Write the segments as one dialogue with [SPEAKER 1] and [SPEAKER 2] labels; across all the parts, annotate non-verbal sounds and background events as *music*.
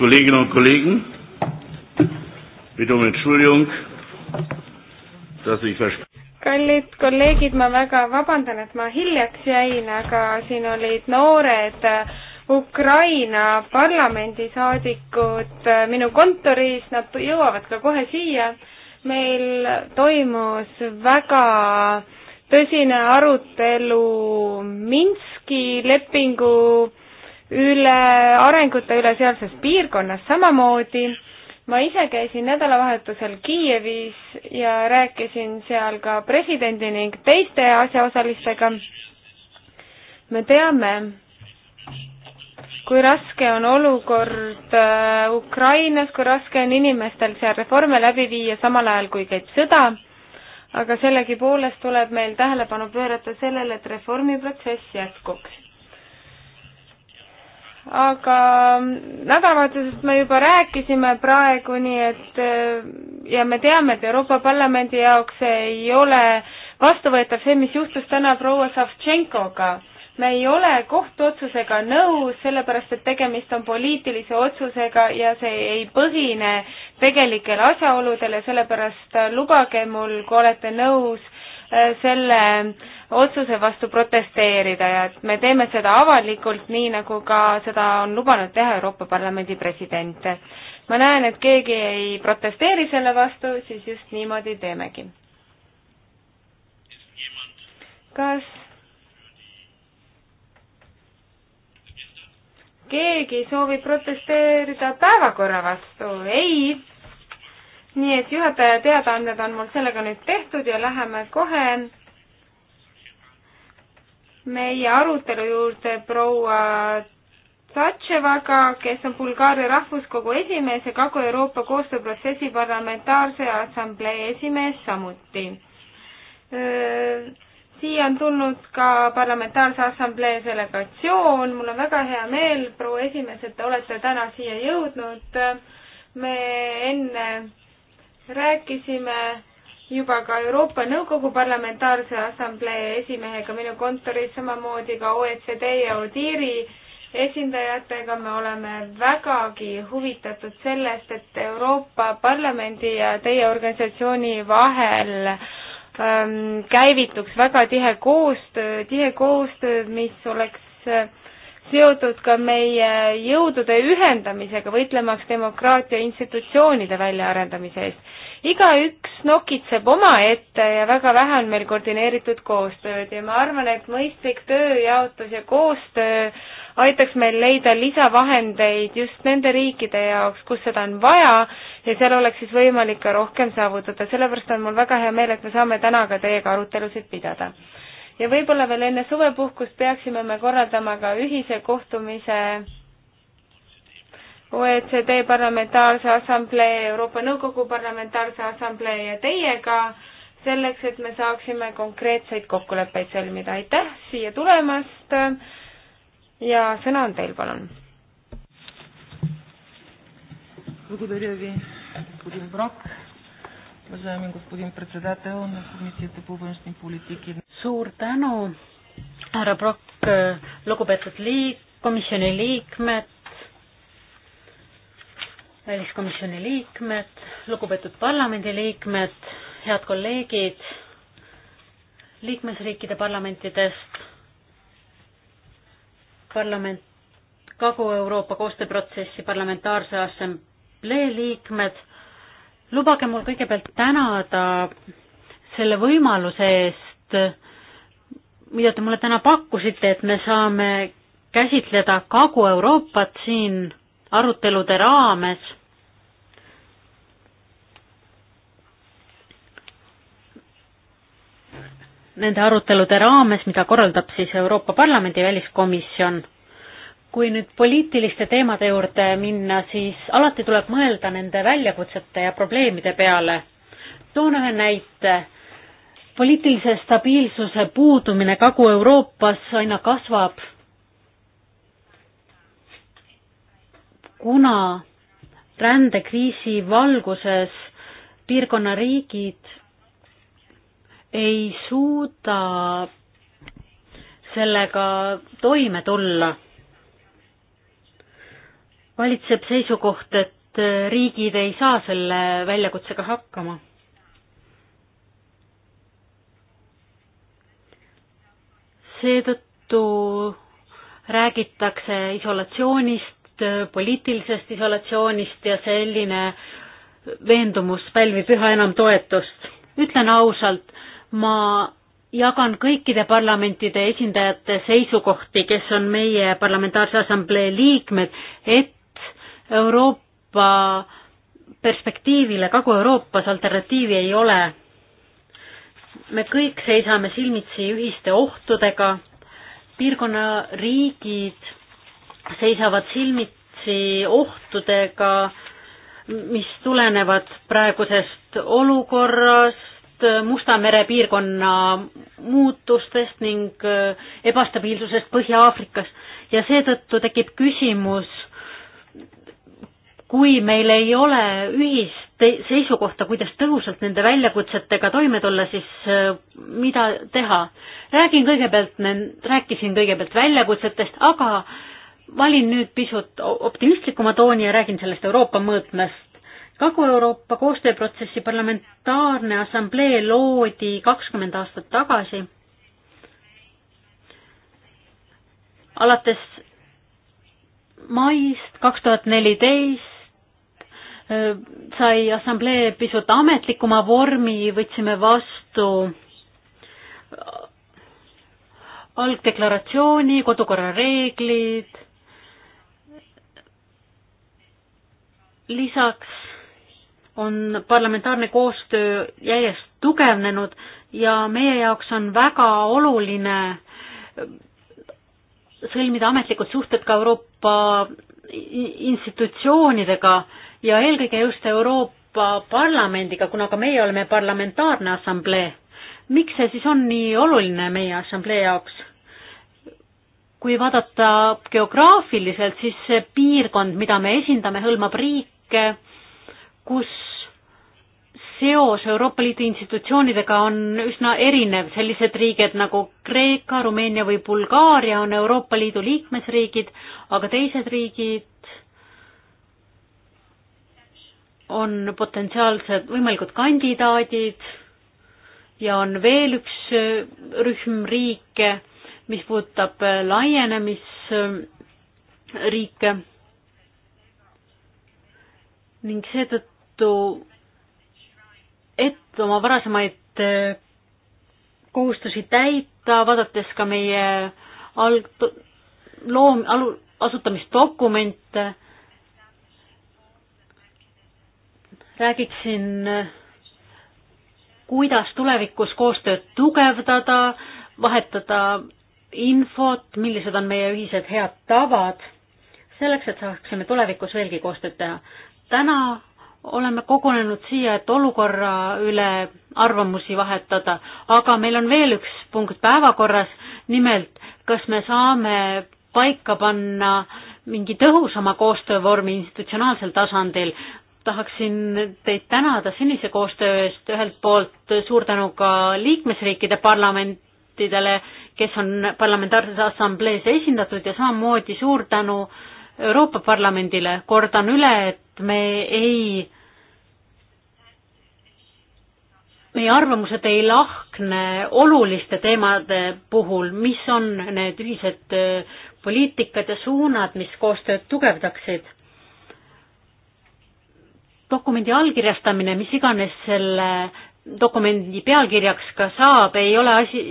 [SPEAKER 1] Kolleginnen und Kollegen, bitte um Entschuldigung, dass ich verspreche.
[SPEAKER 2] kallid kolleegid, ma väga vabandan, et ma hiljaks jäin, aga siin olid noored äh, Ukraina parlamendisaadikud äh, minu kontoris, nad jõuavad ka kohe siia. meil toimus väga tõsine arutelu Minski lepingu üle arengute üle sealses piirkonnas samamoodi. ma ise käisin nädalavahetusel Kiievis ja rääkisin seal ka presidendi ning teiste asjaosalistega. me teame, kui raske on olukord äh, Ukrainas, kui raske on inimestel seal reforme läbi viia, samal ajal kui käib sõda, aga sellegipoolest tuleb meil tähelepanu pöörata sellele, et reformiprotsess jätkuks aga nädalavahetusest me juba rääkisime praegu, nii et äh, ja me teame, et Euroopa Parlamendi jaoks ei ole vastuvõetav see, mis juhtus täna proua Savtšenkoga. me ei ole kohtuotsusega nõus, sellepärast et tegemist on poliitilise otsusega ja see ei põhine tegelikel asjaoludel ja sellepärast lubage mul, kui olete nõus, äh, selle äh, otsuse vastu protesteerida ja et me teeme seda avalikult, nii nagu ka seda on lubanud teha Euroopa Parlamendi president. ma näen, et keegi ei protesteeri selle vastu, siis just niimoodi teemegi. kas keegi soovib protesteerida päevakorra vastu? ei nii et juhataja teadaanded on mul sellega nüüd tehtud ja läheme kohe meie arutelu juurde proua Tšatševaga, kes on Bulgaaria Rahvuskogu esimees ja Kagu-Euroopa koostööprotsessi parlamentaarse assamblee esimees samuti. siia on tulnud ka parlamentaarse assamblee delegatsioon, mul on väga hea meel, proua esimees, et te olete täna siia jõudnud. me enne rääkisime juba ka Euroopa Nõukogu Parlamentaarse Assamblee esimehega minu kontoris, samamoodi ka OECD ja ODIHR-i esindajatega me oleme vägagi huvitatud sellest, et Euroopa Parlamendi ja teie organisatsiooni vahel ähm, käivituks väga tihe koostöö, tihe koostöö, mis oleks äh, seotud ka meie jõudude ühendamisega, võitlemaks demokraatia institutsioonide väljaarendamise eest igaüks nokitseb omaette ja väga vähe on meil koordineeritud koostööd ja ma arvan, et mõistlik tööjaotus ja koostöö aitaks meil leida lisavahendeid just nende riikide jaoks, kus seda on vaja ja seal oleks siis võimalik ka rohkem saavutada, sellepärast on mul väga hea meel, et me saame täna ka teiega arutelusid pidada. ja võib-olla veel enne suvepuhkust peaksime me korraldama ka ühise kohtumise OECD Parlamentaarse Assamblee, Euroopa Nõukogu Parlamentaarse Assamblee ja teiega selleks, et me saaksime konkreetseid kokkuleppeid sõlmida. aitäh siia tulemast ja sõna on teil, palun.
[SPEAKER 3] Благодаря ви, господин Брок. Уважаеми господин председател на Комисията по външни политики. Suur tänu,
[SPEAKER 4] härra Brock, lugupeetud liik-, komisjoni liikmed, väliskomisjoni liikmed, lugupeetud parlamendiliikmed, head kolleegid liikmesriikide parlamentidest, parlament, Kagu-Euroopa koostööprotsessi parlamentaarse assamblee liikmed, lubage mul kõigepealt tänada selle võimaluse eest, mida te mulle täna pakkusite, et me saame käsitleda Kagu-Euroopat siin arutelude raames nende arutelude raames, mida korraldab siis Euroopa Parlamendi väliskomisjon. kui nüüd poliitiliste teemade juurde minna, siis alati tuleb mõelda nende väljakutsete ja probleemide peale. toon ühe näite. poliitilise stabiilsuse puudumine Kagu-Euroopas aina kasvab kuna rändekriisi valguses piirkonna riigid ei suuda sellega toime tulla. valitseb seisukoht, et riigid ei saa selle väljakutsega hakkama. seetõttu räägitakse isolatsioonist, Äh, poliitilisest isolatsioonist ja selline veendumus pälvib üha enam toetust. ütlen ausalt, ma jagan kõikide parlamentide esindajate seisukohti, kes on meie parlamentaarse assamblee liikmed, et Euroopa perspektiivile Kagu-Euroopas alternatiivi ei ole. me kõik seisame silmitsi ühiste ohtudega, piirkonna riigid seisavad silmitsi ohtudega, mis tulenevad praegusest olukorrast, Musta mere piirkonna muutustest ning äh, ebastabiilsusest Põhja-Aafrikas ja seetõttu tekib küsimus, kui meil ei ole ühist seisukohta, kuidas tõhusalt nende väljakutsetega toime tulla, siis äh, mida teha? räägin kõigepealt, rääkisin kõigepealt väljakutsetest, aga valin nüüd pisut optimistlikuma tooni ja räägin sellest Euroopa mõõtmest. Kagu-Euroopa koostööprotsessi parlamentaarne assamblee loodi kakskümmend aastat tagasi. alates maist kaks tuhat neliteist äh, sai assamblee pisut ametlikuma vormi, võtsime vastu algdeklaratsiooni, kodukorra reeglid lisaks on parlamentaarne koostöö järjest tugevnenud ja meie jaoks on väga oluline äh, sõlmida ametlikud suhted ka Euroopa institutsioonidega ja eelkõige just Euroopa Parlamendiga, kuna ka meie oleme parlamentaarne assamblee. miks see siis on nii oluline meie assamblee jaoks? kui vaadata geograafiliselt, siis see piirkond, mida me esindame, hõlmab riike, riike, kus seos Euroopa Liidu institutsioonidega on üsna erinev, sellised riigid nagu Kreeka, Rumeenia või Bulgaaria on Euroopa Liidu liikmesriigid, aga teised riigid on potentsiaalsed võimalikud kandidaadid ja on veel üks rühm riike, mis puudutab laienemisriike ning seetõttu, et oma varasemaid eh, kohustusi täita, vaadates ka meie alg-, loom-, alu-, asutamisdokumente, räägiksin, kuidas tulevikus koostööd tugevdada, vahetada infot, millised on meie ühised head tavad, selleks, et saaksime tulevikus veelgi koostööd teha täna oleme kogunenud siia, et olukorra üle arvamusi vahetada, aga meil on veel üks punkt päevakorras, nimelt kas me saame paika panna mingi tõhusama koostöövormi institutsionaalsel tasandil. tahaksin teid tänada senise koostöö eest, ühelt poolt suur tänu ka liikmesriikide parlamentidele, kes on parlamentaarses assamblees esindatud ja samamoodi suur tänu Euroopa Parlamendile, kordan üle, et me ei, meie arvamused ei lahkne oluliste teemade puhul, mis on need ühised äh, poliitikad ja suunad, mis koostööd tugevdaksid dokumendi allkirjastamine, mis iganes selle dokumendi pealkirjaks ka saab, ei ole asi,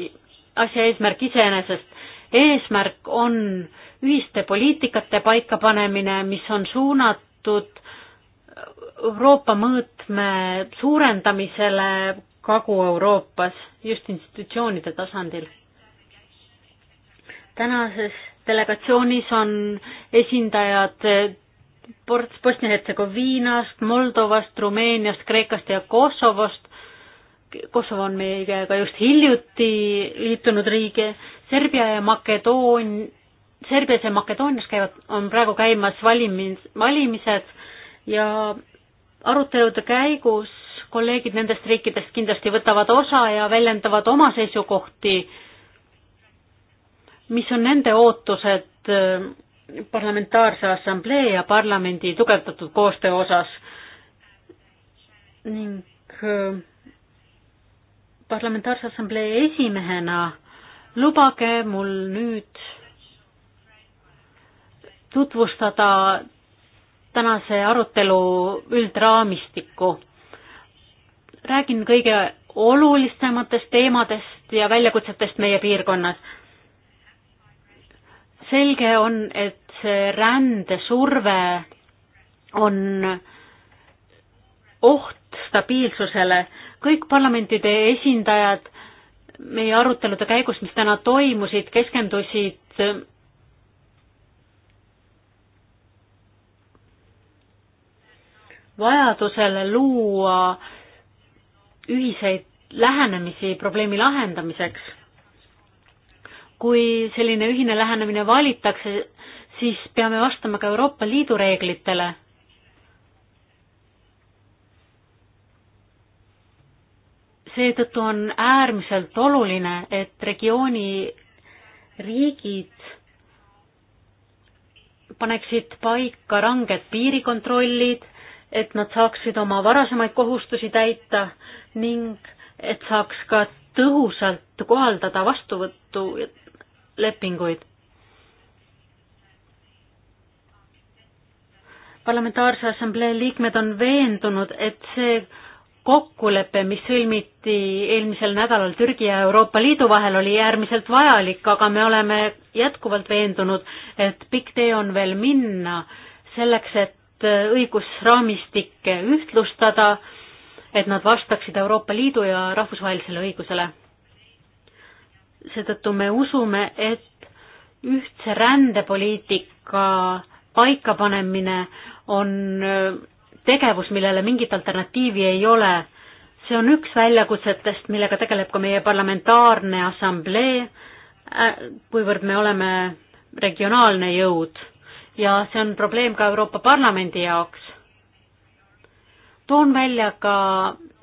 [SPEAKER 4] asja eesmärk iseenesest. eesmärk on ühiste poliitikate paikapanemine, mis on suunatud Euroopa mõõtme suurendamisele Kagu-Euroopas just institutsioonide tasandil. tänases delegatsioonis on esindajad Bosnia-Hertsegoviinast, Moldovast, Rumeeniast, Kreekast ja Kosovost. Kosovo on meiega just hiljuti liitunud riigi, Serbia ja Makedoon-, Serbias ja Makedoonias käivad, on praegu käimas valimis, valimised ja arutelude käigus kolleegid nendest riikidest kindlasti võtavad osa ja väljendavad oma seisukohti, mis on nende ootused äh, parlamentaarse assamblee ja parlamendi tugevdatud koostöö osas ning äh, parlamentaarse assamblee esimehena lubage mul nüüd tutvustada tänase arutelu üldraamistikku. räägin kõige olulisematest teemadest ja väljakutsetest meie piirkonnas. selge on, et see rändesurve on oht stabiilsusele. kõik parlamentide esindajad meie arutelude käigus, mis täna toimusid, keskendusid vajadusele luua ühiseid lähenemisi probleemi lahendamiseks. kui selline ühine lähenemine valitakse, siis peame vastama ka Euroopa Liidu reeglitele. seetõttu on äärmiselt oluline, et regiooni riigid paneksid paika ranged piirikontrollid et nad saaksid oma varasemaid kohustusi täita ning et saaks ka tõhusalt kohaldada vastuvõtulepinguid. parlamentaarse assamblee liikmed on veendunud, et see kokkulepe, mis sõlmiti eelmisel nädalal Türgi ja Euroopa Liidu vahel, oli äärmiselt vajalik, aga me oleme jätkuvalt veendunud, et pikk tee on veel minna selleks, et Äh, õigusraamistikke ühtlustada, et nad vastaksid Euroopa Liidu ja rahvusvahelisele õigusele. seetõttu me usume, et ühtse rändepoliitika paikapanemine on äh, tegevus, millele mingit alternatiivi ei ole. see on üks väljakutsetest, millega tegeleb ka meie parlamentaarne assamblee, äh, kuivõrd me oleme regionaalne jõud ja see on probleem ka Euroopa Parlamendi jaoks. toon välja ka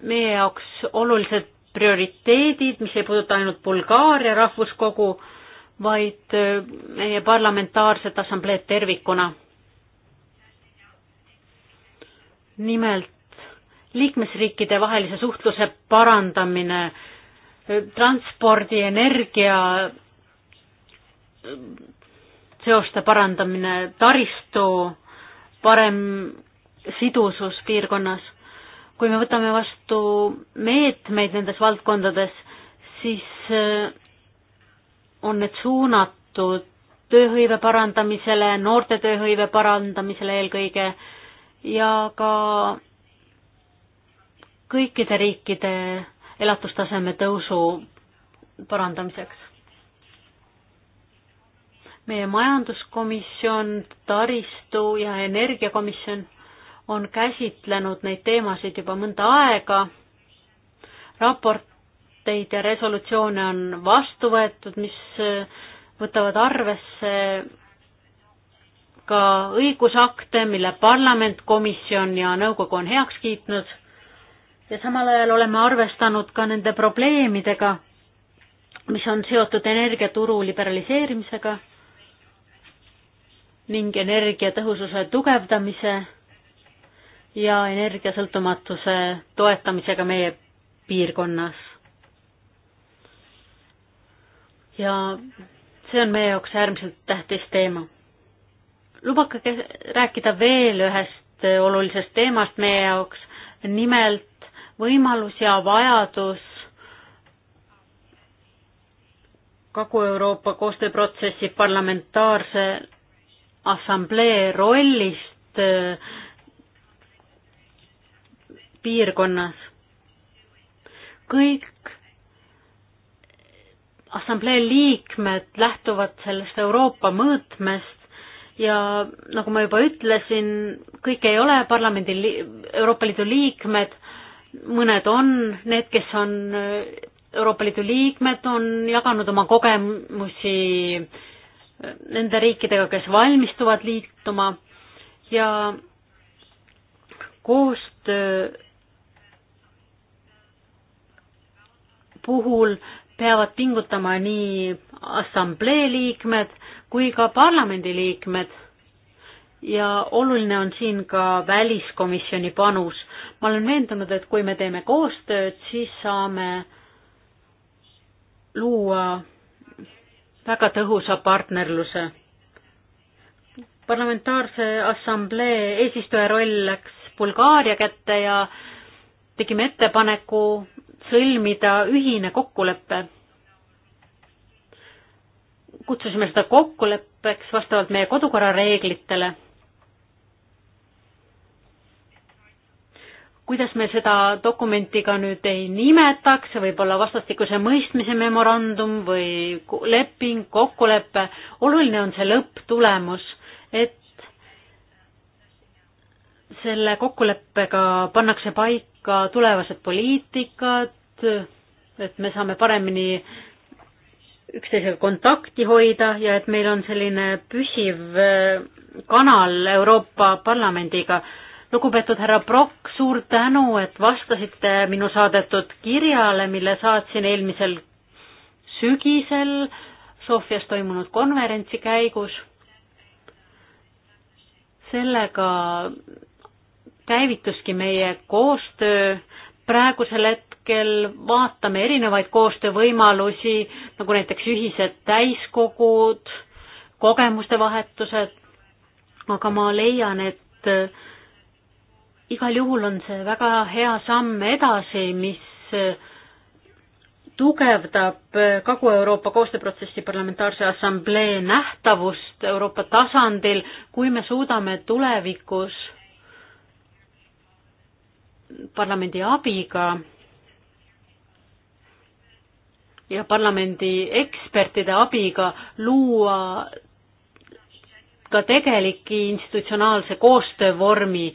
[SPEAKER 4] meie jaoks olulised prioriteedid, mis ei puuduta ainult Bulgaaria rahvuskogu, vaid äh, meie parlamentaarset assambleed tervikuna. nimelt liikmesriikide vahelise suhtluse parandamine, äh, transpordi, energia, seoste parandamine, taristu parem sidusus piirkonnas. kui me võtame vastu meetmeid nendes valdkondades, siis eh, on need suunatud tööhõive parandamisele, noorte tööhõive parandamisele eelkõige ja ka kõikide riikide elatustaseme tõusu parandamiseks meie majanduskomisjon, taristu ja energiakomisjon on käsitlenud neid teemasid juba mõnda aega. raporteid ja resolutsioone on vastu võetud, mis äh, võtavad arvesse ka õigusakte, mille parlament, komisjon ja nõukogu on heaks kiitnud ja samal ajal oleme arvestanud ka nende probleemidega, mis on seotud energiaturu liberaliseerimisega ning energiatõhususe tugevdamise ja energiasõltumatuse toetamisega meie piirkonnas. ja see on meie jaoks äärmiselt tähtis teema. lubage rääkida veel ühest olulisest teemast meie jaoks, nimelt võimalus ja vajadus Kagu-Euroopa koostööprotsessi parlamentaarse assamblee rollist äh, piirkonnas. kõik assamblee liikmed lähtuvad sellest Euroopa mõõtmest ja nagu ma juba ütlesin, kõik ei ole parlamendi, Euroopa Liidu liikmed, mõned on, need, kes on äh, Euroopa Liidu liikmed, on jaganud oma kogemusi nende riikidega, kes valmistuvad liituma ja koostöö puhul peavad pingutama nii assamblee liikmed kui ka parlamendi liikmed ja oluline on siin ka väliskomisjoni panus. ma olen veendunud, et kui me teeme koostööd, siis saame luua väga tõhusa partnerluse. parlamentaarse assamblee eesistuja roll läks Bulgaaria kätte ja tegime ettepaneku sõlmida ühine kokkulepe. kutsusime seda kokkuleppeks vastavalt meie kodukorra reeglitele kuidas me seda dokumenti ka nüüd ei nimetaks, võib-olla vastastikuse mõistmise memorandum või leping, kokkulepe, oluline on see lõpptulemus, et selle kokkuleppega pannakse paika tulevased poliitikad, et me saame paremini üksteisega kontakti hoida ja et meil on selline püsiv eh, kanal Euroopa Parlamendiga lugupeetud härra Prokk, suur tänu, et vastasite minu saadetud kirjale, mille saatsin eelmisel sügisel Sofias toimunud konverentsi käigus. sellega käivituski meie koostöö. praegusel hetkel vaatame erinevaid koostöövõimalusi, nagu näiteks ühised täiskogud, kogemuste vahetused, aga ma leian, et igal juhul on see väga hea samm edasi, mis äh, tugevdab äh, Kagu-Euroopa koostööprotsessi parlamentaarse assamblee nähtavust Euroopa tasandil, kui me suudame tulevikus parlamendi abiga ja parlamendi ekspertide abiga luua ka tegelik institutsionaalse koostöövormi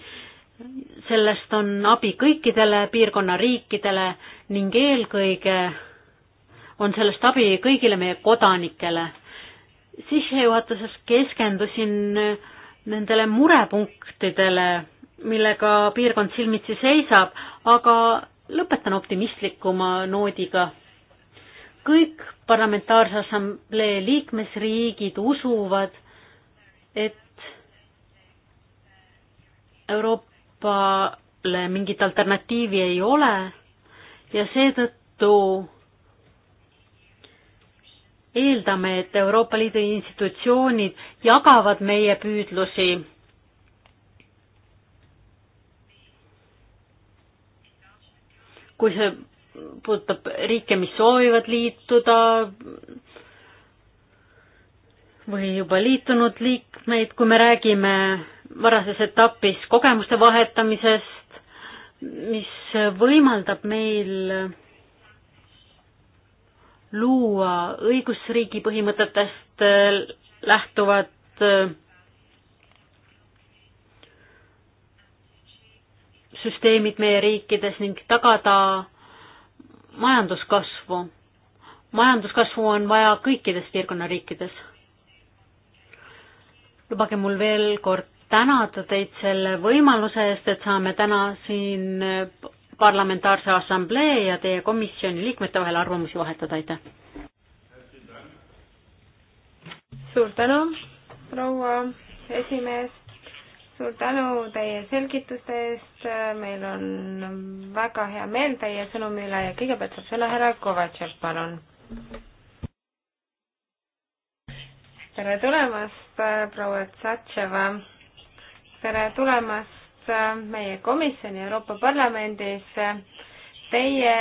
[SPEAKER 4] sellest on abi kõikidele piirkonna riikidele ning eelkõige on sellest abi kõigile meie kodanikele. sissejuhatuses keskendusin nendele murepunktidele, millega piirkond silmitsi seisab, aga lõpetan optimistlikuma noodiga. kõik parlamentaarse assamblee liikmesriigid usuvad, et Euroopa Euroopale mingit alternatiivi ei ole ja seetõttu eeldame, et Euroopa Liidu institutsioonid jagavad meie püüdlusi kui see puudutab riike, mis soovivad liituda või juba liitunud liikmeid, kui me räägime varases etapis kogemuste vahetamisest, mis võimaldab meil luua õigusriigi põhimõtetest lähtuvat äh, süsteemid meie riikides ning tagada majanduskasvu. majanduskasvu on vaja kõikides piirkonna riikides. lubage mul veel kord tänada teid selle võimaluse eest, et saame täna siin parlamentaarse assamblee ja teie komisjoni liikmete vahel arvamusi vahetada, aitäh!
[SPEAKER 1] suur
[SPEAKER 2] tänu, proua esimees, suur tänu teie selgituste eest, meil on väga hea meel teie sõnumi üle ja kõigepealt saab sõna härra Kovatšev, palun. tere tulemast, proua Tsatševa tere tulemast äh, meie komisjoni Euroopa Parlamendis. Teie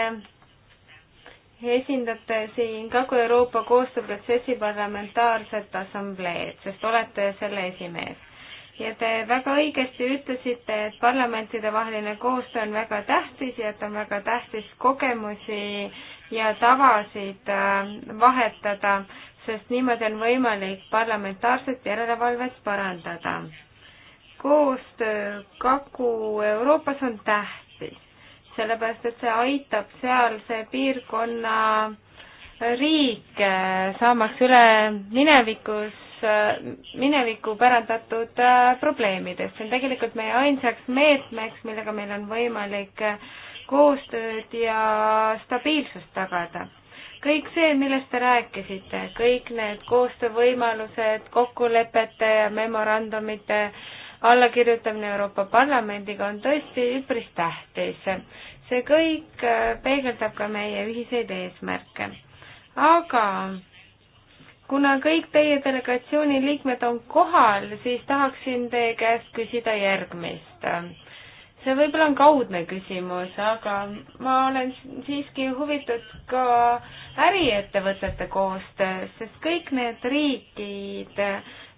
[SPEAKER 2] esindate siin Kagu-Euroopa koostööprotsessi parlamentaarset assambleed, sest olete selle esimees. ja te väga õigesti ütlesite, et parlamentidevaheline koostöö on väga tähtis ja et on väga tähtis kogemusi ja tavasid äh, vahetada, sest niimoodi on võimalik parlamentaarset järelevalvet parandada koostöö Kagu-Euroopas on tähtis, sellepärast et see aitab sealse piirkonna riike äh, saamaks üle minevikus, äh, minevikku pärandatud äh, probleemidest. see on tegelikult meie ainsaks meetmeks, millega meil on võimalik koostööd ja stabiilsust tagada kõik see, millest te rääkisite, kõik need koostöövõimalused, kokkulepete ja memorandumite allakirjutamine Euroopa Parlamendiga on tõesti üpris tähtis. see kõik äh, peegeldab ka meie ühiseid eesmärke. aga kuna kõik teie delegatsiooni liikmed on kohal, siis tahaksin teie käest küsida järgmist. see võib-olla on kaudne küsimus, aga ma olen siiski huvitatud ka äriettevõtete koostööst, sest kõik need riigid,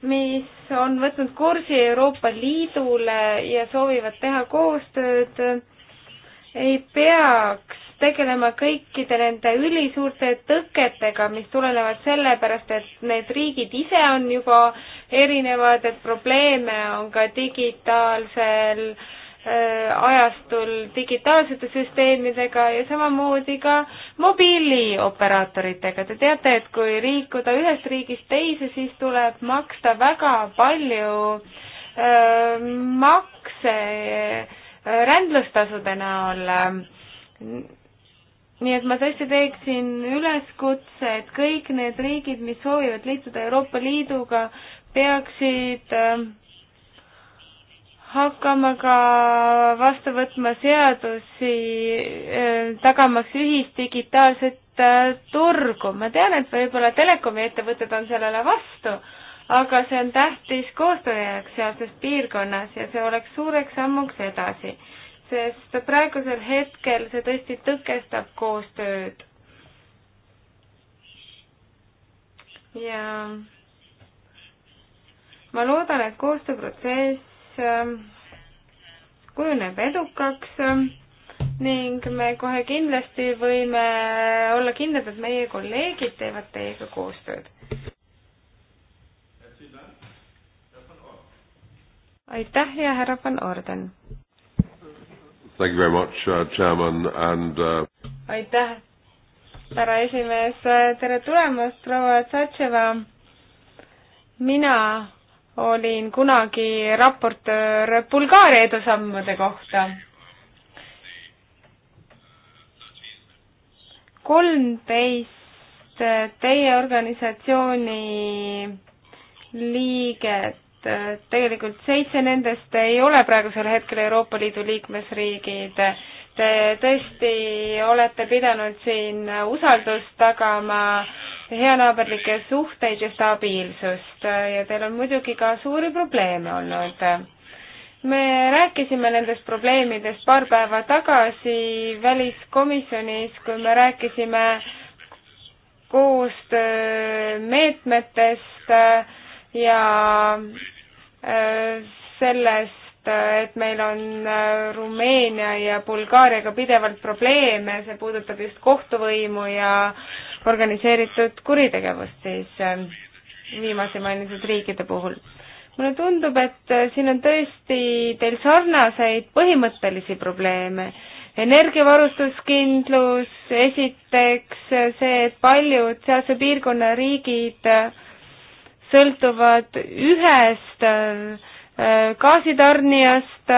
[SPEAKER 2] mis on võtnud kursi Euroopa Liidule ja soovivad teha koostööd, ei peaks tegelema kõikide nende ülisuurte tõketega, mis tulenevad sellepärast, et need riigid ise on juba erinevad, et probleeme on ka digitaalsel äh, Äh, ajastul digitaalsete süsteemidega ja samamoodi ka mobiilioperaatoritega. Te teate, et kui liikuda ühest riigist teise, siis tuleb maksta väga palju öö, äh, makse äh, rändlustasude näol. nii et ma tõesti teeksin üleskutse, et kõik need riigid, mis soovivad liituda Euroopa Liiduga, peaksid öö, hakkama ka vastu võtma seadusi, eh, tagamaks ühist digitaalset eh, turgu. ma tean, et võib-olla telekomi ettevõtted on sellele vastu, aga see on tähtis koostöö jaoks sealses piirkonnas ja see oleks suureks sammuks edasi, sest praegusel hetkel see tõesti tõkestab koostööd. ja ma loodan, et koostööprotsess Äh, kujuneb edukaks äh, ning me kohe kindlasti võime olla kindlad, et meie kolleegid teevad teiega koostööd. aitäh ja härra Van Orden!
[SPEAKER 1] Thank you very much, uh, Chairman, and uh...
[SPEAKER 2] aitäh, härra esimees, tere tulemast, proua Tšatševa. mina olin kunagi raportöör Bulgaaria edusammude kohta. kolmteist teie organisatsiooni liiget, tegelikult seitse nendest ei ole praegusel hetkel Euroopa Liidu liikmesriigid. Te tõesti olete pidanud siin usaldust tagama äh, heanaaberlikke suhteid ja stabiilsust ja teil on muidugi ka suuri probleeme olnud. me rääkisime nendest probleemidest paar päeva tagasi väliskomisjonis, kui me rääkisime koostöömeetmetest ja äh, sellest, et meil on äh, Rumeenia ja Bulgaariaga pidevalt probleeme, see puudutab just kohtuvõimu ja organiseeritud kuritegevust siis äh, viimase mainitud riikide puhul. mulle tundub, et äh, siin on tõesti teil sarnaseid põhimõttelisi probleeme. energiavarustuskindlus, esiteks äh, see, et paljud sealse piirkonna riigid sõltuvad ühest gaasitarnijast,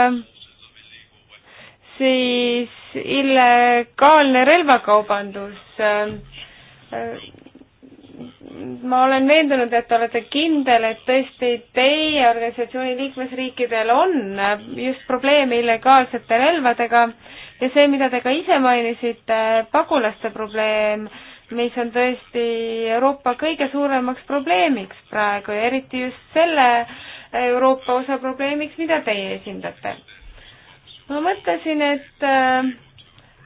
[SPEAKER 2] siis illegaalne relvakaubandus Äh, ma olen veendunud, et olete kindel, et tõesti teie organisatsiooni liikmesriikidel on just probleeme illegaalsete relvadega ja see, mida te ka ise mainisite, pagulaste probleem, mis on tõesti Euroopa kõige suuremaks probleemiks praegu ja eriti just selle Euroopa osa probleemiks, mida teie esindate. ma mõtlesin, et äh,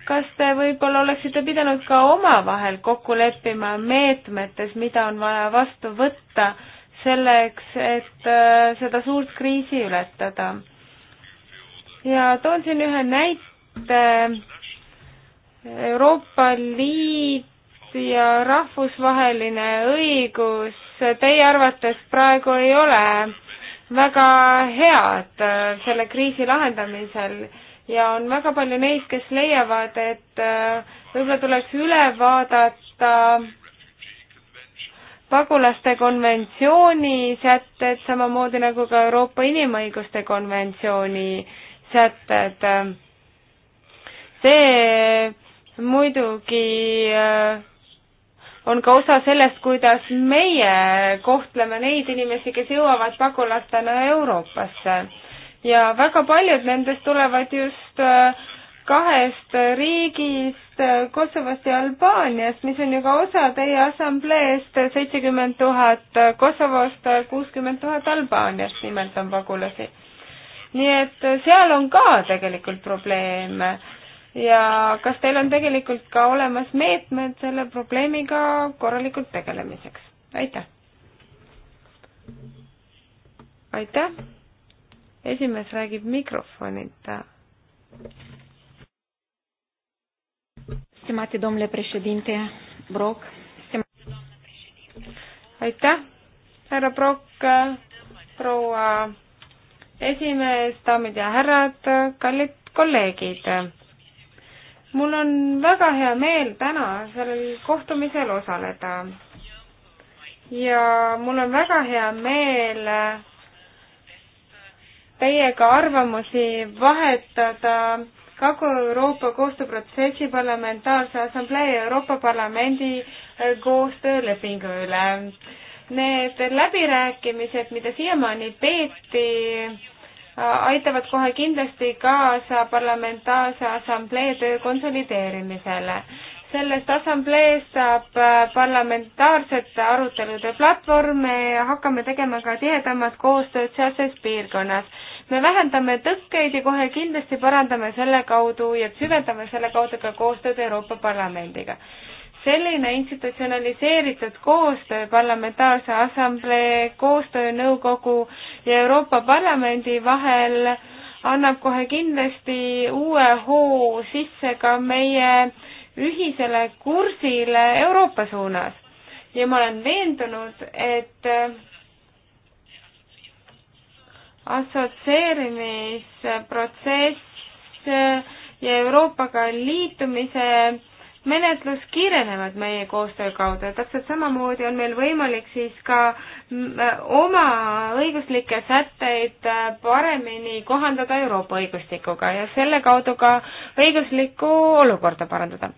[SPEAKER 2] kas te võib-olla oleksite pidanud ka omavahel kokku leppima meetmetes, mida on vaja vastu võtta selleks, et äh, seda suurt kriisi ületada? ja toon siin ühe näite. Euroopa Liit ja rahvusvaheline õigus teie arvates praegu ei ole väga head äh, selle kriisi lahendamisel ja on väga palju neid, kes leiavad, et äh, võib-olla tuleks üle vaadata pagulaste konventsiooni sätted, samamoodi nagu ka Euroopa Inimõiguste konventsiooni sätted. see muidugi äh, on ka osa sellest, kuidas meie kohtleme neid inimesi, kes jõuavad pagulastena Euroopasse ja väga paljud nendest tulevad just äh, kahest riigist, äh, Kosovost ja Albaaniast, mis on ju ka osa teie assambleest, seitsekümmend tuhat äh, Kosovost, kuuskümmend tuhat Albaaniast nimelt on pagulasi. nii et seal on ka tegelikult probleeme ja kas teil on tegelikult ka olemas meetmed selle probleemiga korralikult tegelemiseks? aitäh! aitäh! esimees räägib mikrofonita. aitäh, härra Brock, proua esimees, daamid ja härrad, kallid kolleegid. mul on väga hea meel täna sellel kohtumisel osaleda. ja mul on väga hea meel teiega arvamusi vahetada Kagu-Euroopa koostööprotsessi parlamentaarse assamblee ja Euroopa Parlamendi äh, koostöölepingu üle. Need läbirääkimised, mida siiamaani peeti, äh, aitavad kohe kindlasti kaasa parlamentaarse assamblee töö konsolideerimisele. sellest assambleest saab äh, parlamentaarsete arutelude platvorm ja hakkame tegema ka tihedamat koostööd sealses piirkonnas me vähendame tõkkeid ja kohe kindlasti parandame selle kaudu ja süvendame selle kaudu ka koostööd Euroopa Parlamendiga. selline institutsionaliseeritud koostöö Parlamentaarse Assamblee, Koostöönõukogu ja Euroopa Parlamendi vahel annab kohe kindlasti uue hoo sisse ka meie ühisele kursile Euroopa suunas. ja ma olen veendunud, et assotsieerimisprotsess ja Euroopaga liitumise menetlus kiirenevad meie koostöö kaudu ja täpselt samamoodi on meil võimalik siis ka oma õiguslikke sätteid paremini kohandada Euroopa õigustikuga ja selle kaudu ka õiguslikku olukorda parandada.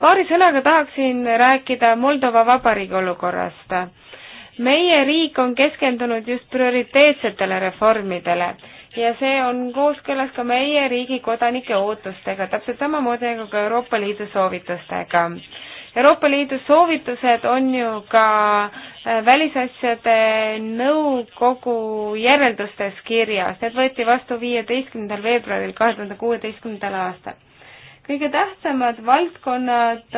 [SPEAKER 2] paari sõnaga tahaksin rääkida Moldova Vabariigi olukorrast meie riik on keskendunud just prioriteetsetele reformidele ja see on kooskõlas ka meie riigi kodanike ootustega, täpselt samamoodi nagu ka Euroopa Liidu soovitustega. Euroopa Liidu soovitused on ju ka äh, välisasjade nõukogu järeldustes kirjas, need võeti vastu viieteistkümnendal veebruaril kahe tuhande kuueteistkümnendal aastal. kõige tähtsamad valdkonnad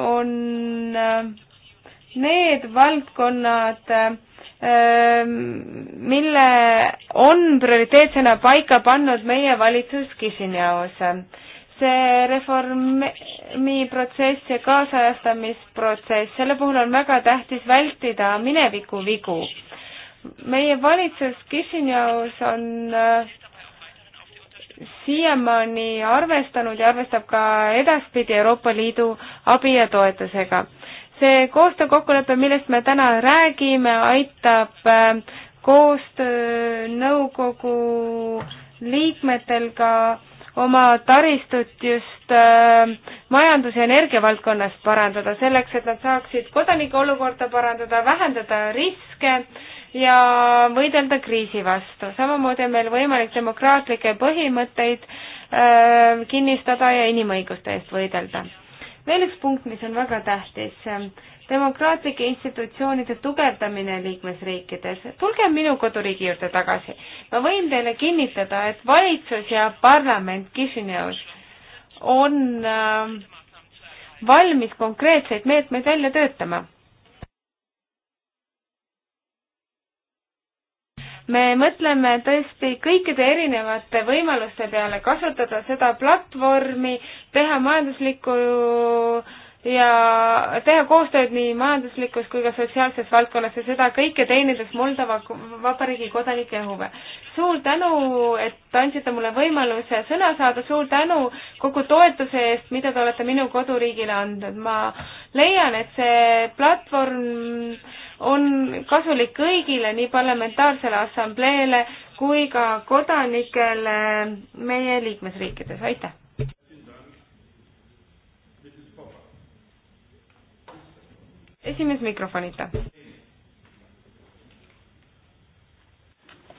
[SPEAKER 2] on äh, need valdkonnad, ähm, mille on prioriteetsena paika pannud meie valitsus Kisinjaos. see reformi protsess ja kaasajastamisprotsess, selle puhul on väga tähtis vältida mineviku vigu. meie valitsus Kisinjaos on äh, siiamaani arvestanud ja arvestab ka edaspidi Euroopa Liidu abi ja toetusega see koostöökokkulepe, millest me täna räägime, aitab äh, koostöönõukogu liikmetel ka oma taristut just äh, majandus- ja energiavaldkonnas parandada, selleks et nad saaksid kodanike olukorda parandada, vähendada riske ja võidelda kriisi vastu. samamoodi on meil võimalik demokraatlikke põhimõtteid äh, kinnistada ja inimõiguste eest võidelda veel üks punkt, mis on väga tähtis. demokraatlike institutsioonide tugevdamine liikmesriikides. tulge minu koduriigi juurde tagasi. ma võin teile kinnitada, et valitsus ja parlament Kišineus on äh, valmis konkreetseid meetmeid välja töötama me mõtleme tõesti kõikide erinevate võimaluste peale, kasutada seda platvormi, teha majanduslikku ja teha koostööd nii majanduslikus kui ka sotsiaalses valdkonnas ja seda kõike teenides Moldova Vabariigi kodanike huve. suur tänu, et andsite mulle võimaluse sõna saada, suur tänu kogu toetuse eest, mida te olete minu koduriigile andnud. ma leian, et see platvorm on kasulik kõigile, nii parlamentaarsele assambleele kui ka kodanikele meie liikmesriikides, aitäh! esimees mikrofonita.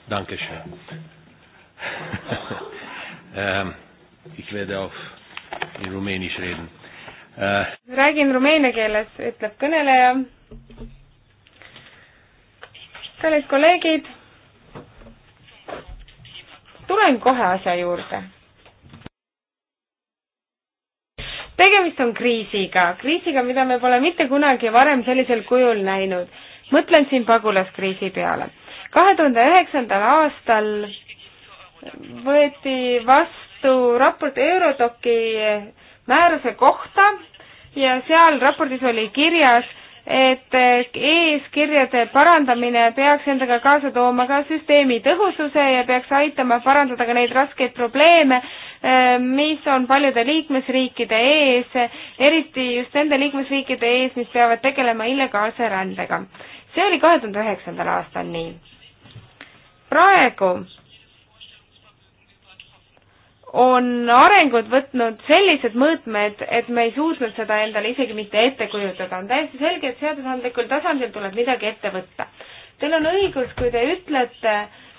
[SPEAKER 1] Dankeschön. *laughs* ähm, ich werde auf in Rumänisch reden. Äh,
[SPEAKER 2] Räägin rumeenia keeles, ütleb kõneleja kallid kolleegid, tulen kohe asja juurde. tegemist on kriisiga, kriisiga, mida me pole mitte kunagi varem sellisel kujul näinud. mõtlen siin pagulaskriisi peale. kahe tuhande üheksandal aastal võeti vastu raport Eurodoki määruse kohta ja seal raportis oli kirjas, et eh, eeskirjade parandamine peaks endaga kaasa tooma ka süsteemi tõhususe ja peaks aitama parandada ka neid raskeid probleeme, eh, mis on paljude liikmesriikide ees, eriti just nende liikmesriikide ees, mis peavad tegelema illegaalse rändega. see oli kahe tuhande üheksandal aastal nii. praegu on arengud võtnud sellised mõõtmed, et me ei suutnud seda endale isegi mitte ette kujutada. on täiesti selge, et seadusandlikul tasandil tuleb midagi ette võtta. Teil on õigus, kui te ütlete,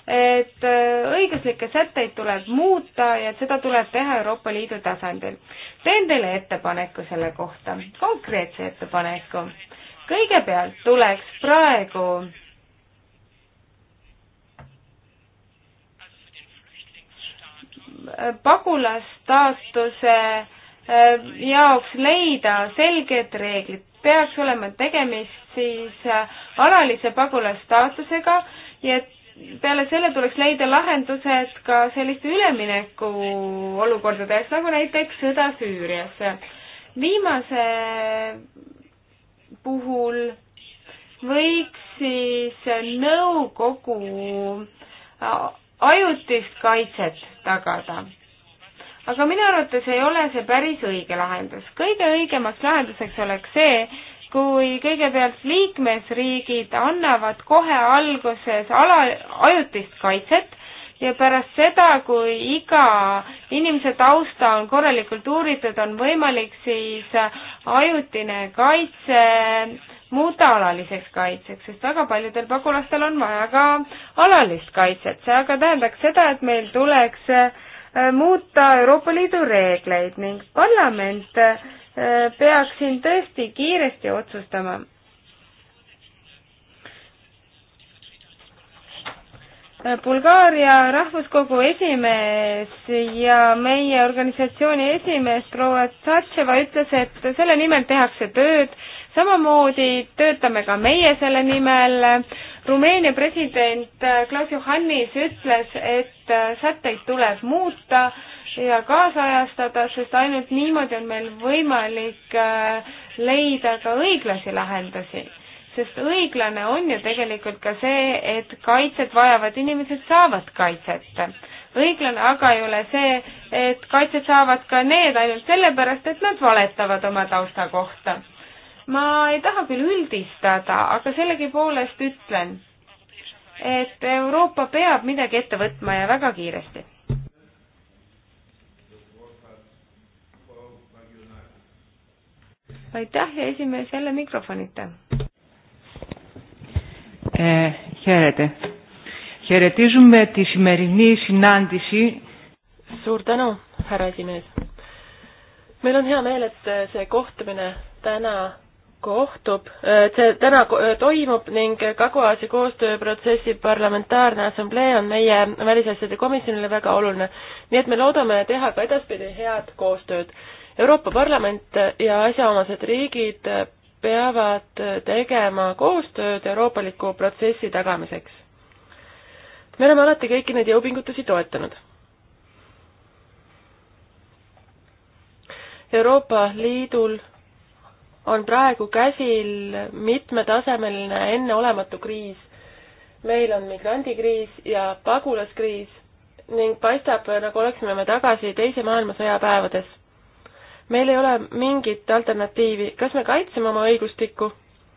[SPEAKER 2] et äh, õiguslikke sätteid tuleb muuta ja seda tuleb teha Euroopa Liidu tasandil. teen teile ettepaneku selle kohta, konkreetse ettepaneku. kõigepealt tuleks praegu pagulastaatuse äh, jaoks leida selged reeglid. peaks olema tegemist siis äh, alalise pagulastaatusega ja peale selle tuleks leida lahendused ka selliste ülemineku olukordade jaoks, nagu näiteks sõda Süürias. viimase puhul võiks siis nõukogu äh, ajutist kaitset tagada. aga minu arvates ei ole see päris õige lahendus. kõige õigemaks lahenduseks oleks see, kui kõigepealt liikmesriigid annavad kohe alguses ala, ajutist kaitset ja pärast seda, kui iga inimese tausta on korralikult uuritud, on võimalik siis ajutine kaitse muuta alaliseks kaitseks, sest väga paljudel pagulastel on vaja ka alalist kaitset. see aga tähendaks seda, et meil tuleks äh, muuta Euroopa Liidu reegleid ning parlament äh, peaks siin tõesti kiiresti otsustama. Bulgaaria rahvuskogu esimees ja meie organisatsiooni esimees proua Tsatseva ütles, et selle nimel tehakse tööd samamoodi töötame ka meie selle nimel. Rumeenia president äh, Klaus Johannis ütles, et äh, sätteid tuleb muuta ja kaasajastada, sest ainult niimoodi on meil võimalik äh, leida ka õiglasi lahendusi. sest õiglane on ju tegelikult ka see, et kaitset vajavad inimesed saavad kaitset õiglane aga ei ole see, et kaitset saavad ka need ainult sellepärast, et nad valetavad oma tausta kohta ma ei taha küll üldistada, aga sellegipoolest ütlen, et Euroopa peab midagi ette võtma ja väga kiiresti. aitäh ja esimees jälle mikrofonita ε, χαίρετε. Χαιρετίζουμε τη σημερινή συνάντηση.
[SPEAKER 3] Suur tänu, härra esimees. meil on hea meel, et see kohtumine täna kohtub, eh, see täna eh, toimub ning Kagu-Aasia koostööprotsessi parlamentaarne assamblee on meie välisasjade komisjonile väga oluline. nii et me loodame teha ka edaspidi head koostööd. Euroopa Parlament ja asjaomased riigid peavad tegema koostööd euroopaliku protsessi tagamiseks. me oleme alati kõiki neid jõupingutusi toetanud. Euroopa Liidul on praegu käsil mitmetasemeline enneolematu kriis. meil on migrandikriis ja pagulaskriis ning paistab, nagu oleksime me tagasi Teise maailmasõja päevades. meil ei ole mingit alternatiivi, kas me kaitseme oma õigustikku,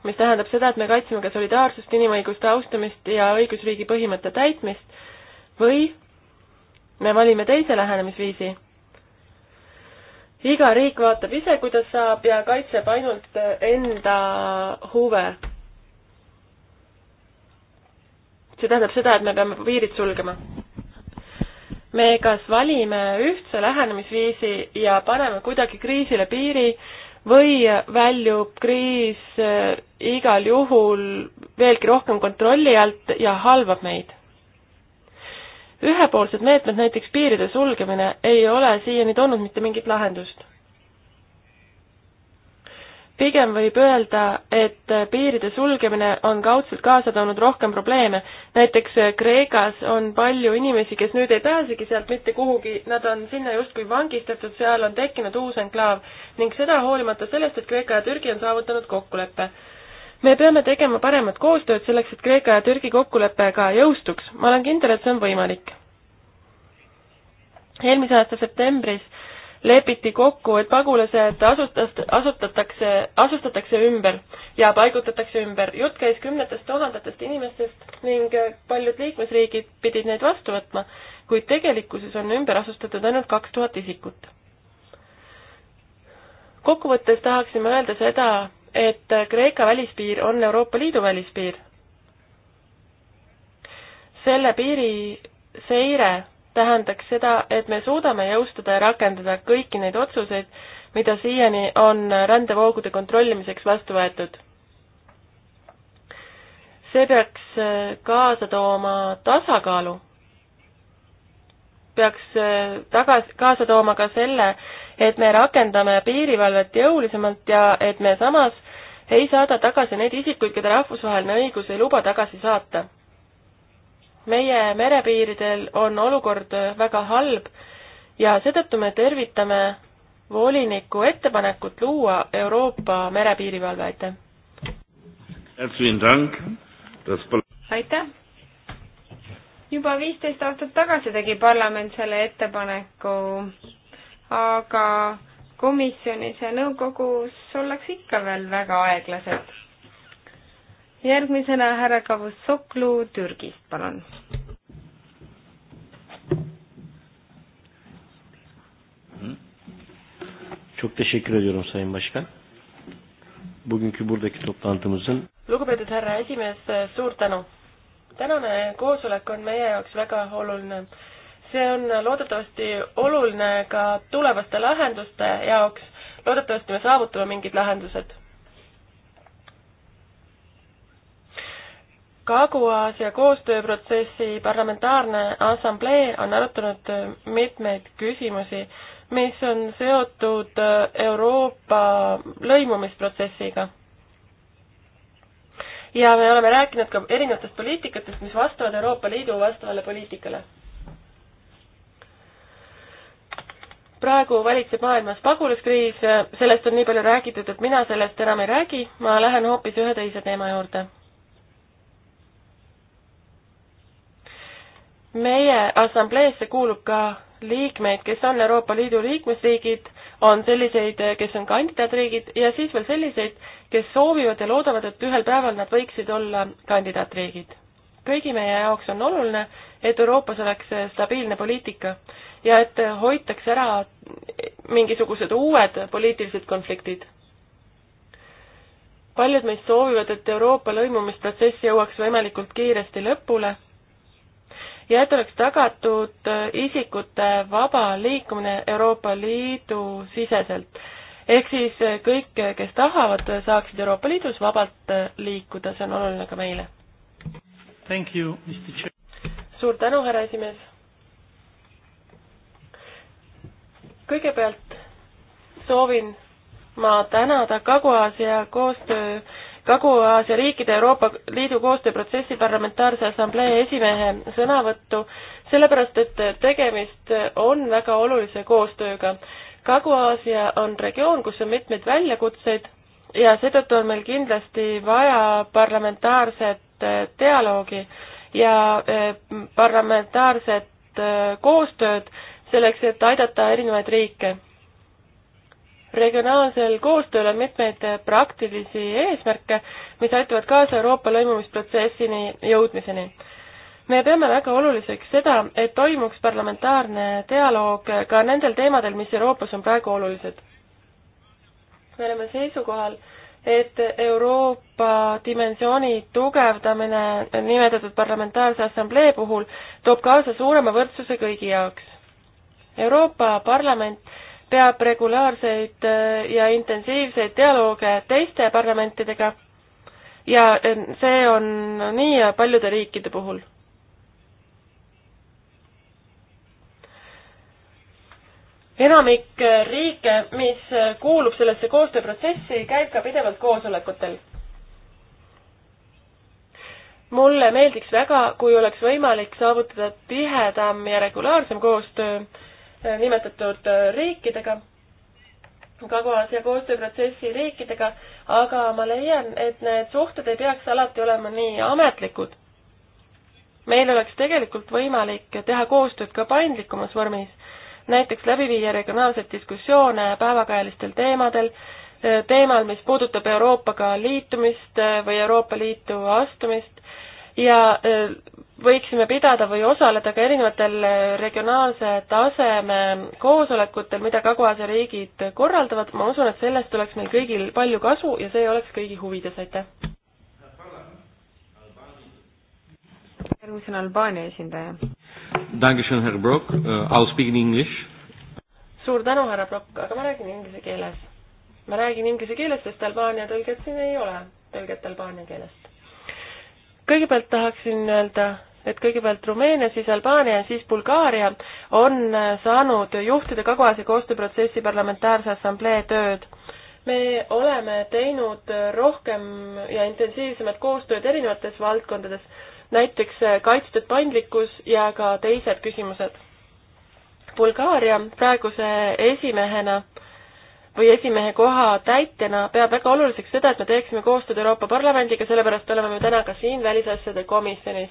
[SPEAKER 3] mis tähendab seda, et me kaitseme ka solidaarsust, inimõiguste austamist ja õigusriigi põhimõtte täitmist, või me valime teise lähenemisviisi iga riik vaatab ise, kuidas saab ja kaitseb ainult enda huve. see tähendab seda, et me peame piirid sulgema. me kas valime ühtse lähenemisviisi ja paneme kuidagi kriisile piiri või väljub kriis eh, igal juhul veelgi rohkem kontrolli alt ja halvab meid ühepoolsed meetmed, näiteks piiride sulgemine, ei ole siiani toonud mitte mingit lahendust. pigem võib öelda, et piiride sulgemine on kaudselt kaasa toonud rohkem probleeme. näiteks Kreekas on palju inimesi, kes nüüd ei pääsegi sealt mitte kuhugi, nad on sinna justkui vangistatud, seal on tekkinud uus enklaav ning seda hoolimata sellest, et Kreeka ja Türgi on saavutanud kokkuleppe me peame tegema paremat koostööd selleks, et Kreeka ja Türgi kokkulepe ka jõustuks. ma olen kindel, et see on võimalik. eelmise aasta septembris lepiti kokku, et pagulased asutast-, asutatakse, asustatakse ümber ja paigutatakse ümber. jutt käis kümnetest tuhandetest inimestest ning paljud liikmesriigid pidid neid vastu võtma, kuid tegelikkuses on ümber asustatud ainult kaks tuhat isikut. kokkuvõttes tahaksime öelda seda, et Kreeka välispiir on Euroopa Liidu välispiir. selle piiri seire tähendaks seda, et me suudame jõustada ja rakendada kõiki neid otsuseid, mida siiani on rändevoogude kontrollimiseks vastu võetud. see peaks äh, kaasa tooma tasakaalu, peaks äh, tagas-, kaasa tooma ka selle, et me rakendame piirivalvet jõulisemalt ja et me samas ei saada tagasi neid isikuid, keda rahvusvaheline õigus ei luba tagasi saata. meie merepiiridel on olukord väga halb ja seetõttu me tervitame voliniku ettepanekut luua Euroopa merepiirivalve, aitäh! aitäh!
[SPEAKER 2] juba viisteist aastat tagasi tegi parlament selle ettepaneku aga komisjonis ja nõukogus ollakse ikka veel väga aeglased. järgmisena härra Kavusoklu Türgist, palun.
[SPEAKER 1] Çok teşekkür ediyorum Sayın Başkan. Bugünkü buradaki toplantımızın...
[SPEAKER 3] Lugupeetud härra esimees, suur tänu. tänane koosolek on meie jaoks väga oluline see on loodetavasti oluline ka tulevaste lahenduste jaoks, loodetavasti me saavutame mingid lahendused. Kagu-Aasia koostööprotsessi parlamentaarne assamblee on arutanud mitmeid küsimusi, mis on seotud Euroopa lõimumisprotsessiga ja me oleme rääkinud ka erinevatest poliitikatest, mis vastavad Euroopa Liidu vastavale poliitikale. praegu valitseb maailmas pagulaskriis, sellest on nii palju räägitud, et mina sellest enam ei räägi, ma lähen hoopis ühe teise teema juurde. meie assambleesse kuulub ka liikmeid, kes on Euroopa Liidu liikmesriigid, on selliseid, kes on kandidaatriigid ja siis veel selliseid, kes soovivad ja loodavad, et ühel päeval nad võiksid olla kandidaatriigid. kõigi meie jaoks on oluline, et Euroopas oleks stabiilne poliitika ja et hoitakse ära mingisugused uued poliitilised konfliktid. paljud meist soovivad, et Euroopa lõimumisprotsess jõuaks võimalikult kiiresti lõpule ja et oleks tagatud isikute vaba liikumine Euroopa Liidu siseselt. ehk siis kõik, kes tahavad, saaksid Euroopa Liidus vabalt liikuda, see on oluline ka meile. suur tänu, härra esimees kõigepealt soovin ma tänada Kagu-Aasia koostöö, Kagu-Aasia riikide Euroopa Liidu koostööprotsessi parlamentaarse assamblee esimehe sõnavõttu, sellepärast et tegemist on väga olulise koostööga. Kagu-Aasia on regioon, kus on mitmeid väljakutseid ja seetõttu on meil kindlasti vaja parlamentaarset äh, dialoogi ja äh, parlamentaarset äh, koostööd selleks, et aidata erinevaid riike. regionaalsel koostööl on mitmeid praktilisi eesmärke, mis aitavad kaasa Euroopa lõimumisprotsessini jõudmiseni. me peame väga oluliseks seda, et toimuks parlamentaarne dialoog ka nendel teemadel, mis Euroopas on praegu olulised. me oleme seisukohal, et Euroopa dimensiooni tugevdamine nimetatud parlamentaarse assamblee puhul toob kaasa suurema võrdsuse kõigi jaoks. Euroopa Parlament peab regulaarseid äh, ja intensiivseid dialoog teiste parlamentidega ja äh, see on nii paljude riikide puhul. enamik äh, riike, mis kuulub sellesse koostööprotsessi, käib ka pidevalt koosolekutel. mulle meeldiks väga, kui oleks võimalik saavutada tihedam ja regulaarsem koostöö Äh, nimetatud äh, riikidega, Kagu-Aasia koostööprotsessi riikidega, aga ma leian, et need suhted ei peaks alati olema nii ametlikud. meil oleks tegelikult võimalik teha koostööd ka paindlikumas vormis, näiteks läbi viia regionaalseid diskussioone päevakajalistel teemadel, äh, teemal, mis puudutab Euroopaga liitumist või Euroopa Liitu astumist, ja e, võiksime pidada või osaleda ka erinevatel e, regionaalse taseme koosolekutel, mida Kagu-Aasia riigid korraldavad, ma usun, et sellest oleks meil kõigil palju kasu ja see oleks kõigi huvides, aitäh! järgmisena Albaania esindaja.
[SPEAKER 1] Äh,
[SPEAKER 3] suur tänu, härra Brock, aga ma räägin inglise keeles. ma räägin inglise keeles, sest Albaania tõlget siin ei ole, tõlget albaania keelest kõigepealt tahaksin öelda, et kõigepealt Rumeenia, siis Albaania ja siis Bulgaaria on äh, saanud juhtida Kagu-Aasia koostööprotsessi parlamentaarse assamblee tööd me oleme teinud äh, rohkem ja intensiivsemat koostööd erinevates valdkondades, näiteks äh, kaitstud paindlikkus ja ka teised küsimused. Bulgaaria praeguse esimehena äh, või esimehe koha täitjana peab väga oluliseks seda, et me teeksime koostööd Euroopa Parlamendiga, sellepärast oleme me täna ka siin välisasjade komisjonis.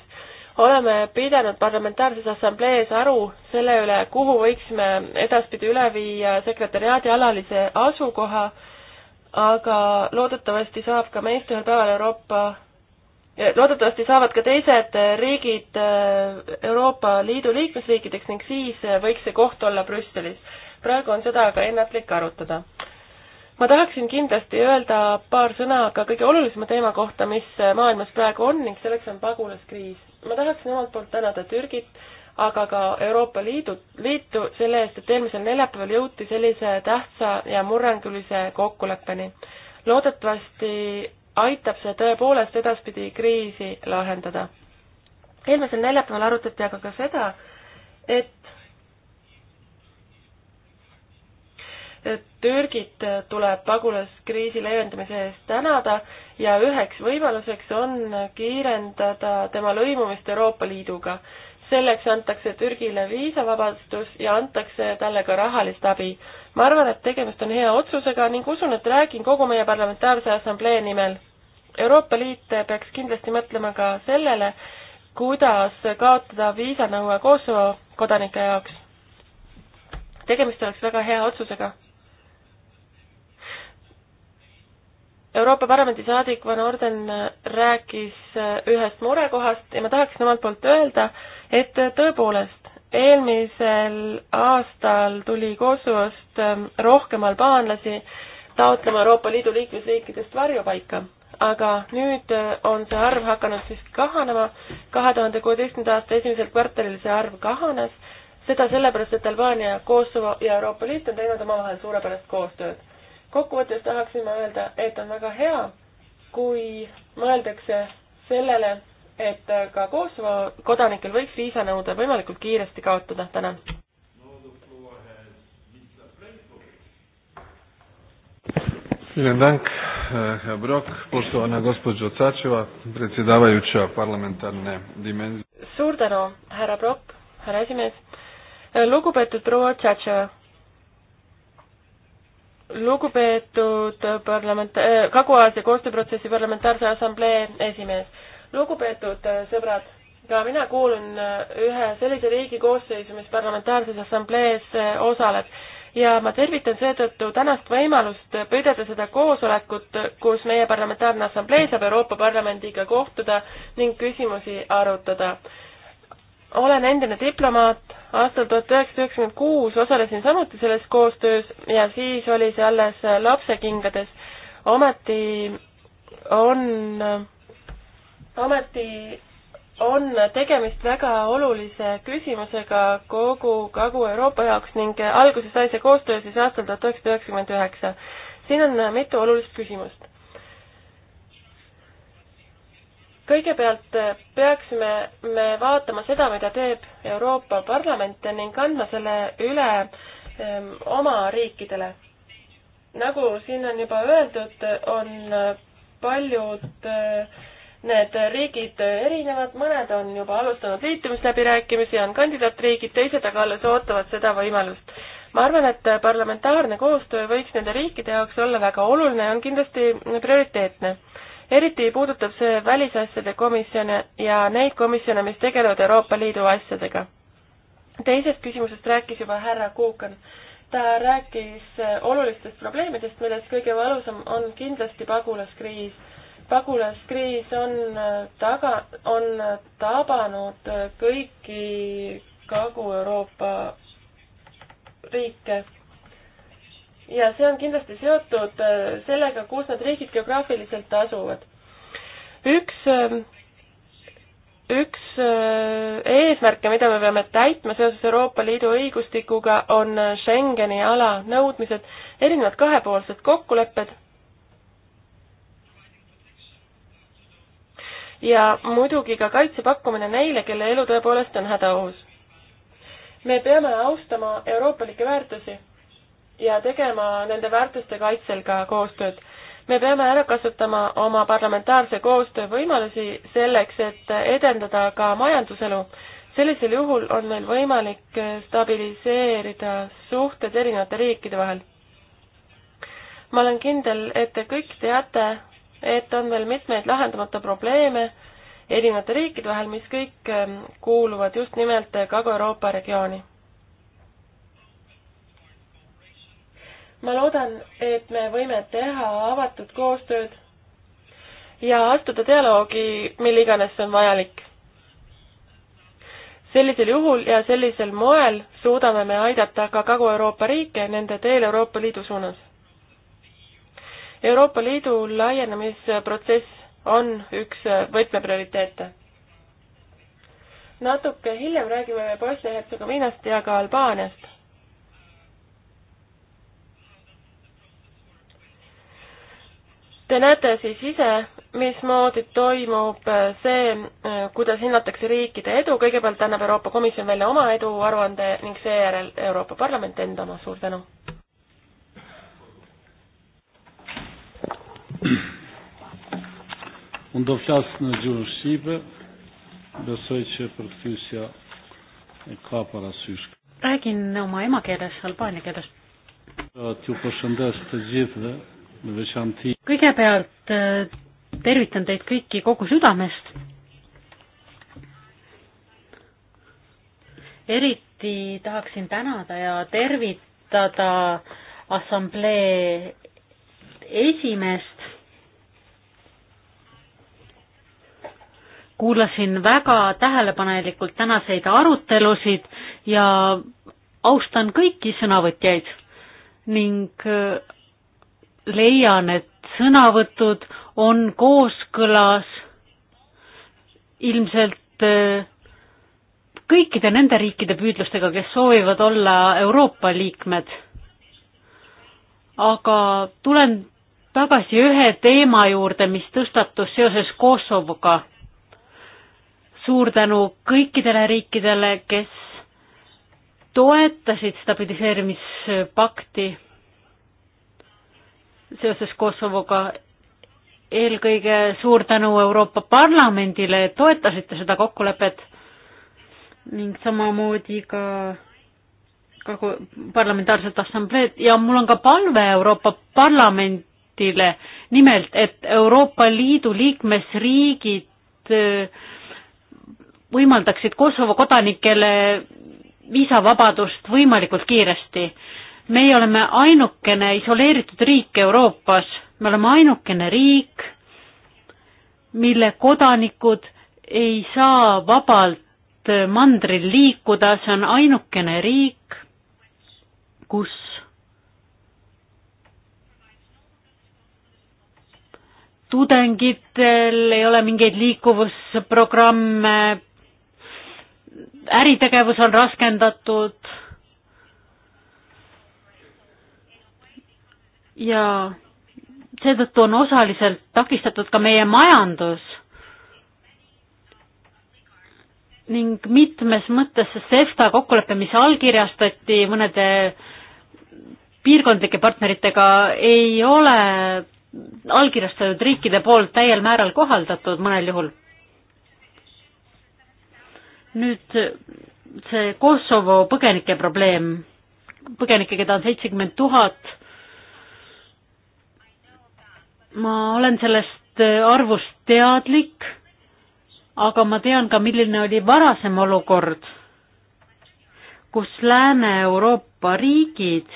[SPEAKER 3] oleme pidanud parlamentaarses assamblees aru selle üle, kuhu võiksime edaspidi üle viia sekretäriaadi alalise asukoha, aga loodetavasti saab ka meist ühel päeval Euroopa loodetavasti saavad ka teised riigid Euroopa Liidu liikmesriikideks ning siis võiks see koht olla Brüsselis praegu on seda aga ennatlik arutada. ma tahaksin kindlasti öelda paar sõna ka kõige olulisema teema kohta, mis maailmas praegu on ning selleks on pagulaskriis. ma tahaksin omalt poolt tänada Türgit, aga ka Euroopa Liidu, Liitu selle eest, et eelmisel neljapäeval jõuti sellise tähtsa ja murrangulise kokkuleppeni. loodetavasti aitab see tõepoolest edaspidi kriisi lahendada. eelmisel neljapäeval arutati aga ka seda, et Türgit tuleb pagulaskriisi leevendamise eest tänada ja üheks võimaluseks on kiirendada tema lõimumist Euroopa Liiduga. selleks antakse Türgile viisavabastus ja antakse talle ka rahalist abi. ma arvan, et tegemist on hea otsusega ning usun, et räägin kogu meie parlamentaarse assamblee nimel. Euroopa Liit peaks kindlasti mõtlema ka sellele, kuidas kaotada viisanõue Kosovo kodanike jaoks. tegemist oleks väga hea otsusega Euroopa Parlamendi saadik Van Orden äh, rääkis äh, ühest murekohast ja ma tahaksin omalt poolt öelda, et äh, tõepoolest, eelmisel aastal tuli Kosovost ähm, rohkem albaanlasi taotlema Euroopa Liidu liikmesriikidest varjupaika, aga nüüd on see arv hakanud siiski kahanema. kahe tuhande kuueteistkümnenda aasta esimesel kvartalil see arv kahanes, seda sellepärast, et Albaania, Kosovo ja Euroopa Liit on teinud omavahel suurepärast koostööd kokkuvõttes tahaksime öelda, et on väga hea, kui mõeldakse sellele, et ka Kosovo kodanikel võiks viisanõude võimalikult kiiresti kaotada. tänan.
[SPEAKER 1] Vielen Dank, Herr Brok, poštovana gospođo Cačeva, predsjedavajuća parlamentarne dimenzije.
[SPEAKER 3] Suur tänu, härra Brok, härra esimees. lugupeetud proua Cačeva lugupeetud parlament- äh,, Kagu-Aasia koostööprotsessi parlamentaarse assamblee esimees, lugupeetud äh, sõbrad, ka mina kuulun äh, ühe sellise riigi koosseisu, mis parlamentaarses assamblees äh, osaleb ja ma tervitan seetõttu tänast võimalust pidada seda koosolekut, kus meie parlamentaarne assamblee saab Euroopa Parlamendiga kohtuda ning küsimusi arutada olen endine diplomaat, aastal tuhat üheksasada üheksakümmend kuus osalesin samuti selles koostöös ja siis oli see alles lapsekingades. ometi on, ometi on tegemist väga olulise küsimusega kogu Kagu-Euroopa jaoks ning alguse sai see koostöö siis aastal tuhat üheksasada üheksakümmend üheksa. siin on mitu olulist küsimust. kõigepealt äh, peaksime me vaatama seda, mida teeb Euroopa Parlament ning andma selle üle ähm, oma riikidele. nagu siin on juba öeldud, on äh, paljud äh, need riigid erinevad, mõned on juba alustanud liitumisläbirääkimisi, on kandidaatriigid, teised aga alles ootavad seda võimalust. ma arvan, et parlamentaarne koostöö võiks nende riikide jaoks olla väga oluline ja on kindlasti prioriteetne eriti puudutab see välisasjade komisjone ja neid komisjone, mis tegelevad Euroopa Liidu asjadega. teisest küsimusest rääkis juba härra Kuukan. ta rääkis äh, olulistest probleemidest, millest kõige valusam on kindlasti pagulaskriis. pagulaskriis on äh, taga, on äh, tabanud kõiki Kagu-Euroopa riike ja see on kindlasti seotud äh, sellega, kus need riigid geograafiliselt asuvad. üks, ähm, üks äh, eesmärke, mida me peame täitma seoses Euroopa Liidu õigustikuga, on äh, Schengeni ala nõudmised, erinevad kahepoolsed kokkulepped, ja muidugi ka kaitse pakkumine neile, kelle elu tõepoolest on hädaohus. me peame austama euroopalikke väärtusi ja tegema nende väärtuste kaitsel ka koostööd. me peame ära kasutama oma parlamentaarse koostöö võimalusi selleks, et edendada ka majanduselu. sellisel juhul on meil võimalik stabiliseerida suhted erinevate riikide vahel. ma olen kindel, et te kõik teate, et on veel mitmeid lahendamata probleeme erinevate riikide vahel, mis kõik kuuluvad just nimelt Kagu-Euroopa regiooni ma loodan, et me võime teha avatud koostööd ja astuda dialoogi, mil iganes see on vajalik. sellisel juhul ja sellisel moel suudame me aidata ka Kagu-Euroopa riike nende teel Euroopa Liidu suunas. Euroopa Liidu laienemisprotsess on üks võtmeprioriteete. natuke hiljem räägime Bosnia-Hertsegoviinast ja ka Albaaniast Te näete siis ise, mismoodi toimub see, kuidas hinnatakse riikide edu, kõigepealt annab Euroopa Komisjon välja oma eduaruande ning seejärel Euroopa Parlament enda oma, suur tänu!
[SPEAKER 1] Unë do flasë në gjurë Shqipe, besoj që përkthysja e ka parasysh.
[SPEAKER 4] Räägin oma emakeeles, albaania keeles.
[SPEAKER 1] T'ju përshëndes të gjithë dhe
[SPEAKER 4] kõigepealt äh, tervitan teid kõiki kogu südamest. eriti tahaksin tänada ja tervitada assamblee esimeest. kuulasin väga tähelepanelikult tänaseid arutelusid ja austan kõiki sõnavõtjaid ning äh, leian, et sõnavõtud on kooskõlas ilmselt äh, kõikide nende riikide püüdlustega, kes soovivad olla Euroopa liikmed. aga tulen tagasi ühe teema juurde, mis tõstatus seoses Kosovoga. suur tänu kõikidele riikidele, kes toetasid stabiliseerimispakti seoses Kosovoga. eelkõige suur tänu Euroopa Parlamendile, et toetasite seda kokkulepet ning samamoodi ka ka parlamentaarset assambleed ja mul on ka palve Euroopa Parlamentile, nimelt, et Euroopa Liidu liikmesriigid äh, võimaldaksid Kosovo kodanikele viisavabadust võimalikult kiiresti meie oleme ainukene isoleeritud riik Euroopas, me oleme ainukene riik, mille kodanikud ei saa vabalt mandril liikuda, see on ainukene riik, kus tudengitel ei ole mingeid liikuvusprogramme, äritegevus on raskendatud ja seetõttu on osaliselt takistatud ka meie majandus ning mitmes mõttes see SEFTA kokkulepe, mis allkirjastati mõnede piirkondlike partneritega, ei ole allkirjastatud riikide poolt täiel määral kohaldatud mõnel juhul. nüüd see Kosovo põgenike probleem, põgenikke, keda on seitsekümmend tuhat ma olen sellest äh, arvust teadlik, aga ma tean ka, milline oli varasem olukord, kus Lääne-Euroopa riigid,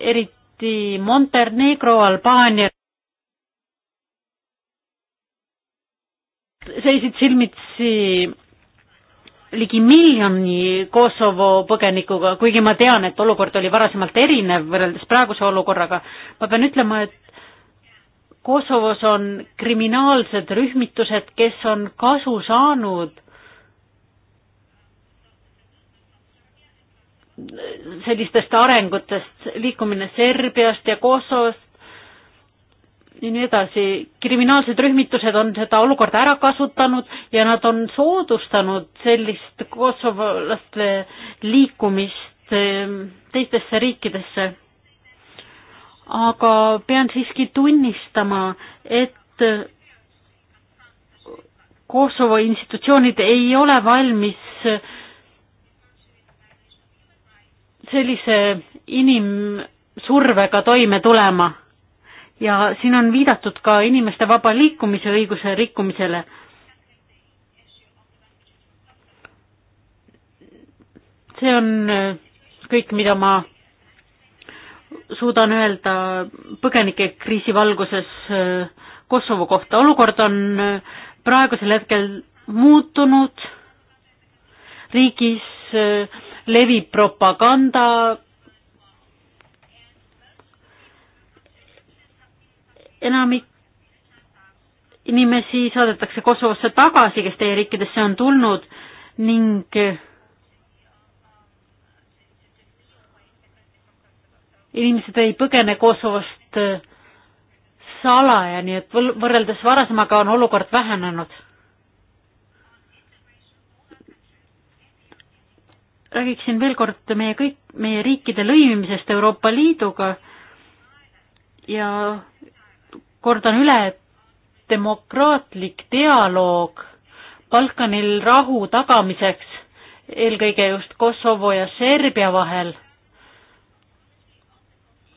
[SPEAKER 4] eriti Montenegro, Albaania, seisid silmitsi ligi miljoni Kosovo põgenikuga, kuigi ma tean, et olukord oli varasemalt erinev võrreldes praeguse olukorraga, ma pean ütlema, et Kosovos on kriminaalsed rühmitused, kes on kasu saanud sellistest arengutest, liikumine Serbiast ja Kosovost ja nii edasi. kriminaalsed rühmitused on seda olukorda ära kasutanud ja nad on soodustanud sellist kosovolaste liikumist ehm, teistesse riikidesse aga pean siiski tunnistama, et Kosovo institutsioonid ei ole valmis sellise inimsurvega toime tulema. ja siin on viidatud ka inimeste vaba liikumise õiguse rikkumisele. see on kõik, mida ma suudan öelda põgenikekriisi valguses äh, Kosovo kohta. olukord on äh, praegusel hetkel muutunud, riigis äh, levib propaganda, enamik inimesi saadetakse Kosovosse tagasi, kes teie riikidesse on tulnud ning inimesed ei põgene Kosovost äh, salaja, nii et võrreldes varasemaga on olukord vähenenud. räägiksin veel kord meie kõik, meie riikide lõimimisest Euroopa Liiduga ja kordan üle, et demokraatlik dialoog Balkanil rahu tagamiseks, eelkõige just Kosovo ja Serbia vahel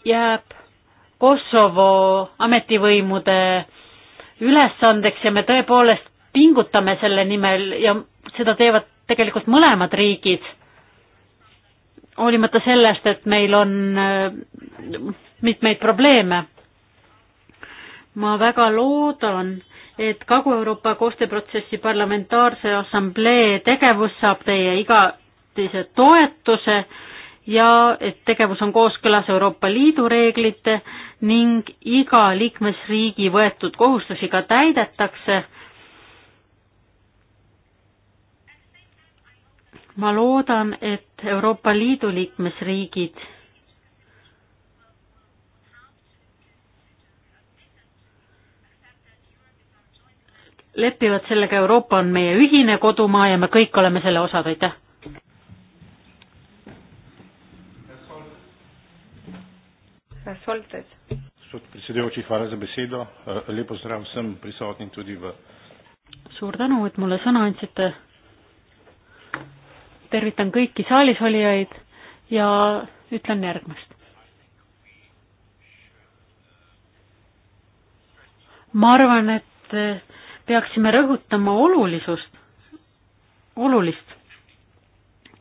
[SPEAKER 4] jääb Kosovo ametivõimude ülesandeks ja me tõepoolest pingutame selle nimel ja seda teevad tegelikult mõlemad riigid, hoolimata sellest, et meil on äh, mitmeid probleeme. ma väga loodan, et Kagu-Euroopa koostööprotsessi parlamentaarse assamblee tegevus saab teie igatise toetuse ja et tegevus on kooskõlas Euroopa Liidu reeglite ning iga liikmesriigi võetud kohustusi ka täidetakse. ma loodan, et Euroopa Liidu liikmesriigid lepivad sellega, Euroopa on meie ühine kodumaa ja me kõik oleme selle osad, aitäh! Soltec.
[SPEAKER 1] Predsedujoči, hvala za besedo. Eh, Lepo zdrav vsem prisotnim tudi v.
[SPEAKER 4] suur tänu, et mulle sõna andsite. tervitan kõiki saalis olijaid ja ütlen järgmist. ma arvan, et eh, peaksime rõhutama olulisust, olulist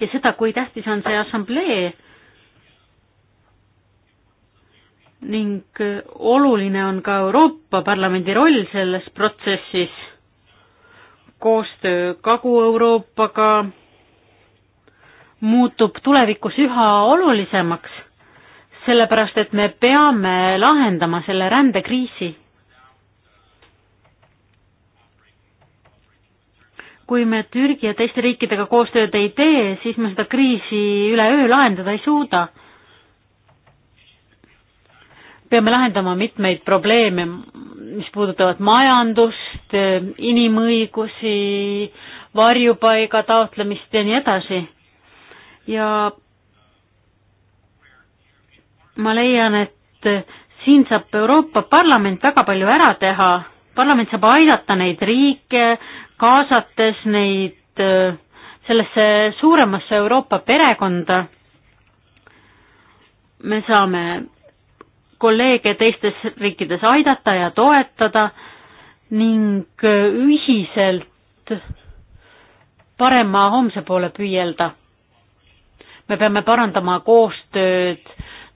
[SPEAKER 4] ja seda, kui tähtis on see assamblee ning oluline on ka Euroopa Parlamendi roll selles protsessis, koostöö Kagu-Euroopaga muutub tulevikus üha olulisemaks, sellepärast et me peame lahendama selle rändekriisi. kui me Türgi ja teiste riikidega koostööd ei tee, siis me seda kriisi üleöö lahendada ei suuda peame lahendama mitmeid probleeme, mis puudutavad majandust, inimõigusi, varjupaiga taotlemist ja nii edasi. ja ma leian, et siin saab Euroopa Parlament väga palju ära teha, parlament saab aidata neid riike, kaasates neid äh, sellesse suuremasse Euroopa perekonda. me saame kolleege teistes riikides aidata ja toetada ning ühiselt parema homse poole püüelda. me peame parandama koostööd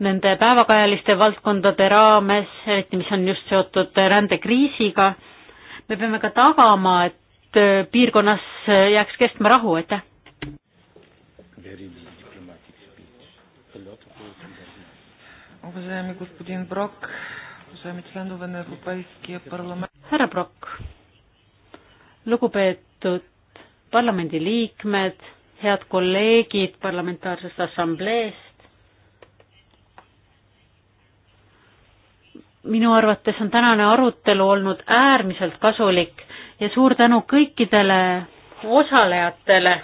[SPEAKER 4] nende päevakajaliste valdkondade raames, eriti mis on just seotud rändekriisiga. me peame ka tagama, et piirkonnas jääks kestma rahu, aitäh.
[SPEAKER 3] Уважаеми господин Брок, уважаеми членове на Европейския парламент.
[SPEAKER 4] härra Brok, lugupeetud parlamendiliikmed, head kolleegid parlamentaarsest assambleest. minu arvates on tänane arutelu olnud äärmiselt kasulik ja suur tänu kõikidele osalejatele.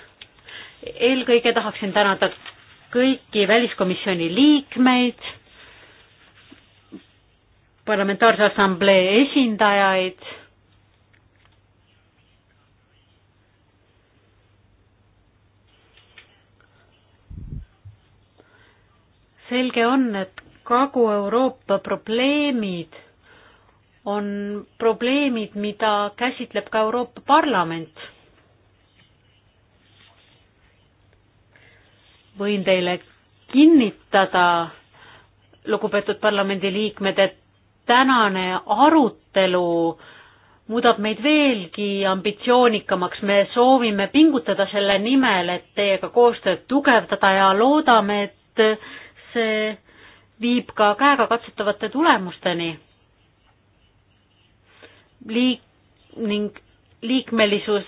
[SPEAKER 4] eelkõige tahaksin tänada kõiki väliskomisjoni liikmeid parlamentaarse assamblee esindajaid. selge on, et Kagu-Euroopa probleemid on probleemid, mida käsitleb ka Euroopa Parlament. võin teile kinnitada, lugupeetud parlamendiliikmed, et tänane arutelu muudab meid veelgi ambitsioonikamaks, me soovime pingutada selle nimel, et teiega koostööd tugevdada ja loodame, et see viib ka käegakatsetavate tulemusteni. liik- ning liikmelisus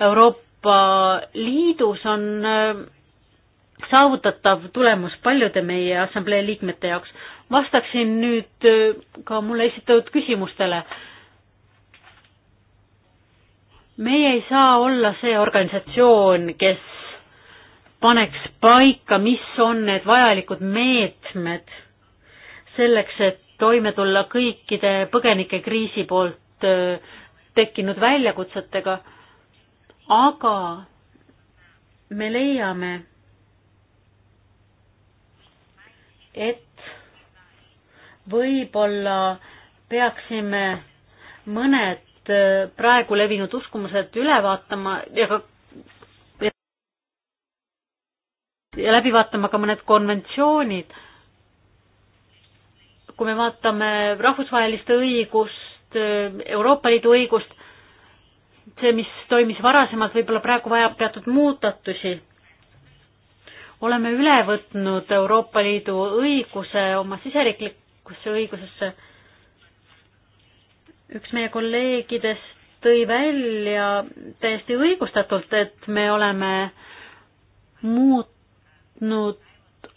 [SPEAKER 4] Euroopa Liidus on äh, saavutatav tulemus paljude meie assamblee liikmete jaoks vastaksin nüüd äh, ka mulle esitatud küsimustele. meie ei saa olla see organisatsioon, kes paneks paika, mis on need vajalikud meetmed selleks, et toime tulla kõikide põgenikekriisi poolt äh, tekkinud väljakutsetega, aga me leiame, et võib-olla peaksime mõned äh, praegu levinud uskumused üle vaatama ja ka ja läbi vaatama ka mõned konventsioonid. kui me vaatame rahvusvahelist õigust, äh, Euroopa Liidu õigust, see, mis toimis varasemalt, võib-olla praegu vajab teatud muudatusi. oleme üle võtnud Euroopa Liidu õiguse oma siseriiklikku avikusse õigusesse. üks meie kolleegidest tõi välja täiesti õigustatult, et me oleme muutnud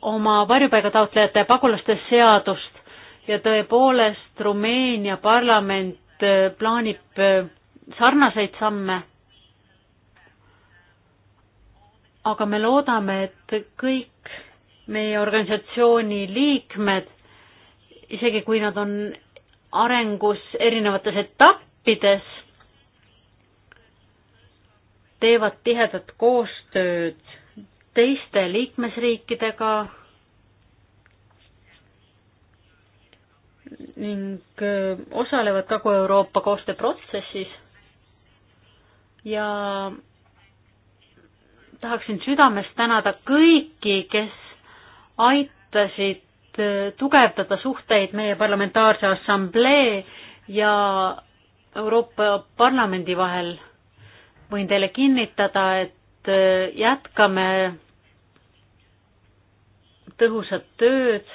[SPEAKER 4] oma varjupaigataotlejate ja pagulaste seadust ja tõepoolest Rumeenia parlament äh, plaanib äh, sarnaseid samme. aga me loodame, et kõik meie organisatsiooni liikmed isegi kui nad on arengus erinevates etappides, teevad tihedat koostööd teiste liikmesriikidega ning äh, osalevad kogu Euroopa koostööprotsessis ja tahaksin südamest tänada kõiki, kes aitasid et äh, tugevdada suhteid meie parlamentaarse assamblee ja Euroopa Parlamendi vahel. võin teile kinnitada, et äh, jätkame tõhusat tööd.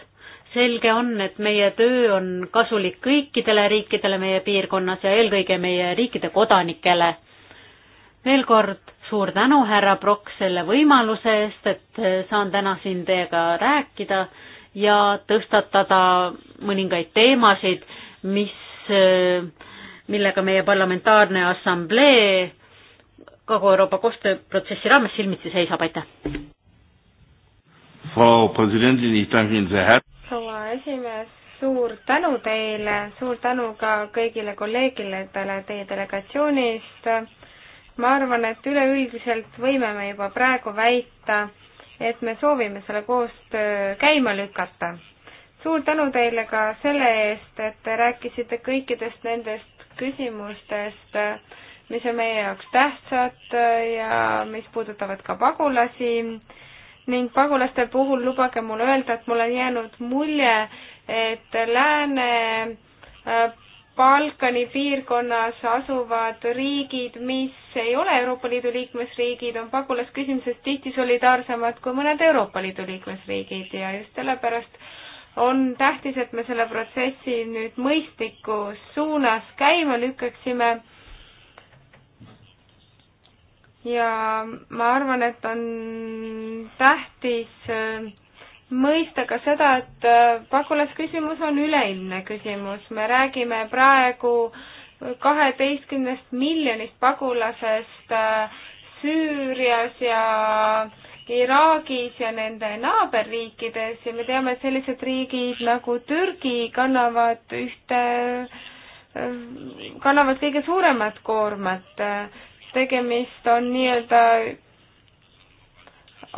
[SPEAKER 4] selge on, et meie töö on kasulik kõikidele riikidele meie piirkonnas ja eelkõige meie riikide kodanikele. veel kord suur tänu, härra Prokk, selle võimaluse eest, et äh, saan täna siin teiega rääkida ja tõstatada mõningaid teemasid, mis, äh, millega meie parlamentaarne assamblee kogu Euroopa koostööprotsessi raames silmitsi seisab, aitäh!
[SPEAKER 2] proua esimees, suur tänu teile, suur tänu ka kõigile kolleegidele teie delegatsioonist. ma arvan, et üleüldiselt võime me juba praegu väita, et me soovime selle koostöö käima lükata. suur tänu teile ka selle eest, et te rääkisite kõikidest nendest küsimustest, mis on meie jaoks tähtsad ja mis puudutavad ka pagulasi ning pagulaste puhul lubage mul öelda, et mul on jäänud mulje, et lääne Balkani piirkonnas asuvad riigid, mis ei ole Euroopa Liidu liikmesriigid, on pagulasküsimuses tihti solidaarsemad kui mõned Euroopa Liidu liikmesriigid ja just sellepärast on tähtis, et me selle protsessi nüüd mõistlikus suunas käima lükkaksime. ja ma arvan, et on tähtis äh, mõista ka seda, et äh, pagulasküsimus on üleilmne küsimus, me räägime praegu kaheteistkümnest miljonist pagulasest äh, Süürias ja Iraagis ja nende naaberriikides ja me teame, et sellised riigid nagu Türgi kannavad ühte, äh, kannavad kõige suuremat koormat. tegemist on nii-öelda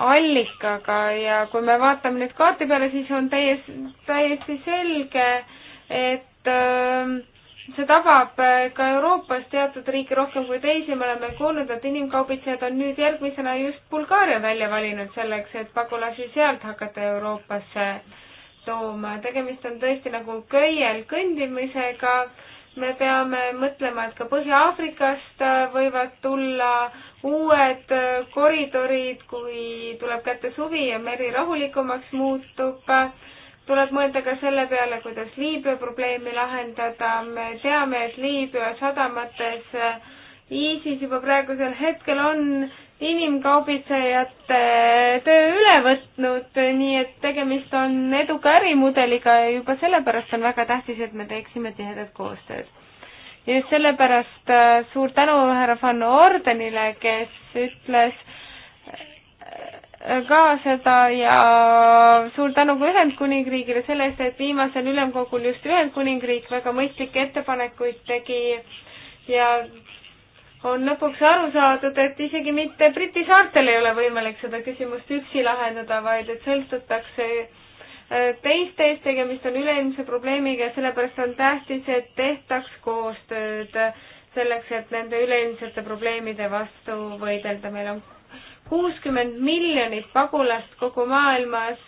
[SPEAKER 2] allikaga ja kui me vaatame nüüd kaarti peale, siis on täiesti, täiesti selge, et äh, see tabab äh, ka Euroopas teatud riike rohkem kui teisi, me oleme kuulnud, et inimkaubitsejad on nüüd järgmisena just Bulgaaria välja valinud selleks, et pagulasi sealt hakata Euroopasse tooma. tegemist on tõesti nagu köiel kõndimisega. me peame mõtlema, et ka Põhja-Aafrikast äh, võivad tulla äh, uued äh, koridorid, kui tuleb kätte suvi ja meri rahulikumaks muutub, tuleb mõelda ka selle peale, kuidas Liibüa probleemi lahendada. me teame, et Liibüa sadamates äh, ISIS juba praegusel hetkel on inimkaubitsejate töö üle võtnud, nii et tegemist on eduka ärimudeliga ja juba sellepärast on väga tähtis, et me teeksime tihedat koostööd just sellepärast äh, suur tänu härra Van Ordenile, kes ütles äh, ka seda ja suur tänu ka Ühendkuningriigile selle eest, et viimasel ülemkogul just Ühendkuningriik väga mõistlikke ettepanekuid tegi ja on lõpuks aru saadud, et isegi mitte Briti saartel ei ole võimalik seda küsimust üksi lahendada, vaid et sõltutakse teiste ees, tegemist on üleilmse probleemiga ja sellepärast on tähtis, et tehtaks koostööd selleks, et nende üleilmsete probleemide vastu võidelda. meil on kuuskümmend miljonit pagulast kogu maailmas.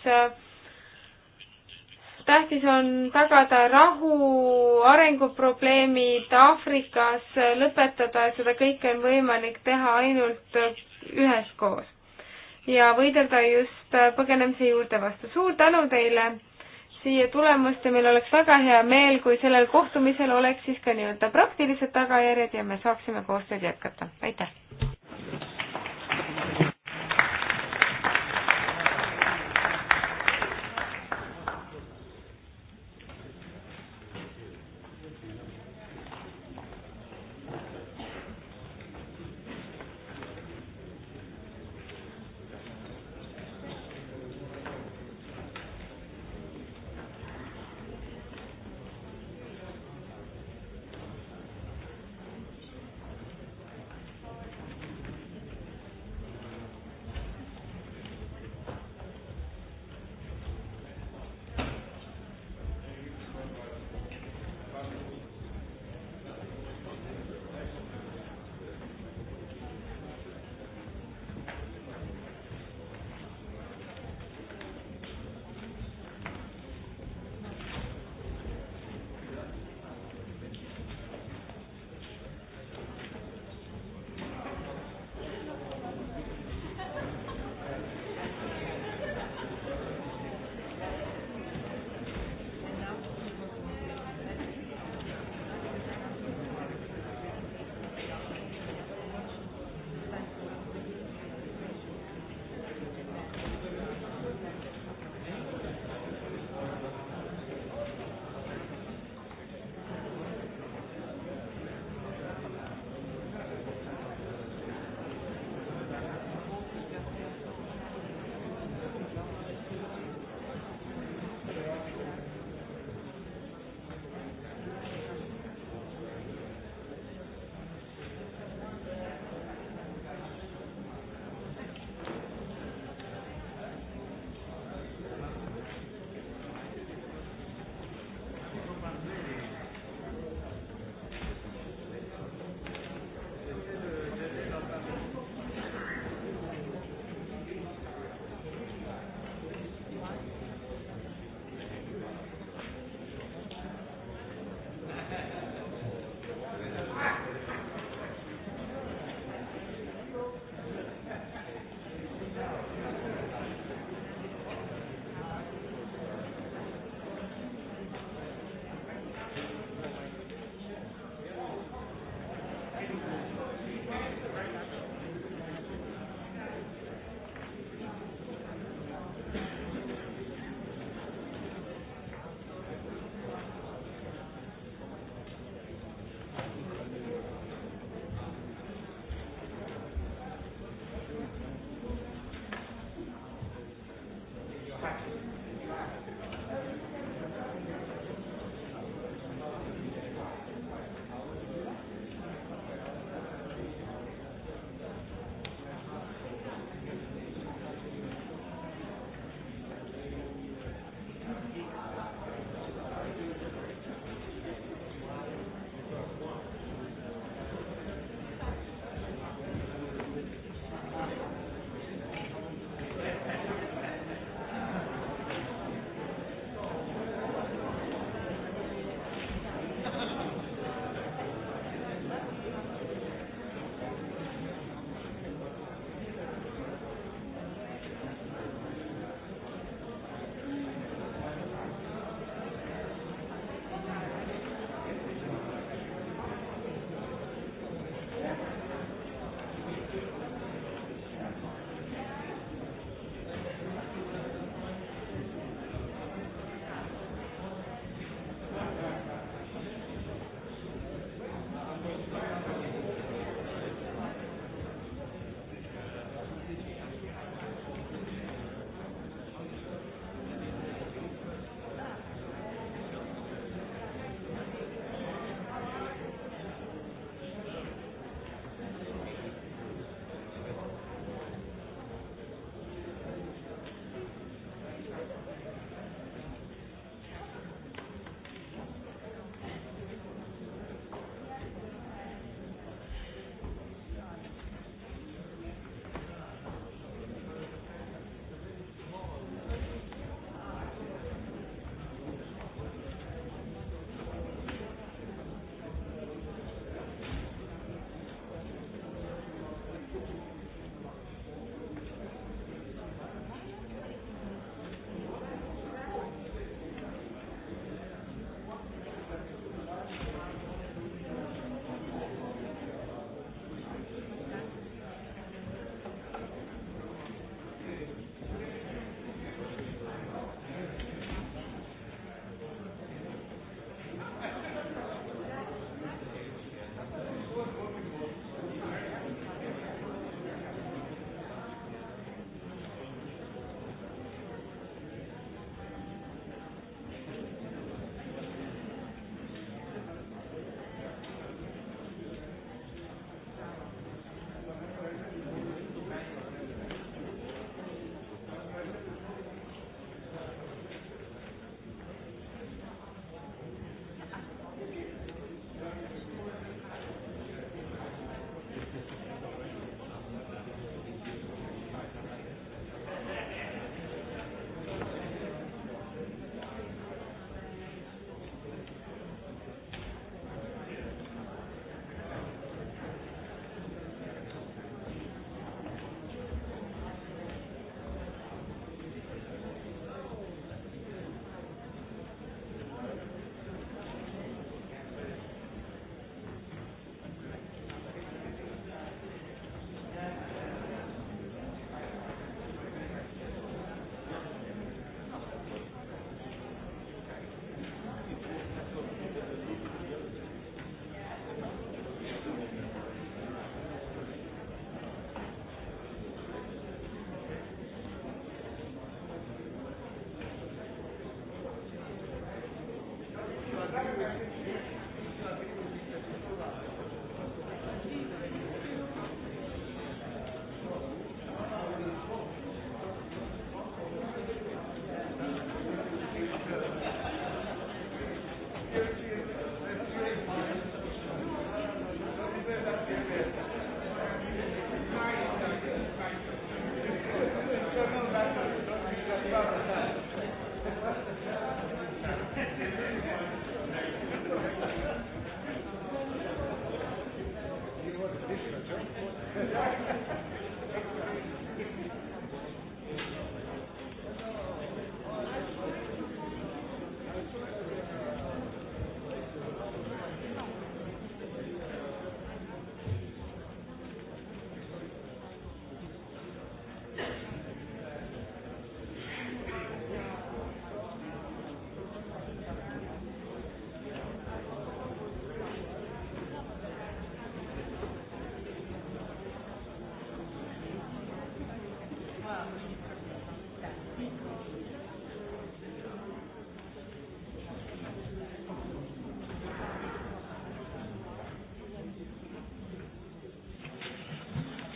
[SPEAKER 2] tähtis on tagada rahu, arenguprobleemid Aafrikas, lõpetada, et seda kõike on võimalik teha ainult üheskoos ja võidelda just põgenemise juurde vastu. suur tänu teile siia tulemast ja meil oleks väga hea meel, kui sellel kohtumisel oleks siis ka nii-öelda praktilised tagajärjed ja me saaksime koostööd jätkata. aitäh!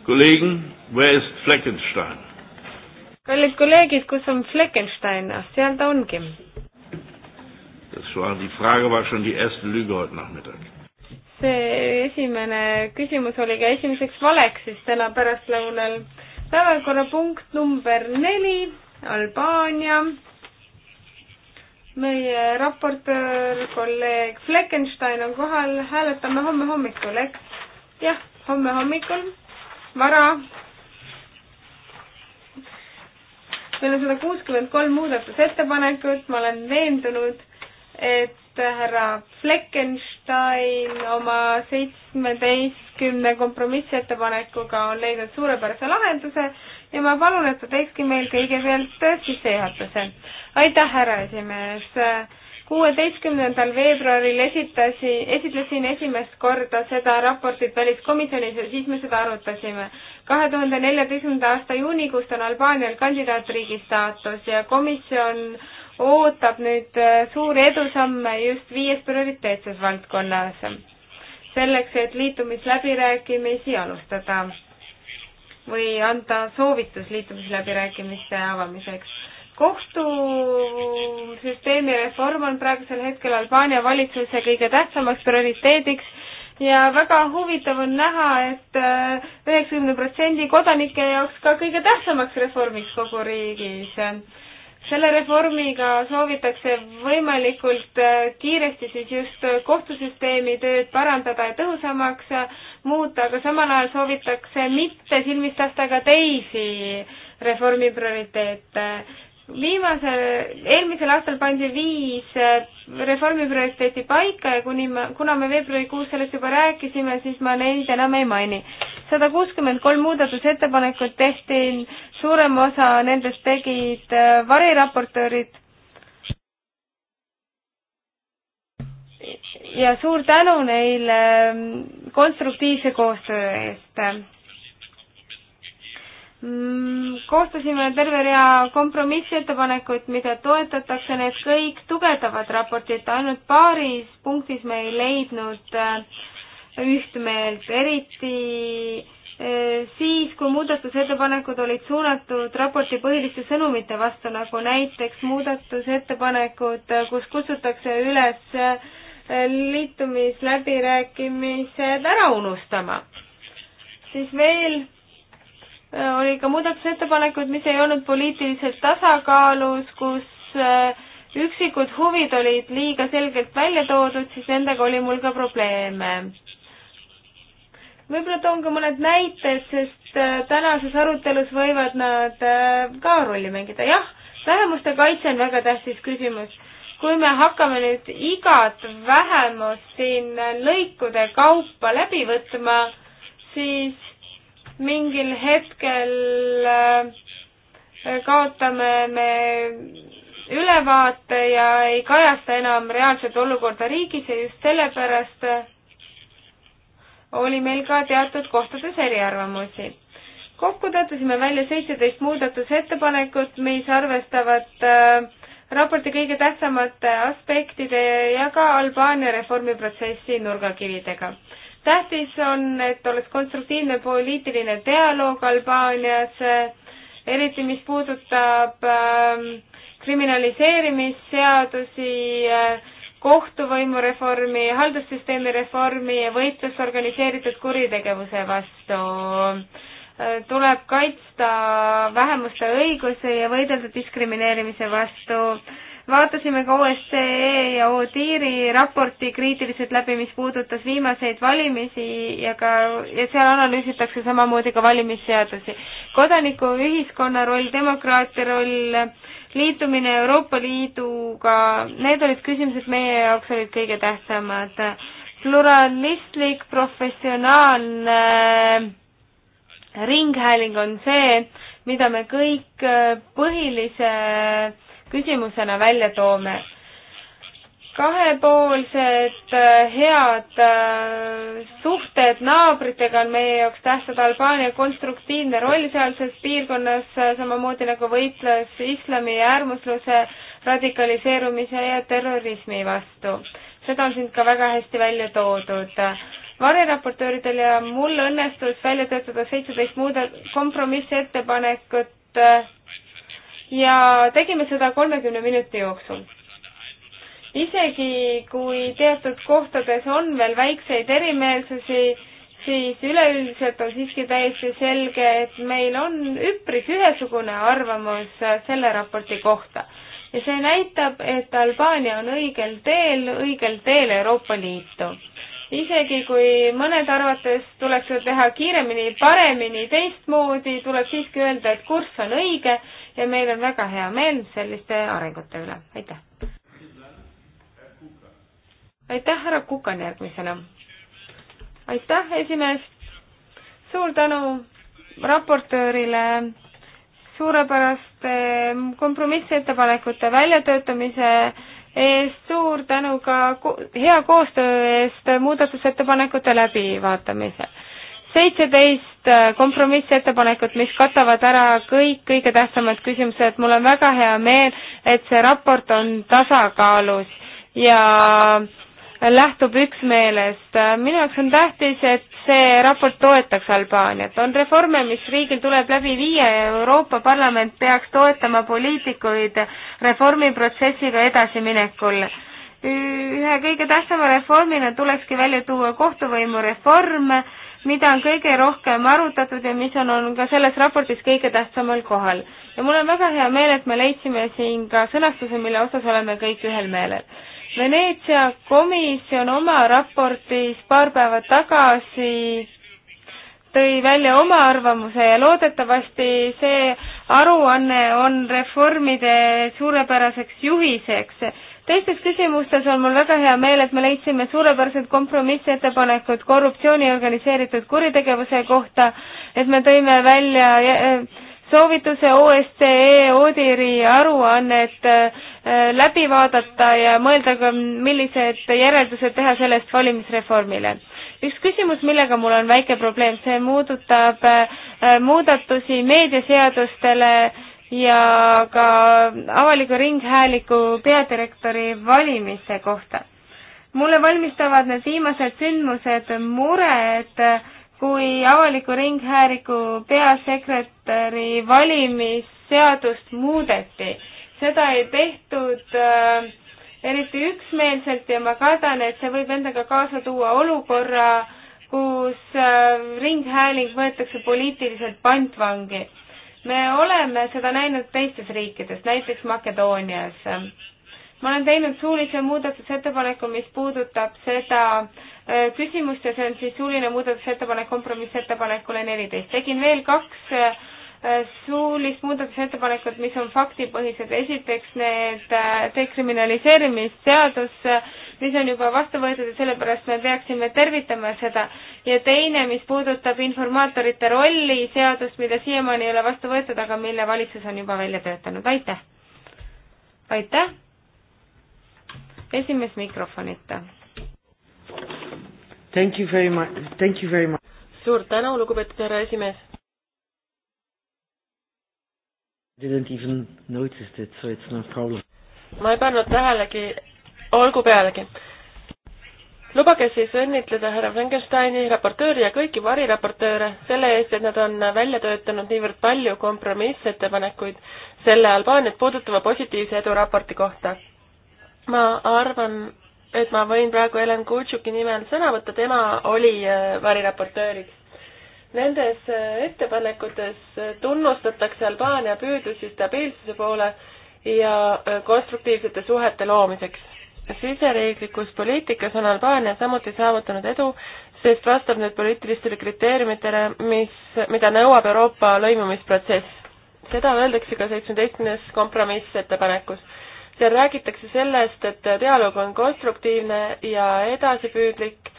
[SPEAKER 1] Kollegen, wer ist Fleckenstein?
[SPEAKER 2] kallid kolleegid, kus on Fleckenstein, seal ta ongi. see esimene küsimus oli ka esimeseks valeks siis täna pärastlõunal. päevakorrapunkt number neli, Albaania. meie raportöör, kolleeg Fleckenstein on kohal, hääletame homme hommikul, eks? jah, homme hommikul vara. meil on sada kuuskümmend kolm muudatusettepanekut, ma olen veendunud, et härra Fleckenstein oma seitsmeteistkümne kompromissettepanekuga on leidnud suurepärase lahenduse ja ma palun, et ta teekski meil kõigepealt sissejuhatuse. aitäh, härra esimees kuueteistkümnendal veebruaril esitasi, esitlesin esimest korda seda raportit väliskomisjonis ja siis me seda arutasime. kahe tuhande neljateistkümnenda aasta juunikuust on Albaanial kandidaatriigi staatus ja komisjon ootab nüüd äh, suuri edusamme just viies prioriteetses valdkonnas, selleks et liitumisläbirääkimisi alustada või anda soovitus liitumisläbirääkimiste avamiseks kohtusüsteemi reform on praegusel hetkel Albaania valitsuse kõige tähtsamaks prioriteediks ja väga huvitav on näha et, et äh, üheksakümne protsendi kodanike jaoks ka kõige tähtsamaks reformiks kogu riigis. selle reformiga soovitakse võimalikult äh, kiiresti siis just kohtusüsteemi tööd parandada ja tõhusamaks muuta, aga samal ajal soovitakse mitte silmist lasta ka teisi reformi prioriteete viimase, eelmisel aastal pandi viis äh, reformi prioriteeti paika ja kuni ma, kuna me veebruarikuus sellest juba rääkisime, siis ma neid enam ei maini. sada kuuskümmend kolm muudatusettepanekut tehti, suurem osa nendest tegid äh, variraportöörid. ja suur tänu neile äh, konstruktiivse koostöö eest Mm, koostasime terve rea kompromissettepanekuid, mida toetatakse, need kõik tugevdavad raportit, ainult paaris punktis me ei leidnud äh, ühtmeelt, eriti äh, siis, kui muudatusettepanekud olid suunatud raporti põhiliste sõnumite vastu, nagu näiteks muudatusettepanekud, äh, kus kutsutakse üles liitumisläbirääkimised ära unustama. siis veel Äh, oli ka muudatusettepanekuid, mis ei olnud poliitiliselt tasakaalus, kus äh, üksikud huvid olid liiga selgelt välja toodud, siis nendega oli mul ka probleeme. võib-olla toon ka mõned näited, sest äh, tänases arutelus võivad nad ka rolli mängida. jah, vähemuste kaitse on väga tähtis küsimus. kui me hakkame nüüd igat vähemust siin lõikude kaupa läbi võtma, siis mingil hetkel äh, kaotame me ülevaate ja ei kajasta enam reaalset olukorda riigis ja just sellepärast äh, oli meil ka teatud kohtades eriarvamusi kokku töötasime välja seitseteist muudatusettepanekut, mis arvestavad äh, raporti kõige tähtsamate aspektide ja ka Albaania reformiprotsessi nurgakividega tähtis on, et oleks konstruktiivne poliitiline dialoog Albaanias, eriti mis puudutab ähm, kriminaliseerimisseadusi, äh, kohtuvõimu reformi, haldussüsteemi reformi ja võitlust organiseeritud kuritegevuse vastu. Äh, tuleb kaitsta vähemuste õigusi ja võidelda diskrimineerimise vastu vaatasime ka OSCE ja ODIHR-i raporti kriitiliselt läbi, mis puudutas viimaseid valimisi ja ka, ja seal analüüsitakse samamoodi ka valimisseadusi. kodanikuühiskonna roll, demokraatia roll, liitumine Euroopa Liiduga, need olid küsimused meie jaoks olid kõige tähtsamad. pluralistlik, professionaalne äh, ringhääling on see, mida me kõik äh, põhilise küsimusena välja toome. kahepoolsed äh, head äh, suhted naabritega on meie jaoks tähtsad, Albaania konstruktiivne roll sealses piirkonnas, äh, samamoodi nagu võitles islami äärmusluse radikaliseerumise ja terrorismi vastu. seda on siin ka väga hästi välja toodud variraportööridel ja mul õnnestus välja töötada seitseteist muude kompromissettepanekut ja tegime seda kolmekümne minuti jooksul. isegi kui teatud kohtades on veel väikseid erimeelsusi, siis üleüldiselt on siiski täiesti selge, et meil on üpris ühesugune arvamus selle raporti kohta. ja see näitab, et Albaania on õigel teel, õigel teel Euroopa Liitu isegi kui mõned arvates tuleks seda teha kiiremini, paremini, teistmoodi, tuleb siiski öelda, et kurss on õige ja meil on väga hea meel selliste arengute üle, aitäh! aitäh, härra Kukan järgmisena! aitäh, esimees! suur tänu raportöörile suurepäraste kompromissettepanekute väljatöötamise eest, suur tänu ka hea koostöö eest muudatusettepanekute läbivaatamisel seitseteist äh, kompromissettepanekut, mis katavad ära kõik kõige tähtsamad küsimused. mul on väga hea meel, et see raport on tasakaalus ja lähtub üksmeelest. minu jaoks on tähtis, et see raport toetaks Albaaniat. on reforme, mis riigil tuleb läbi viia ja Euroopa Parlament peaks toetama poliitikuid reformiprotsessiga edasiminekul. ühe kõige tähtsama reformina tulekski välja tuua kohtuvõimu reform mida on kõige rohkem arutatud ja mis on, on ka selles raportis kõige tähtsamal kohal. ja mul on väga hea meel, et me leidsime siin ka sõnastuse, mille osas oleme kõik ühel meelel. Veneetsia komisjon oma raportis paar päeva tagasi tõi välja oma arvamuse ja loodetavasti see aruanne on reformide suurepäraseks juhiseks teistes küsimustes on mul väga hea meel, et me leidsime suurepärased kompromissettepanekud korruptsiooni organiseeritud kuritegevuse kohta, et me tõime välja eh, soovituse OSCE Odiri aruannet eh, läbi vaadata ja mõelda ka, millised järeldused teha sellest valimisreformile üks küsimus, millega mul on väike probleem, see muudutab eh, muudatusi meediaseadustele ja ka avaliku ringhäälingu peadirektori valimiste kohta. mulle valmistavad need viimased sündmused muret, kui avaliku ringhäälingu peasekretäri valimisseadust muudeti. seda ei tehtud äh, eriti üksmeelselt ja ma kardan, et see võib endaga kaasa tuua olukorra, kus äh, ringhääling võetakse poliitiliselt pantvangi me oleme seda näinud teistes riikides, näiteks Makedoonias. ma olen teinud suulise muudatusettepaneku, mis puudutab seda äh, küsimust ja see on siis suuline muudatusettepanek kompromissettepanekule neliteist. tegin veel kaks äh, suulist muudatusettepanekut, mis on faktipõhised. esiteks need äh, dekriminaliseerimisseadus, mis on juba vastu võetud ja sellepärast me peaksime tervitama seda. ja teine, mis puudutab informaatorite rolli seadust, mida siiamaani ei ole vastu võetud, aga mille valitsus on juba välja töötanud, aitäh! aitäh!
[SPEAKER 3] esimees mikrofonita.
[SPEAKER 1] Thank you very much, thank you very much.
[SPEAKER 3] suur tänu, lugupeetud härra esimees.
[SPEAKER 1] Didn't even notice it, so it's no problem.
[SPEAKER 3] ma ei pannud tähelegi, olgu pealegi. lubage siis õnnitleda härra Frankensteini raportööri ja kõiki variraportööre selle eest, et nad on välja töötanud niivõrd palju kompromissettepanekuid selle Albaaniat puudutava positiivse edu raporti kohta. ma arvan, et ma võin praegu Helen Kutšuki nimel sõna võtta, tema oli äh, variraportööriks nendes äh, ettepanekutes tunnustatakse Albaania püüdlusi stabiilsuse poole ja äh, konstruktiivsete suhete loomiseks siseriiklikus poliitikas on Albaania samuti saavutanud edu, sest vastab nüüd poliitilistele kriteeriumitele, mis, mida nõuab Euroopa lõimumisprotsess. seda öeldakse ka seitsmeteistkümnes kompromissettepanekus. seal räägitakse sellest, et dialoog on konstruktiivne ja edasipüüdlik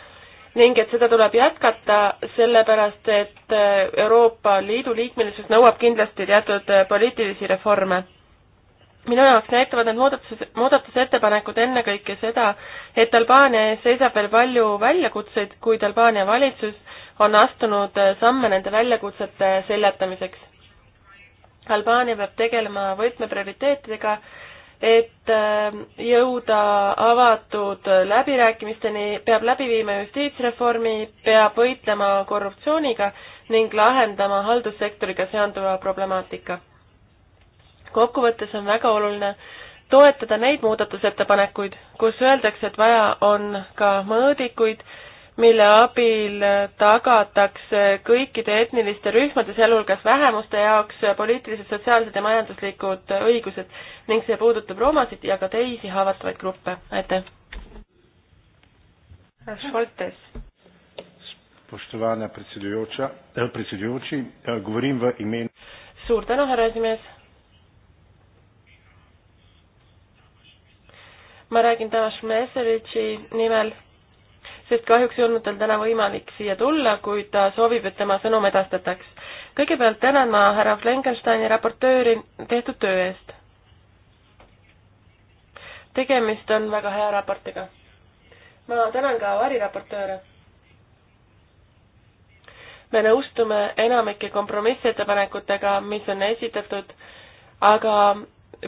[SPEAKER 3] ning et seda tuleb jätkata, sellepärast et Euroopa Liidu liikmelisus nõuab kindlasti teatud poliitilisi reforme minu jaoks näitavad need muudatus, muudatusettepanekud ennekõike seda, et Albaania ees seisab veel palju väljakutseid, kuid Albaania valitsus on astunud samme nende väljakutsete seljatamiseks. Albaania peab tegelema võtmeprioriteetidega, et äh, jõuda avatud läbirääkimisteni, peab läbi viima justiitsreformi, peab võitlema korruptsiooniga ning lahendama haldussektoriga seonduva problemaatika kokkuvõttes on väga oluline toetada neid muudatusettepanekuid, kus öeldakse, et vaja on ka mõõdikuid, mille abil tagatakse kõikide etniliste rühmade, sealhulgas vähemuste jaoks poliitilised, sotsiaalsed ja majanduslikud õigused ning see puudutab roomasid ja ka teisi haavatavaid gruppe, aitäh. Šoltes.
[SPEAKER 1] Spoštovana predsedujoča, eh, predsedujoči, eh, govorim v imenu.
[SPEAKER 3] suur tänu, härra esimees ma räägin Tamas Meseritši nimel, sest kahjuks ei olnud tal täna võimalik siia tulla, kuid ta soovib, et tema sõnum edastataks. kõigepealt tänan ma härra Flankensteini raportööri tehtud töö eest. tegemist on väga hea raportiga. ma tänan ka variraportööre me nõustume enamike kompromissettepanekutega, mis on esitatud, aga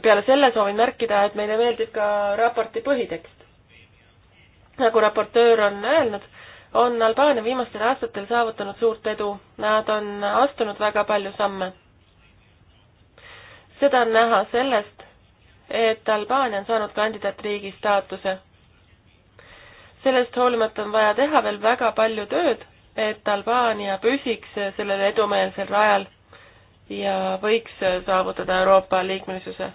[SPEAKER 3] peale selle soovin märkida, et meile meeldib ka raporti põhitekst. nagu raportöör on öelnud, on Albaania viimastel aastatel saavutanud suurt edu, nad on astunud väga palju samme. seda on näha sellest, et Albaania on saanud kandidaatriigi staatuse. sellest hoolimata on vaja teha veel väga palju tööd, et Albaania püsiks sellel edumeelsel rajal ja võiks saavutada Euroopa liikmelisuse.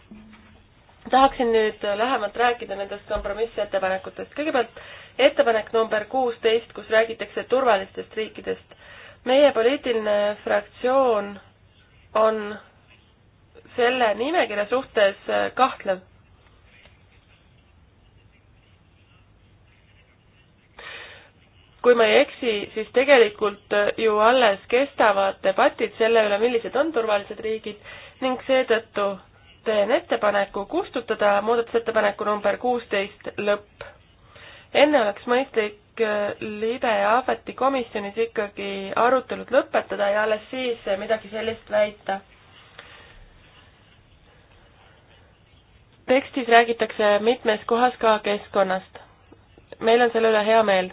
[SPEAKER 3] tahaksin nüüd lähemalt rääkida nendest kompromissettepanekutest. kõigepealt ettepanek number kuusteist, kus räägitakse turvalistest riikidest. meie poliitiline fraktsioon on selle nimekirja suhtes kahtlev kui ma ei eksi, siis tegelikult äh, ju alles kestavad debatid selle üle, millised on turvalised riigid ning seetõttu teen ettepaneku kustutada muudatusettepaneku number kuusteist lõpp. enne oleks mõistlik äh, libe ja afeti komisjonis ikkagi arutelud lõpetada ja alles siis äh, midagi sellist väita. tekstis räägitakse mitmes kohas ka keskkonnast. meil on selle üle hea meel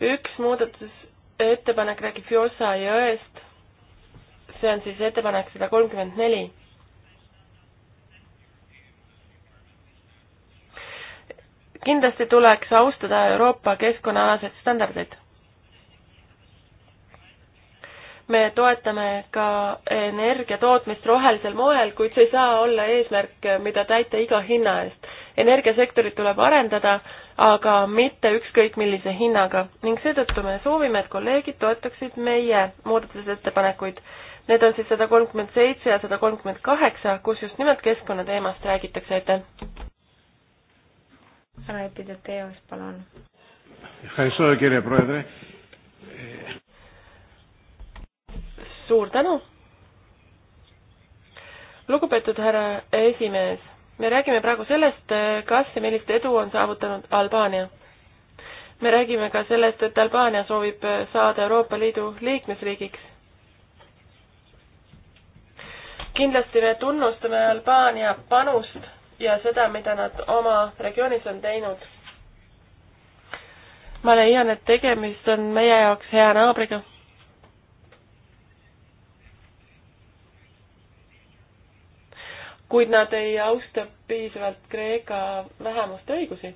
[SPEAKER 3] üks muudatusettepanek räägib Fjorsa jõest, see on siis ettepanek sada kolmkümmend neli kindlasti tuleks austada Euroopa keskkonnaalaseid standardeid. me toetame ka energia tootmist rohelisel moel, kuid see ei saa olla eesmärk, mida täita iga hinna eest. energiasektorit tuleb arendada, aga mitte ükskõik millise hinnaga ning seetõttu me soovime, et kolleegid toetaksid meie muudatusettepanekuid. Need on siis sada kolmkümmend seitse ja sada kolmkümmend kaheksa, kus just nimelt keskkonnateemast räägitakse, aitäh.
[SPEAKER 2] härra Epideteos, palun.
[SPEAKER 3] suur tänu. lugupeetud härra esimees me räägime praegu sellest, kas ja millist edu on saavutanud Albaania. me räägime ka sellest, et Albaania soovib saada Euroopa Liidu liikmesriigiks. kindlasti me tunnustame Albaania panust ja seda, mida nad oma regioonis on teinud. ma leian, et tegemist on meie jaoks hea naabriga kuid nad ei austa piisavalt Kreeka vähemuste õigusi.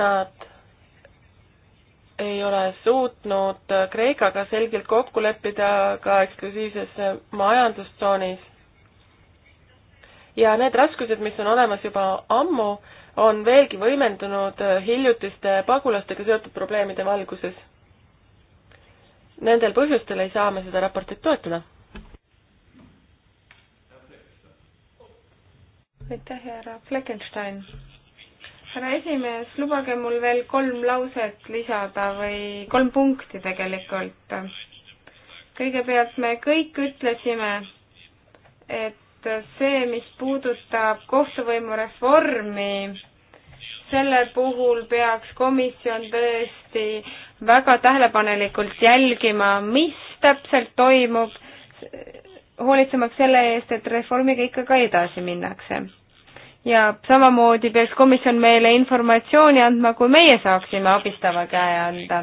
[SPEAKER 3] Nad ei ole suutnud Kreekaga selgelt kokku leppida ka eksklusiivses majandustsoonis. ja need raskused, mis on olemas juba ammu, on veelgi võimendunud hiljutiste pagulastega seotud probleemide valguses Nendel põhjustel ei saa me seda raportit toetada. aitäh, härra Fleckenstein. härra esimees, lubage
[SPEAKER 2] mul veel kolm lauset lisada või kolm punkti tegelikult. kõigepealt me kõik ütlesime, et see, mis puudutab kohtuvõimu reformi, selle puhul peaks komisjon tõesti väga tähelepanelikult jälgima, mis täpselt toimub, hoolitsemaks selle eest, et reformiga ikka ka edasi minnakse. ja samamoodi peaks komisjon meile informatsiooni andma, kui meie saaksime abistava käe anda.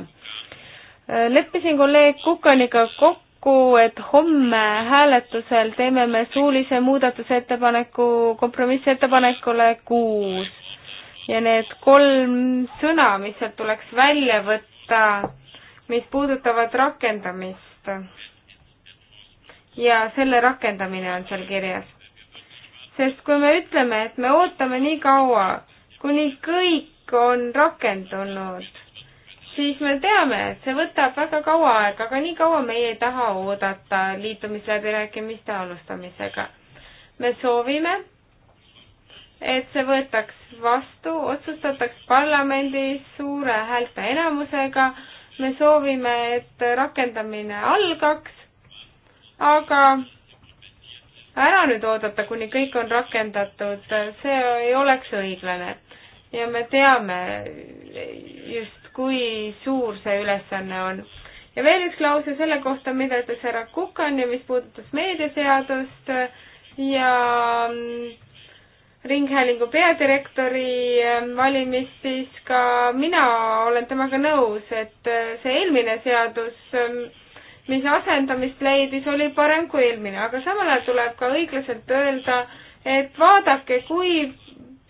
[SPEAKER 2] leppisin kolleeg Kukaniga kokku, kokku, et homme hääletusel teeme me suulise muudatusettepaneku kompromissettepanekule kuus ja need kolm sõna, mis sealt tuleks välja võtta, mis puudutavad rakendamist. ja selle rakendamine on seal kirjas. sest kui me ütleme, et me ootame nii kaua, kuni kõik on rakendunud, siis me teame, et see võtab väga kaua aega, aga nii kaua meie ei taha oodata liitumisläbirääkimiste alustamisega. me soovime et see võetaks vastu, otsustataks parlamendis suure häälteenamusega. me soovime, et rakendamine algaks, aga ära nüüd oodata, kuni kõik on rakendatud, see ei oleks õiglane. ja me teame just, kui suur see ülesanne on. ja veel üks lause selle kohta, mida ütles härra Kukan ja mis puudutas meediaseadust ja mm, Ringhäälingu peadirektori ähm, valimist, siis ka mina olen temaga nõus, et äh, see eelmine seadus, ähm, mis asendamist leidis, oli parem kui eelmine, aga samal ajal tuleb ka õiglaselt öelda, et vaadake, kui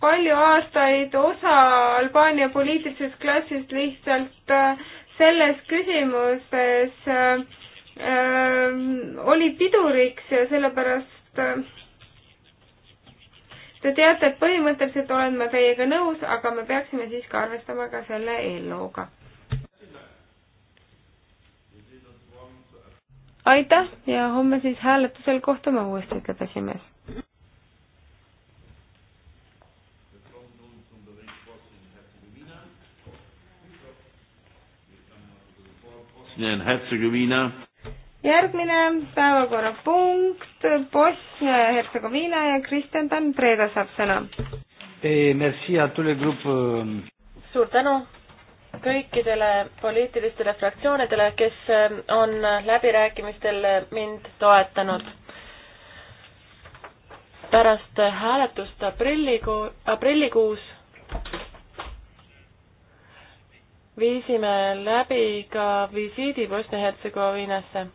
[SPEAKER 2] palju aastaid osa Albaania poliitilisest klassist lihtsalt äh, selles küsimuses äh, äh, oli piduriks ja sellepärast äh, Te teate, et põhimõtteliselt olen ma teiega nõus, aga me peaksime siiski arvestama ka selle eelnõuga. aitäh ja homme siis hääletusel kohtume uuesti, ütleb esimees.
[SPEAKER 1] Bosnia ja Hertsegoviina
[SPEAKER 2] järgmine päevakorrapunkt, Bosnia ja Hertsegoviina ja Kristjan
[SPEAKER 3] Dan Preda saab sõna.
[SPEAKER 1] Eh, euh.
[SPEAKER 3] suur tänu kõikidele poliitilistele fraktsioonidele, kes äh, on läbirääkimistel mind toetanud. pärast hääletust aprillikuu, aprillikuus viisime läbi ka visiidi Bosnia-Hertsegoviinasse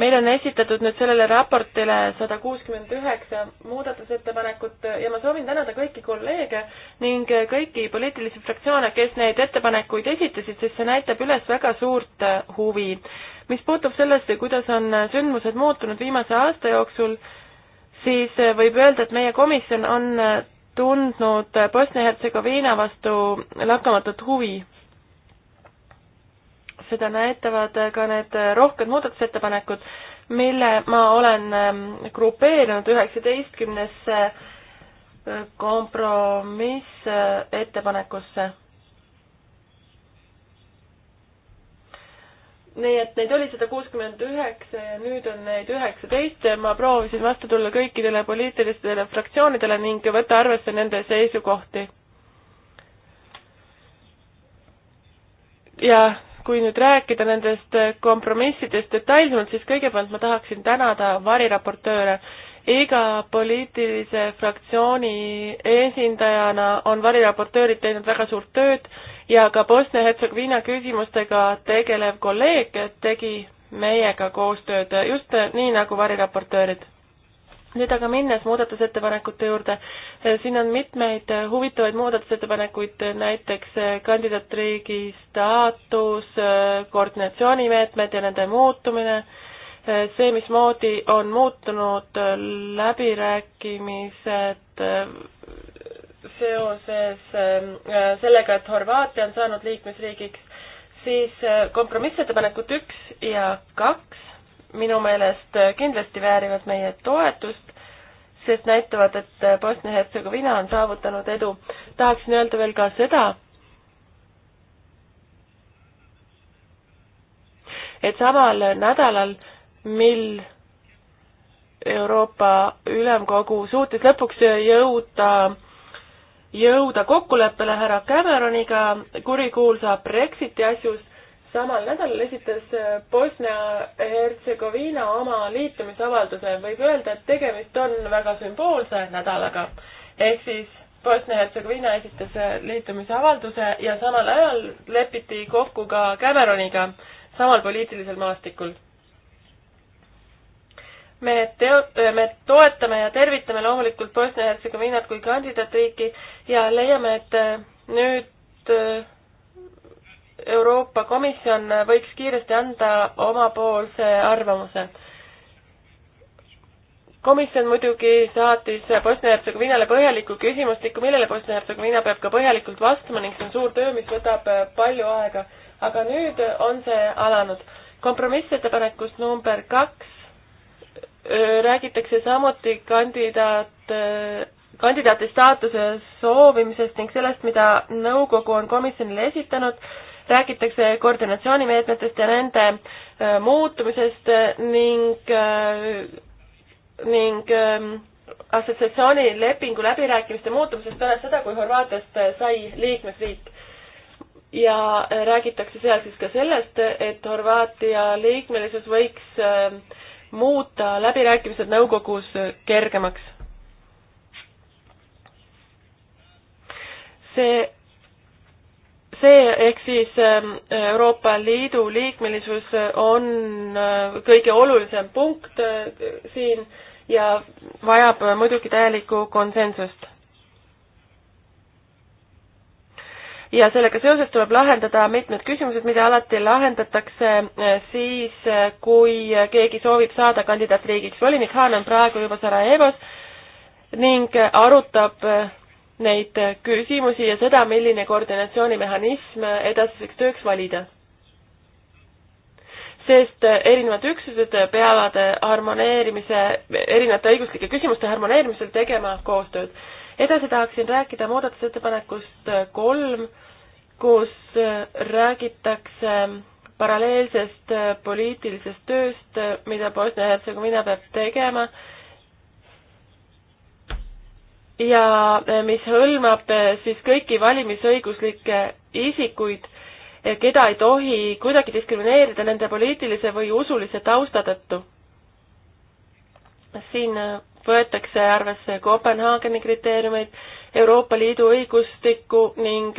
[SPEAKER 3] meil on esitatud nüüd sellele raportile sada kuuskümmend üheksa muudatusettepanekut ja ma soovin tänada kõiki kolleege ning kõiki poliitilisi fraktsioone, kes neid ettepanekuid esitasid, sest see näitab üles väga suurt huvi. mis puutub sellesse, kuidas on sündmused muutunud viimase aasta jooksul, siis võib öelda, et meie komisjon on tundnud Bosnia-Hertsegoviina vastu lakkamatut huvi seda näitavad ka need rohked muudatusettepanekud, mille ma olen ähm, grupeerinud üheksateistkümnesse äh, kompromissettepanekusse. nii et neid oli sada kuuskümmend üheksa ja nüüd on neid üheksateist. ma proovisin vastu tulla kõikidele poliitilistele fraktsioonidele ning võtta arvesse nende seisukohti. ja kui nüüd rääkida nendest kompromissidest detailsemalt, siis kõigepealt ma tahaksin tänada variraportööre. iga poliitilise fraktsiooni esindajana on variraportöörid teinud väga suurt tööd ja ka Bosnia-Hertsegoviina küsimustega tegelev kolleeg tegi meiega koostööd just nii nagu variraportöörid nüüd aga minnes muudatusettepanekute juurde, eh, siin on mitmeid eh, huvitavaid muudatusettepanekuid, eh, näiteks kandidaatriigi staatus, koordinatsioonimeetmed ja nende muutumine, see, mismoodi on muutunud läbirääkimised seoses sellega, et Horvaatia on saanud liikmesriigiks, siis kompromissettepanekud üks ja kaks minu meelest kindlasti väärivad meie toetust, sest näitavad, et Bosnia-Hertsegoviina on saavutanud edu. tahaksin öelda veel ka seda, et samal nädalal, mil Euroopa Ülemkogu suutis lõpuks jõuda, jõuda kokkuleppele härra Cameroniga kurikuulsa Brexiti asjus, samal nädalal esitas äh, Bosnia-Hertsegoviina oma liitumisavalduse. võib öelda, et tegemist on väga sümboolse nädalaga. ehk siis Bosnia-Hertsegoviina esitas äh, liitumisavalduse ja samal ajal lepiti kokku ka Cameroniga samal poliitilisel maastikul. me teo-, äh, me toetame ja tervitame loomulikult Bosnia-Hertsegoviinat kui kandidaatriiki ja leiame, et nüüd Euroopa Komisjon võiks kiiresti anda omapoolse arvamuse. komisjon muidugi saatis Bosnia-Hertsegoviinale põhjaliku küsimustiku, millele Bosnia-Hertsegoviina peab ka põhjalikult vastama ning see on suur töö, mis võtab äh, palju aega. aga nüüd on see alanud. kompromissettepanekust number kaks äh, räägitakse samuti kandidaat äh, kandidaati staatuse soovimisest ning sellest, mida nõukogu on komisjonile esitanud räägitakse koordinatsioonimeetmetest ja nende äh, muutumisest ning, äh, ning ähm, assotsiatsiooni lepingu läbirääkimiste muutumisest pärast seda, kui Horvaatiast äh, sai liikmesriik. ja räägitakse seal siis ka sellest, et Horvaatia liikmelisus võiks ähm, muuta läbirääkimised nõukogus kergemaks. see see ehk siis ähm, Euroopa Liidu liikmelisus on äh, kõige olulisem punkt äh, siin ja vajab muidugi täielikku konsensust. ja sellega seoses tuleb lahendada mitmed küsimused, mida alati lahendatakse äh, siis, kui keegi soovib saada kandidaatriigiks. volinik Haan on praegu juba Sarajevos ning arutab neid küsimusi ja seda, milline koordinatsioonimehhanism edasiseks tööks valida. sest erinevad üksused peavad harmoneerimise, erinevate õiguslike küsimuste harmoneerimisel tegema koostööd. edasi tahaksin rääkida muudatusettepanekust kolm, kus räägitakse paralleelsest poliitilisest tööst, mida Bosnia-Hertsegoviina peab tegema ja eh, mis hõlmab eh, siis kõiki valimisõiguslikke isikuid, eh, keda ei tohi kuidagi diskrimineerida nende poliitilise või usulise tausta tõttu. siin võetakse arvesse Kopenhaageni kriteeriumeid, Euroopa Liidu õigustikku ning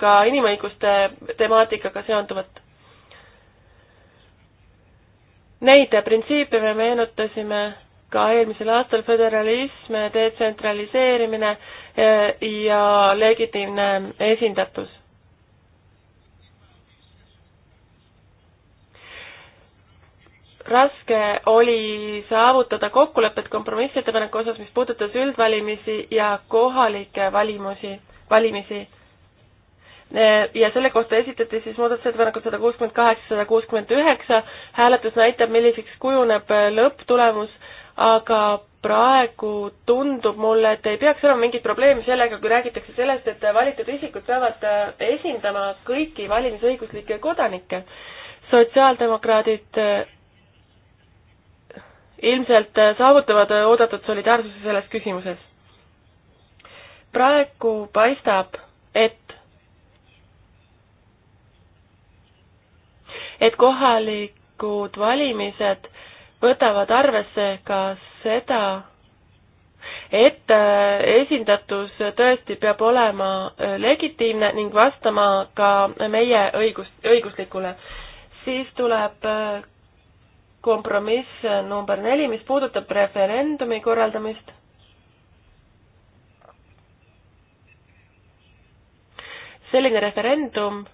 [SPEAKER 3] ka inimõiguste temaatikaga seonduvat. Neid printsiipe me meenutasime ka eelmisel aastal föderalism, detsentraliseerimine eh, ja legitiimne esindatus. raske oli saavutada kokkulepet kompromissettepaneku osas, mis puudutas üldvalimisi ja kohalikke valimusi, valimisi. Eh, ja selle kohta esitati siis muudatusettepanekud sada kuuskümmend kaheksa, sada kuuskümmend üheksa, hääletus näitab, milliseks kujuneb eh, lõpptulemus aga praegu tundub mulle, et ei peaks olema mingit probleemi sellega, kui räägitakse sellest, et valitud isikud peavad äh, esindama kõiki valimisõiguslikke kodanikke. sotsiaaldemokraadid äh, ilmselt äh, saavutavad oodatud solidaarsuse selles küsimuses. praegu paistab, et et kohalikud valimised võtavad arvesse ka seda, et äh, esindatus tõesti peab olema äh, legitiimne ning vastama ka meie õigus, õiguslikule. siis tuleb äh, kompromiss number neli, mis puudutab referendumi korraldamist. selline referendum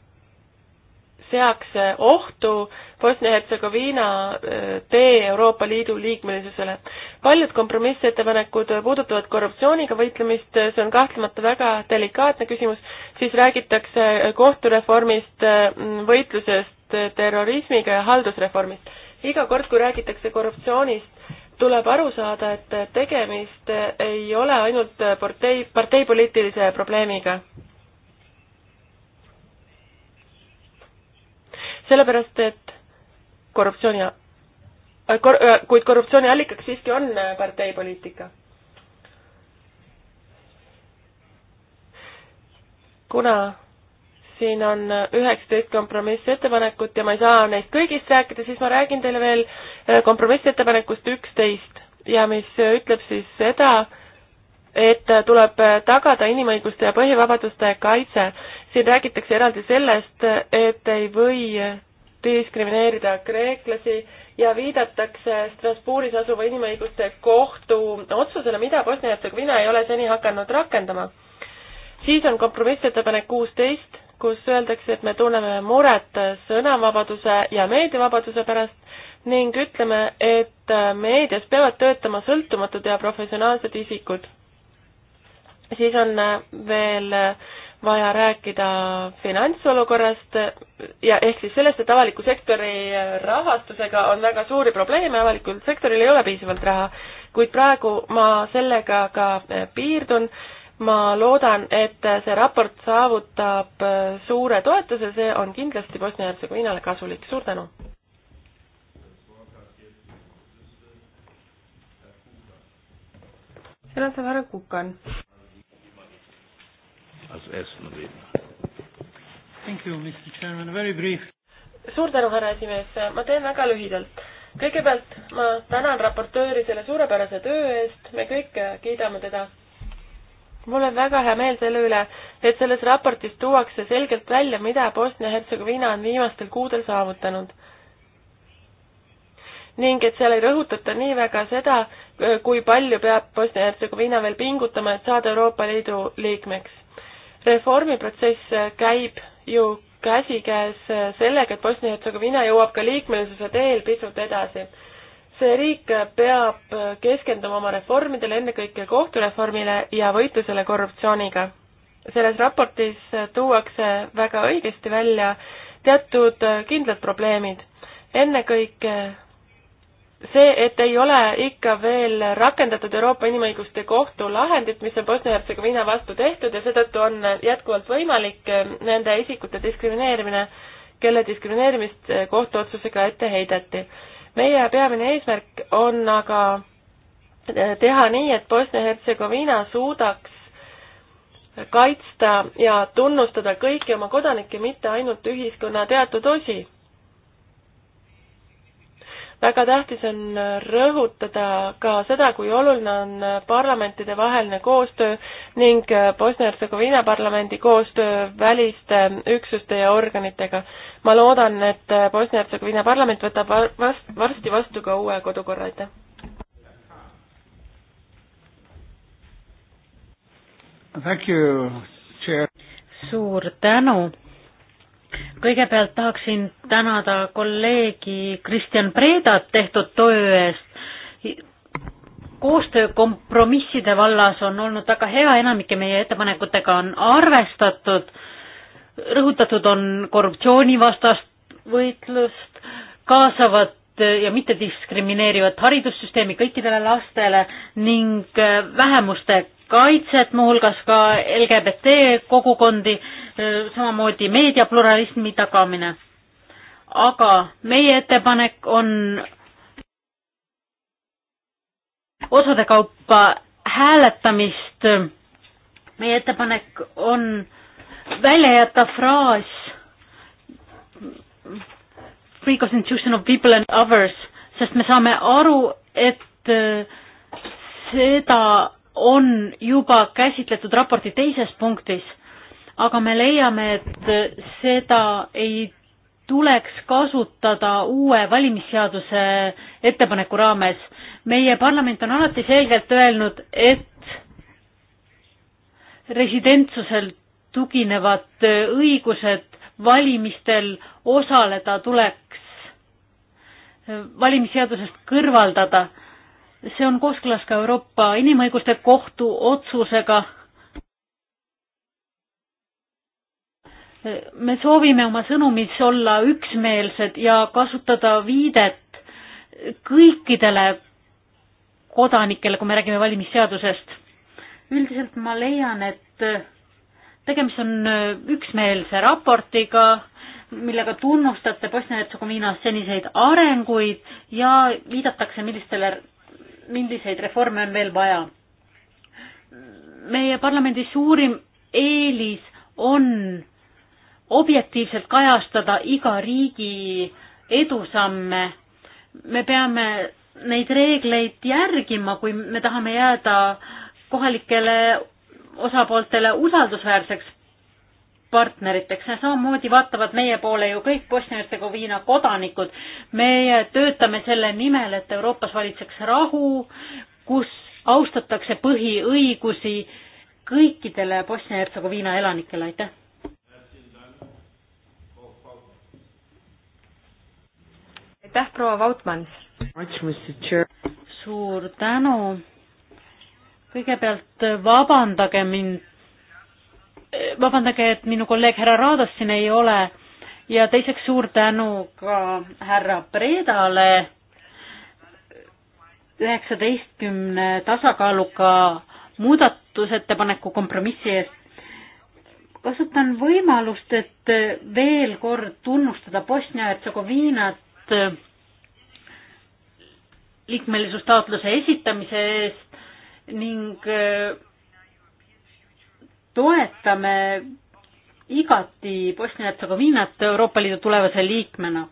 [SPEAKER 3] seaks ohtu äh, Bosnia-Hertsegoviina eh, tee Euroopa Liidu liikmelisusele. paljud kompromissettepanekud puudutavad korruptsiooniga võitlemist, see on kahtlemata väga delikaatne küsimus, siis räägitakse kohtureformist, mm, võitlusest terrorismiga ja haldusreformist. iga kord, kui räägitakse korruptsioonist, tuleb aru saada, et tegemist ei ole ainult partei, parteipoliitilise probleemiga sellepärast, et korruptsiooni äh, kor,, äh, kuid korruptsiooni allikaks siiski on äh, parteipoliitika. kuna siin on üheksateist kompromissettepanekut ja ma ei saa neist kõigist rääkida, siis ma räägin teile veel kompromissettepanekust üksteist ja mis ütleb siis seda, et tuleb tagada inimõiguste ja põhivabaduste kaitse. siin räägitakse eraldi sellest, et ei või diskrimineerida kreeklasi ja viidatakse Strasbourgis asuva inimõiguste kohtu otsusele, mida Bosnia-Hertsegoviina ei ole seni hakanud rakendama. siis on kompromissettepanek kuusteist, kus öeldakse, et me tunneme muret sõnavabaduse ja meediavabaduse pärast ning ütleme, et meedias peavad töötama sõltumatud ja professionaalsed isikud. siis on veel vaja rääkida finantsolukorrast ja ehk siis sellest, et avaliku sektori rahastusega on väga suuri probleeme, avalikul sektoril ei ole piisavalt raha, kuid praegu ma sellega ka piirdun, ma loodan, et see raport saavutab suure toetuse, see on kindlasti Bosnia-Hertsegoviinale kasulik, suur tänu! sõna saab härra Kukan
[SPEAKER 1] als ersten Redner. Thank you, Mr Chairman, very brief.
[SPEAKER 3] suur tänu, härra esimees, ma teen väga lühidalt kõigepealt ma tänan raportööri selle suurepärase töö eest, me kõik kiidame teda. mul on väga hea meel selle üle, et selles raportis tuuakse selgelt välja, mida Bosnia-Hertsegoviina on viimastel kuudel saavutanud. ning et seal ei rõhutata nii väga seda, kui palju peab Bosnia-Hertsegoviina veel pingutama, et saada Euroopa Liidu liikmeks reformiprotsess käib ju käsikäes sellega, et Bosnia-Hertsegoviina jõuab ka liikmelisuse teel pisut edasi. see riik peab keskenduma oma reformidele, ennekõike kohtureformile ja võitlusele korruptsiooniga. selles raportis tuuakse väga õigesti välja teatud kindlad probleemid, ennekõike see, et ei ole ikka veel rakendatud Euroopa Inimõiguste Kohtu lahendit, mis on Bosnia-Hertsegoviina vastu tehtud ja seetõttu on jätkuvalt võimalik eh, nende isikute diskrimineerimine, kelle diskrimineerimist eh, kohtuotsusega ette heideti. meie peamine eesmärk on aga eh, teha nii, et Bosnia-Hertsegoviina suudaks kaitsta ja tunnustada kõiki oma kodanikke, mitte ainult ühiskonna teatud osi väga tähtis on rõhutada ka seda, kui oluline on parlamentidevaheline koostöö ning Bosnia-Hertsegoviina parlamendi koostöö väliste üksuste ja organitega. ma loodan, et Bosnia-Hertsegoviina parlament võtab vast-, varsti vastu ka uue kodukorra, aitäh!
[SPEAKER 4] suur tänu kõigepealt tahaksin tänada kolleegi Kristjan Predat tehtud töö eest. koostöö kompromisside vallas on olnud väga hea, enamike meie ettepanekutega on arvestatud, rõhutatud on korruptsioonivastast võitlust, kaasavat ja mittediskrimineerivat haridussüsteemi kõikidele lastele ning vähemuste kaitset, muuhulgas ka LGBT kogukondi samamoodi meediapluralismi tagamine. aga meie ettepanek on osade kaupa hääletamist. meie ettepanek on välja jätta fraas free constitution of people and others, sest me saame aru, et seda on juba käsitletud raporti teises punktis aga me leiame, et seda ei tuleks kasutada uue valimisseaduse ettepaneku raames. meie parlament on alati selgelt öelnud, et residentsusel tuginevad õigused valimistel osaleda tuleks valimisseadusest kõrvaldada. see on kooskõlas ka Euroopa Inimõiguste Kohtu otsusega me soovime oma sõnumis olla üksmeelsed ja kasutada viidet kõikidele kodanikele, kui me räägime valimisseadusest. üldiselt ma leian, et tegemist on üksmeelse raportiga, millega tunnustate Bosnia-Hertsegoviina seniseid arenguid ja viidatakse, millistele, milliseid reforme on veel vaja. meie parlamendi suurim eelis on objektiivselt kajastada iga riigi edusamme. me peame neid reegleid järgima, kui me tahame jääda kohalikele osapooltele usaldusväärseks partneriteks ja samamoodi vaatavad meie poole ju kõik Bosnia-Hertsegoviina kodanikud. meie töötame selle nimel, et Euroopas valitseks rahu, kus austatakse põhiõigusi kõikidele Bosnia-Hertsegoviina elanikele, aitäh! aitäh, proua Vautmans! suur tänu! kõigepealt vabandage mind, vabandage, et minu kolleeg härra Raadas siin ei ole ja teiseks suur tänu ka härra Predale üheksateistkümne tasakaaluka muudatusettepaneku kompromissi eest. kasutan võimalust, et veel kord tunnustada Bosnia-Hertsegoviinat eest, äh, liikmelisustaotluse esitamise eest ning äh, toetame igati Bosnia-Hertsegoviinat Euroopa Liidu tulevase liikmena.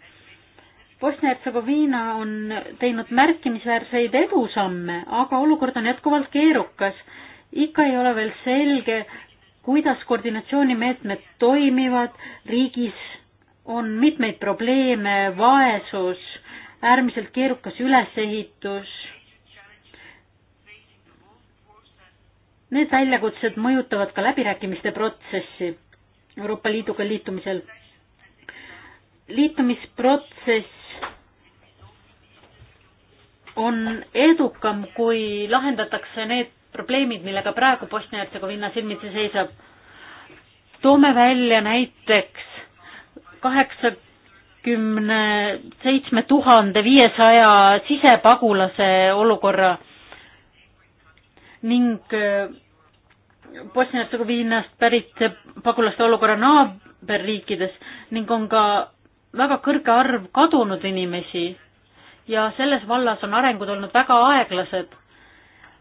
[SPEAKER 4] Bosnia-Hertsegoviina on teinud märkimisväärseid edusamme, aga olukord on jätkuvalt keerukas. ikka ei ole veel selge, kuidas koordinatsioonimeetmed toimivad riigis on mitmeid probleeme, vaesus, äärmiselt keerukas ülesehitus. Need väljakutsed mõjutavad ka läbirääkimiste protsessi Euroopa Liiduga liitumisel. liitumisprotsess on edukam, kui lahendatakse need probleemid, millega praegu Bosnia-Hertsegoviina silmitsi seisab. toome välja näiteks kaheksakümne seitsme tuhande viiesaja sisepagulase olukorra ning äh, Bosnia-Hertsegoviinast pärit pagulaste olukorra naaberriikides ning on ka väga kõrge arv kadunud inimesi ja selles vallas on arengud olnud väga aeglased.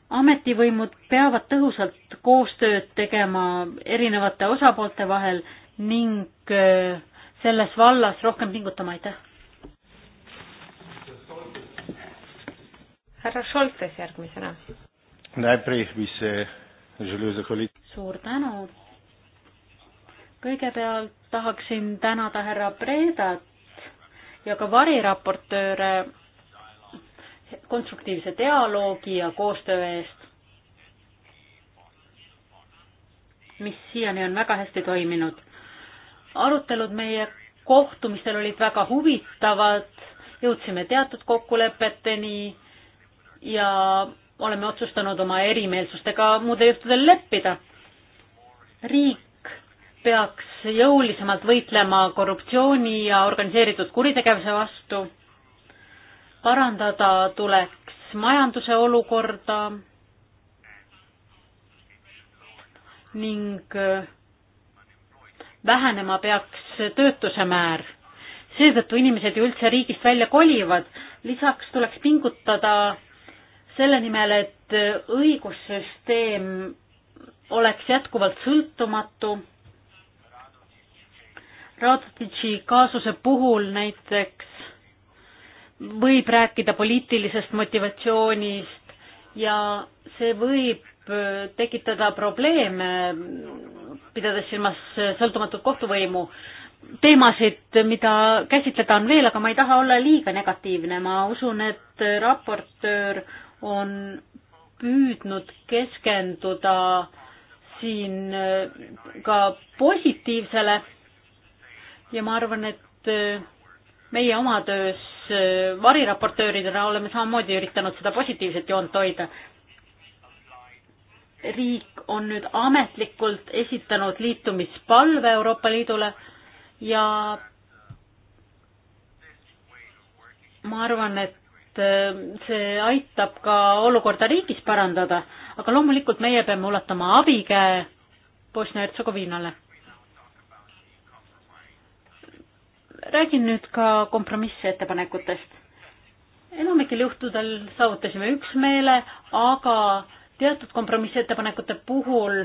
[SPEAKER 4] ametivõimud peavad tõhusalt koostööd tegema erinevate osapoolte vahel ning äh, selles vallas rohkem pingutama, aitäh. härra Šoltes järgmisena. suur tänu. kõigepealt tahaksin tänada härra Predat ja ka variraportööre konstruktiivse dialoogi ja koostöö eest, mis siiani on väga hästi toiminud arutelud meie kohtumistel olid väga huvitavad, jõudsime teatud kokkulepeteni ja oleme otsustanud oma erimeelsustega muude juhtudel leppida. riik peaks jõulisemalt võitlema korruptsiooni ja organiseeritud kuritegevuse vastu, parandada tuleks majanduse olukorda ning vähenema peaks töötuse määr. seetõttu inimesed ju üldse riigist välja kolivad. lisaks tuleks pingutada selle nimel, et õigussüsteem oleks jätkuvalt sõltumatu. Radžitši kaasuse puhul näiteks võib rääkida poliitilisest motivatsioonist ja see võib tekitada probleeme pidades silmas eh, sõltumatut kohtuvõimu, teemasid, mida käsitleda on veel, aga ma ei taha olla liiga negatiivne, ma usun, et raportöör on püüdnud keskenduda siin eh, ka positiivsele ja ma arvan, et eh, meie oma töös variraportööridena oleme samamoodi üritanud seda positiivset joont hoida riik on nüüd ametlikult esitanud liitumispalve Euroopa Liidule ja ma arvan, et äh, see aitab ka olukorda riigis parandada, aga loomulikult meie peame ulatama abikäe Bosnia-Hertsegoviinale. räägin nüüd ka kompromissettepanekutest. enamikel juhtudel saavutasime üksmeele, aga teatud kompromissettepanekute puhul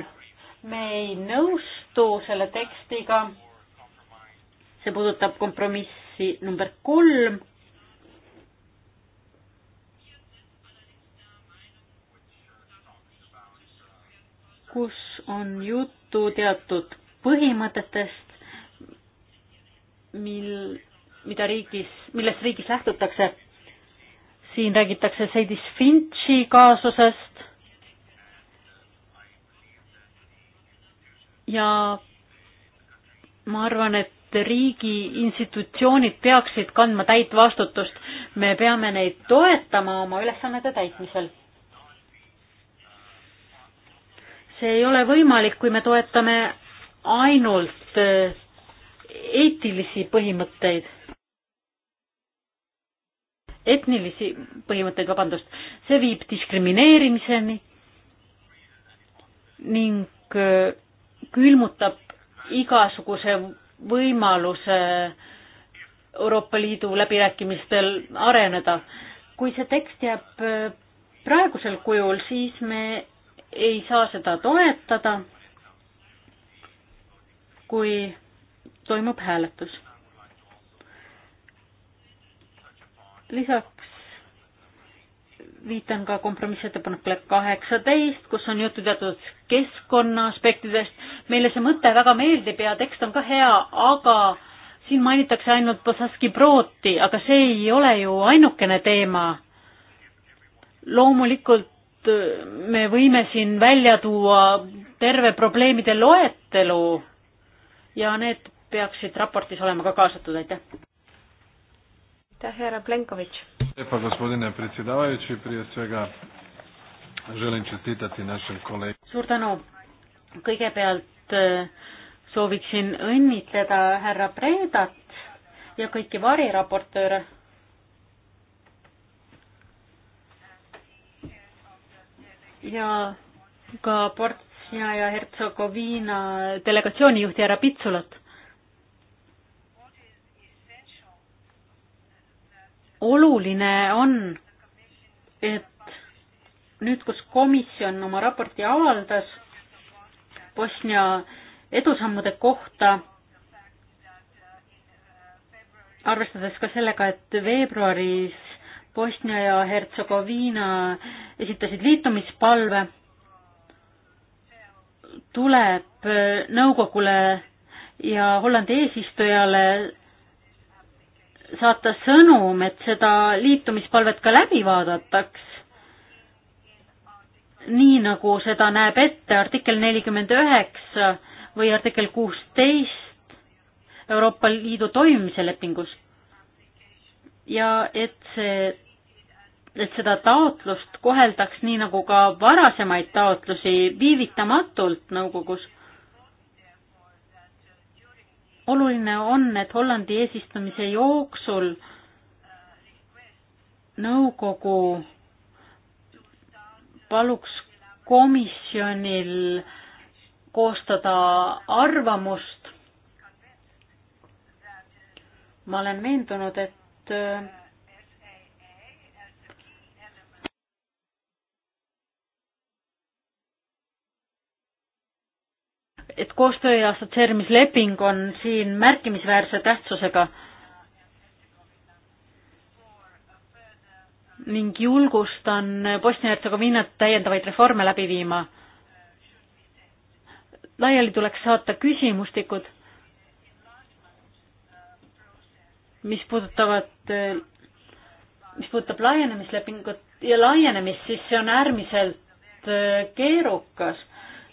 [SPEAKER 4] me ei nõustu selle tekstiga. see puudutab kompromissi number kolm. kus on juttu teatud põhimõtetest, mil, mida riigis, millest riigis lähtutakse. siin räägitakse Seidis Finchi kaasusest ja ma arvan, et riigi institutsioonid peaksid kandma täit vastutust. me peame neid toetama oma ülesannete täitmisel. see ei ole võimalik, kui me toetame ainult äh, eetilisi põhimõtteid, etnilisi põhimõtteid, vabandust, see viib diskrimineerimiseni ning äh, külmutab igasuguse võimaluse Euroopa Liidu läbirääkimistel areneda. kui see tekst jääb äh, praegusel kujul, siis me ei saa seda toetada, kui toimub hääletus. lisaks viitan ka kompromissettepanekule kaheksateist, kus on juttu teatud keskkonna aspektidest meile see mõte väga meeldib ja tekst on ka hea, aga siin mainitakse ainult Bosaski Broti, aga see ei ole ju ainukene teema. loomulikult äh, me võime siin välja tuua terve probleemide loetelu ja need peaksid raportis olema ka kaasatud, aitäh. aitäh, härra Plenkovitš.
[SPEAKER 1] Lepa, gospodine predsedavajuči, prije svega želim čestitati našem kolleeg-.
[SPEAKER 4] suur tänu kõigepealt äh, sooviksin õnnitleda härra Predat ja kõiki variraportööre. ja ka Portsja ja Hertsegoviina delegatsiooni juhti härra Pitsulat. oluline on, et nüüd, kus komisjon oma raporti avaldas Bosnia edusammude kohta, arvestades ka sellega, et veebruaris Bosnia ja Hertsegoviina esitasid liitumispalve, tuleb nõukogule ja Hollandi eesistujale saata sõnum, et seda liitumispalvet ka läbi vaadataks nii, nagu seda näeb ette artikkel nelikümmend üheksa või artikkel kuusteist Euroopa Liidu toimimise lepingus. ja et see, et seda taotlust koheldaks nii, nagu ka varasemaid taotlusi viivitamatult nõukogus. oluline on, et Hollandi eesistumise jooksul nõukogu paluks komisjonil koostada arvamust. ma olen veendunud, et et koostöö ja assotsieerimisleping on siin märkimisväärse tähtsusega ning julgustan Bosnia-Hertsegoviinat täiendavaid reforme läbi viima. laiali tuleks saata küsimustikud, mis puudutavad, mis puudutab laienemislepingut ja laienemist, siis see on äärmiselt äh, keerukas.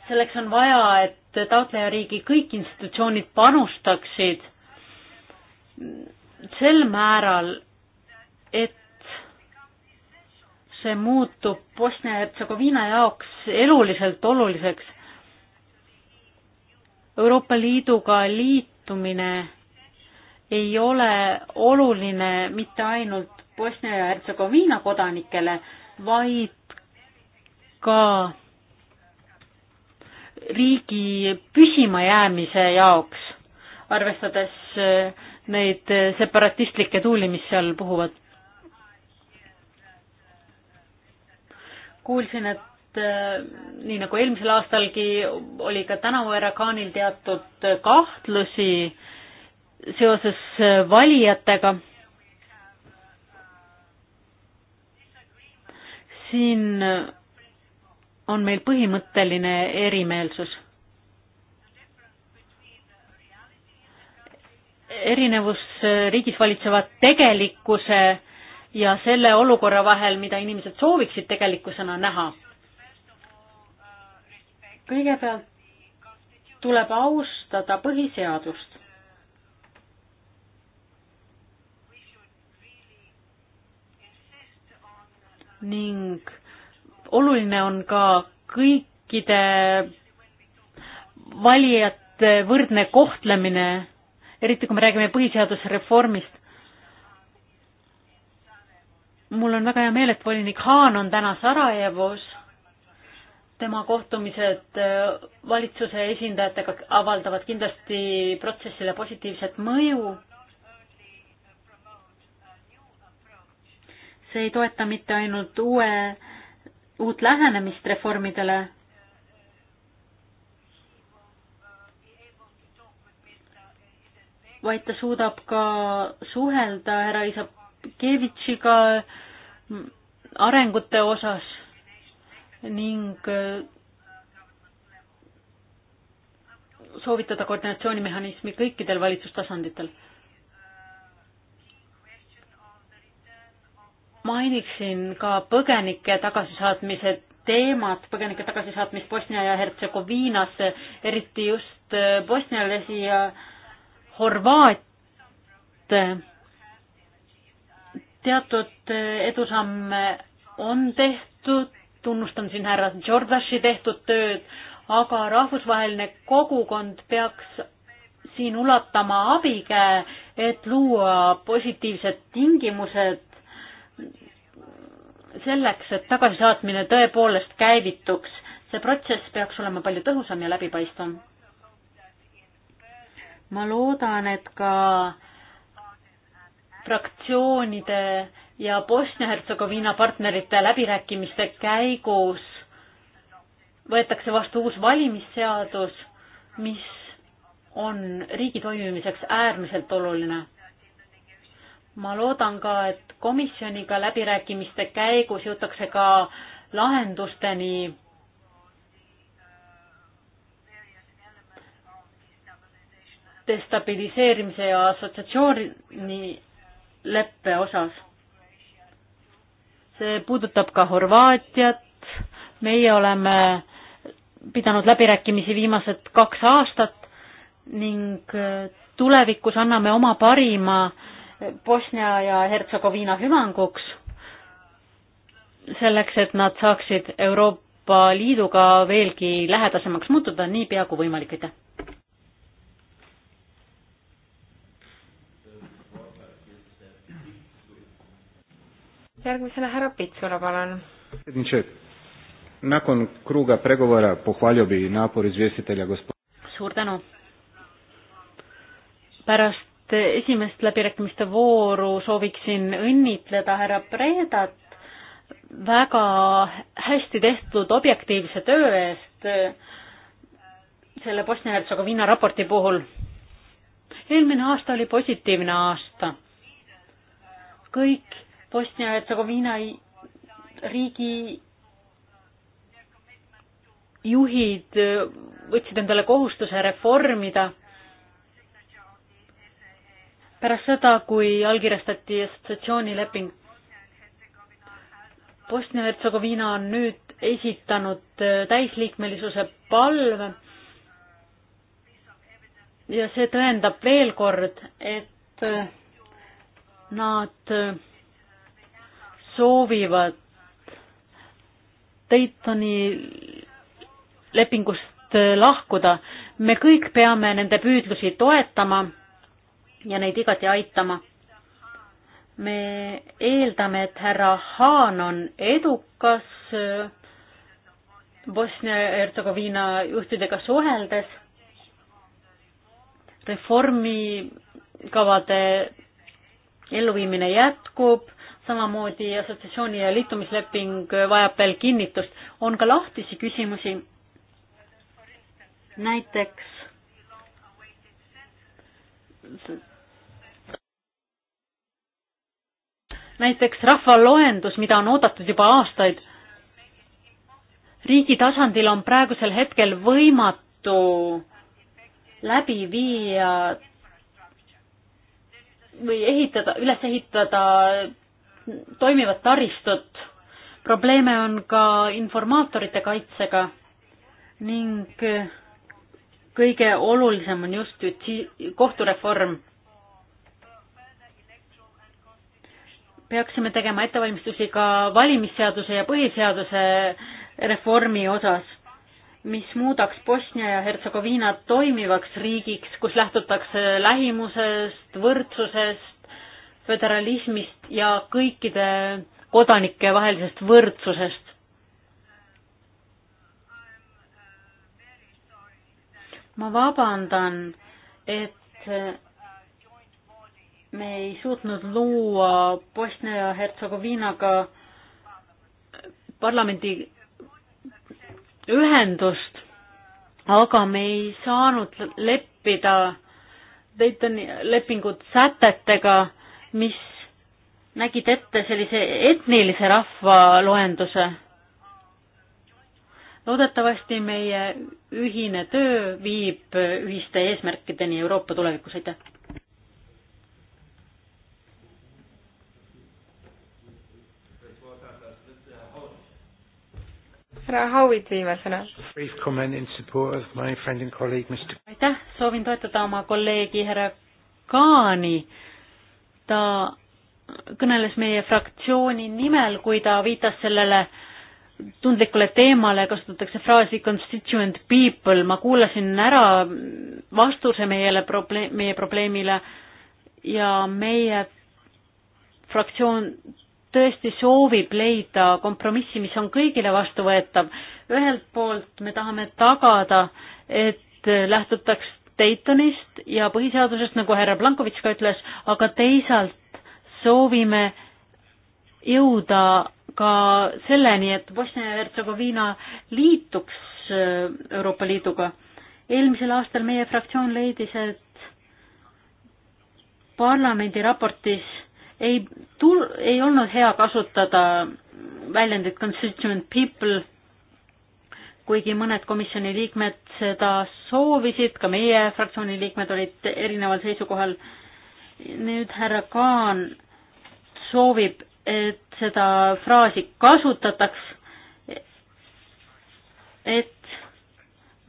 [SPEAKER 4] selleks on vaja, et taotlejariigi kõik institutsioonid panustaksid sel määral, et see muutub Bosnia-Hertsegoviina jaoks eluliselt oluliseks. Euroopa Liiduga liitumine ei ole oluline mitte ainult Bosnia ja Hertsegoviina kodanikele, vaid ka riigi püsimajäämise jaoks, arvestades neid separatistlikke tuuli, mis seal puhuvad. kuulsin, et äh, nii nagu eelmisel aastalgi, oli ka tänavu Erakanil teatud äh, kahtlusi seoses äh, valijatega. siin on meil põhimõtteline erimeelsus. erinevus riigis valitseva tegelikkuse ja selle olukorra vahel, mida inimesed sooviksid tegelikkusena näha. kõigepealt tuleb austada põhiseadust. ning oluline on ka kõikide valijate võrdne kohtlemine, eriti kui me räägime põhiseadusreformist mul on väga hea meel, et volinik Haan on täna Sarajevos. tema kohtumised äh, valitsuse esindajatega avaldavad kindlasti protsessile positiivset mõju. see ei toeta mitte ainult uue, uut lähenemist reformidele, vaid ta suudab ka suhelda härra Isab Kevitšiga arengute osas ning äh, soovitada koordinatsioonimehhanismi kõikidel valitsustasanditel. mainiksin ka põgenike tagasisaatmise teemat, põgenike tagasisaatmist Bosnia ja Hertsegoviinasse, eriti just äh, bosnialasi ja Horvaate teatud eh, edusamme on tehtud, tunnustan siin härra Jordashi tehtud tööd, aga rahvusvaheline kogukond peaks siin ulatama abikäe, et luua positiivsed tingimused selleks, et tagasisaatmine tõepoolest käivituks. see protsess peaks olema palju tõhusam ja läbipaistvam. ma loodan, et ka fraktsioonide ja Bosnia-Hertsegoviina partnerite läbirääkimiste käigus võetakse vastu uus valimisseadus, mis on riigi toimimiseks äärmiselt oluline. ma loodan ka, et komisjoniga läbirääkimiste käigus jõutakse ka lahendusteni destabiliseerimise ja assotsiatsiooni leppe osas. see puudutab ka Horvaatiat, meie oleme pidanud läbirääkimisi viimased kaks aastat ning tulevikus anname oma parima Bosnia ja Hertsegoviina hüvanguks, selleks et nad saaksid Euroopa Liiduga veelgi lähedasemaks muutuda, niipea kui võimalik, aitäh!
[SPEAKER 2] järgmisena härra Pitsula, palun.
[SPEAKER 1] Nakon kruga pregovora pohvalio bi napor izvjestitelja gospodina.
[SPEAKER 4] suur tänu. pärast esimest läbirääkimiste vooru sooviksin õnnitleda härra Predat väga hästi tehtud objektiivse töö eest selle Bosnia-Hertsegoviina raporti puhul. eelmine aasta oli positiivne aasta. kõik Bosnia-Hertsegoviina riigi juhid võtsid endale kohustuse reformida pärast seda, kui allkirjastati assotsiatsioonileping. Bosnia-Hertsegoviina on nüüd esitanud täisliikmelisuse palve ja see tõendab veel kord, et nad soovivad Daytoni lepingust lahkuda. me kõik peame nende püüdlusi toetama ja neid igati aitama. me eeldame, et härra Haan on edukas Bosnia-Hertsegoviina juhtidega suheldes. reformikavade elluviimine jätkub samamoodi assotsiatsiooni ja liitumisleping vajab veel kinnitust. on ka lahtisi küsimusi. näiteks näiteks rahvaloendus, mida on oodatud juba aastaid. riigi tasandil on praegusel hetkel võimatu läbi viia või ehitada, üles ehitada toimivat taristut. probleeme on ka informaatorite kaitsega ning kõige olulisem on just kohtureform. peaksime tegema ettevalmistusi ka valimisseaduse ja põhiseaduse reformi osas, mis muudaks Bosnia ja Hertsegoviina toimivaks riigiks, kus lähtutakse lähimusest, võrdsusest, föderalismist ja kõikide kodanike vahelisest võrdsusest. ma vabandan, et me ei suutnud luua Bosnia ja Hertsegoviinaga parlamendi ühendust, aga me ei saanud leppida Daytoni lepingut sätetega mis nägid ette sellise etnilise rahvaloenduse. loodetavasti meie ühine töö viib ühiste eesmärkideni Euroopa tulevikus, aitäh! härra Howitt viimasena. aitäh, soovin toetada oma kolleegi härra Kaani ta kõneles meie fraktsiooni nimel, kui ta viitas sellele tundlikule teemale, kasutatakse fraasi constituent people, ma kuulasin ära vastuse meiele probleem, meie probleemile ja meie fraktsioon tõesti soovib leida kompromissi, mis on kõigile vastuvõetav. ühelt poolt me tahame tagada, et lähtutaks Daytonist ja põhiseadusest, nagu härra Plankovitš ka ütles, aga teisalt soovime jõuda ka selleni, et Bosnia ja Hertsegoviina liituks äh, Euroopa Liiduga. eelmisel aastal meie fraktsioon leidis, et parlamendi raportis ei tul-, ei olnud hea kasutada väljendit constituent people kuigi mõned komisjoni liikmed seda soovisid, ka meie fraktsiooni liikmed olid erineval seisukohal. nüüd härra Kaan soovib, et seda fraasi kasutataks, et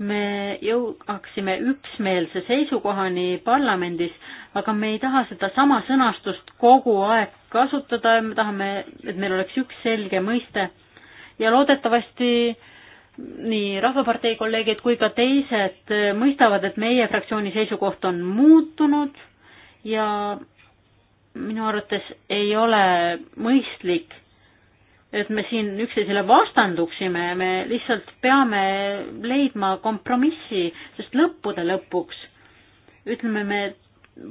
[SPEAKER 4] me jõuaksime üksmeelse seisukohani parlamendis, aga me ei taha seda sama sõnastust kogu aeg kasutada, me tahame, et meil oleks üks selge mõiste ja loodetavasti äh, nii Rahvapartei kolleegid kui ka teised mõistavad, et meie fraktsiooni seisukoht on muutunud ja minu arvates ei ole mõistlik, et me siin üksteisele vastanduksime, me lihtsalt peame leidma kompromissi, sest lõppude lõpuks ütleme me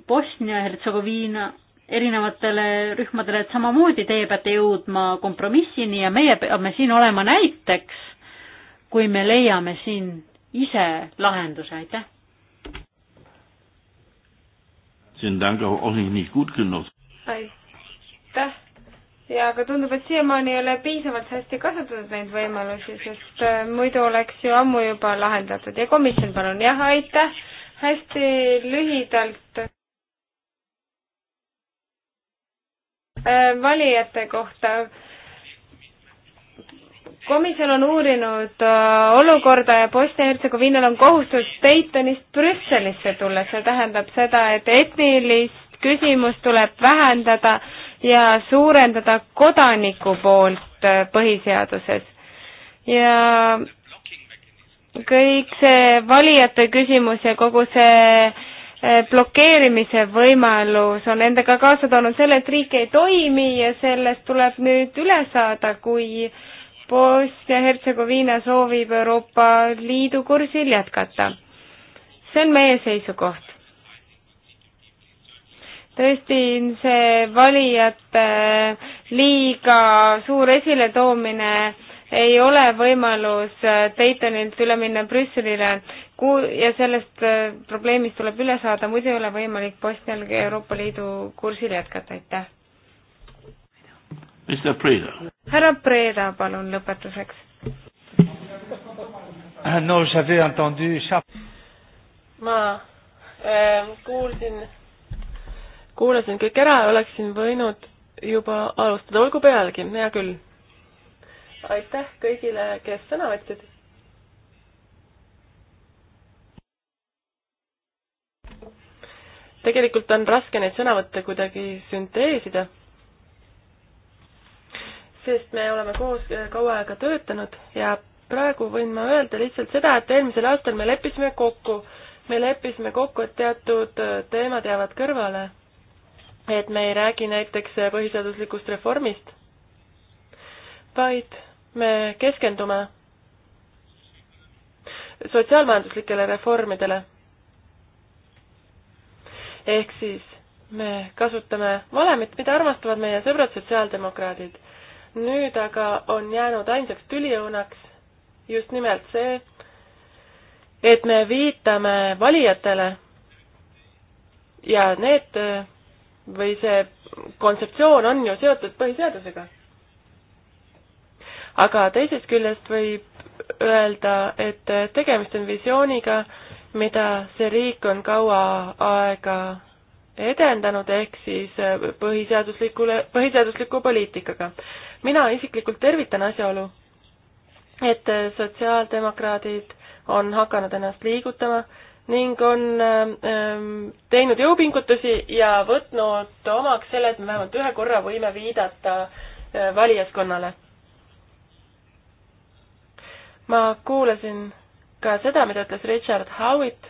[SPEAKER 4] Bosnia-Hertsegoviina erinevatele rühmadele, et samamoodi teie peate jõudma kompromissini ja meie peame siin olema näiteks kui me leiame siin ise lahenduse, aitäh.
[SPEAKER 2] aitäh ja aga tundub, et siiamaani ei ole piisavalt hästi kasutatud neid võimalusi, sest äh, muidu oleks ju ammu juba lahendatud ja komisjon, palun, jah, aitäh, hästi lühidalt. Äh, valijate kohta komisjon on uurinud äh, olukorda ja Bosnia-Hertsegoviinal on kohustus Daytonist Brüsselisse tulla, see tähendab seda, et etnilist küsimust tuleb vähendada ja suurendada kodaniku poolt äh, põhiseaduses. ja kõik see valijate küsimus ja kogu see äh, blokeerimise võimalus on endaga kaasa toonud selle, et riik ei toimi ja sellest tuleb nüüd üle saada, kui äh, Bosnia-Hertsegoviina soovib Euroopa Liidu kursil jätkata. see on meie seisukoht. tõesti, see valijate liiga suur esiletoomine ei ole võimalus Daytonilt üle minna Brüsselile ku- ja sellest äh, probleemist tuleb üle saada, muidu ei ole võimalik Bosnial Euroopa Liidu kursil jätkata, aitäh!
[SPEAKER 1] härra
[SPEAKER 2] Preda, palun lõpetuseks.
[SPEAKER 3] Ah,
[SPEAKER 1] no j'avais entendu
[SPEAKER 3] ma äh, kuulsin, kuulasin kõik ära, oleksin võinud juba alustada, olgu pealegi, hea küll. aitäh kõigile, kes sõna võtsid. tegelikult on raske neid sõnavõtte kuidagi sünteesida sest me oleme koos äh, kaua aega töötanud ja praegu võin ma öelda lihtsalt seda, et eelmisel aastal me leppisime kokku, me leppisime kokku, et teatud äh, teemad jäävad kõrvale. et me ei räägi näiteks äh, põhiseaduslikust reformist, vaid me keskendume sotsiaalmajanduslikele reformidele. ehk siis me kasutame valemit, mida armastavad meie sõbrad sotsiaaldemokraadid nüüd aga on jäänud ainsaks tüliõunaks just nimelt see, et me viitame valijatele ja need või see kontseptsioon on ju seotud põhiseadusega. aga teisest küljest võib öelda, et tegemist on visiooniga, mida see riik on kaua aega edendanud, ehk siis põhiseaduslikule, põhiseadusliku poliitikaga mina isiklikult tervitan asjaolu, et sotsiaaldemokraadid on hakanud ennast liigutama ning on ähm, teinud jõupingutusi ja võtnud omaks selle, et me vähemalt ühe korra võime viidata äh, valijaskonnale. ma kuulasin ka seda, mida ütles Richard Howitt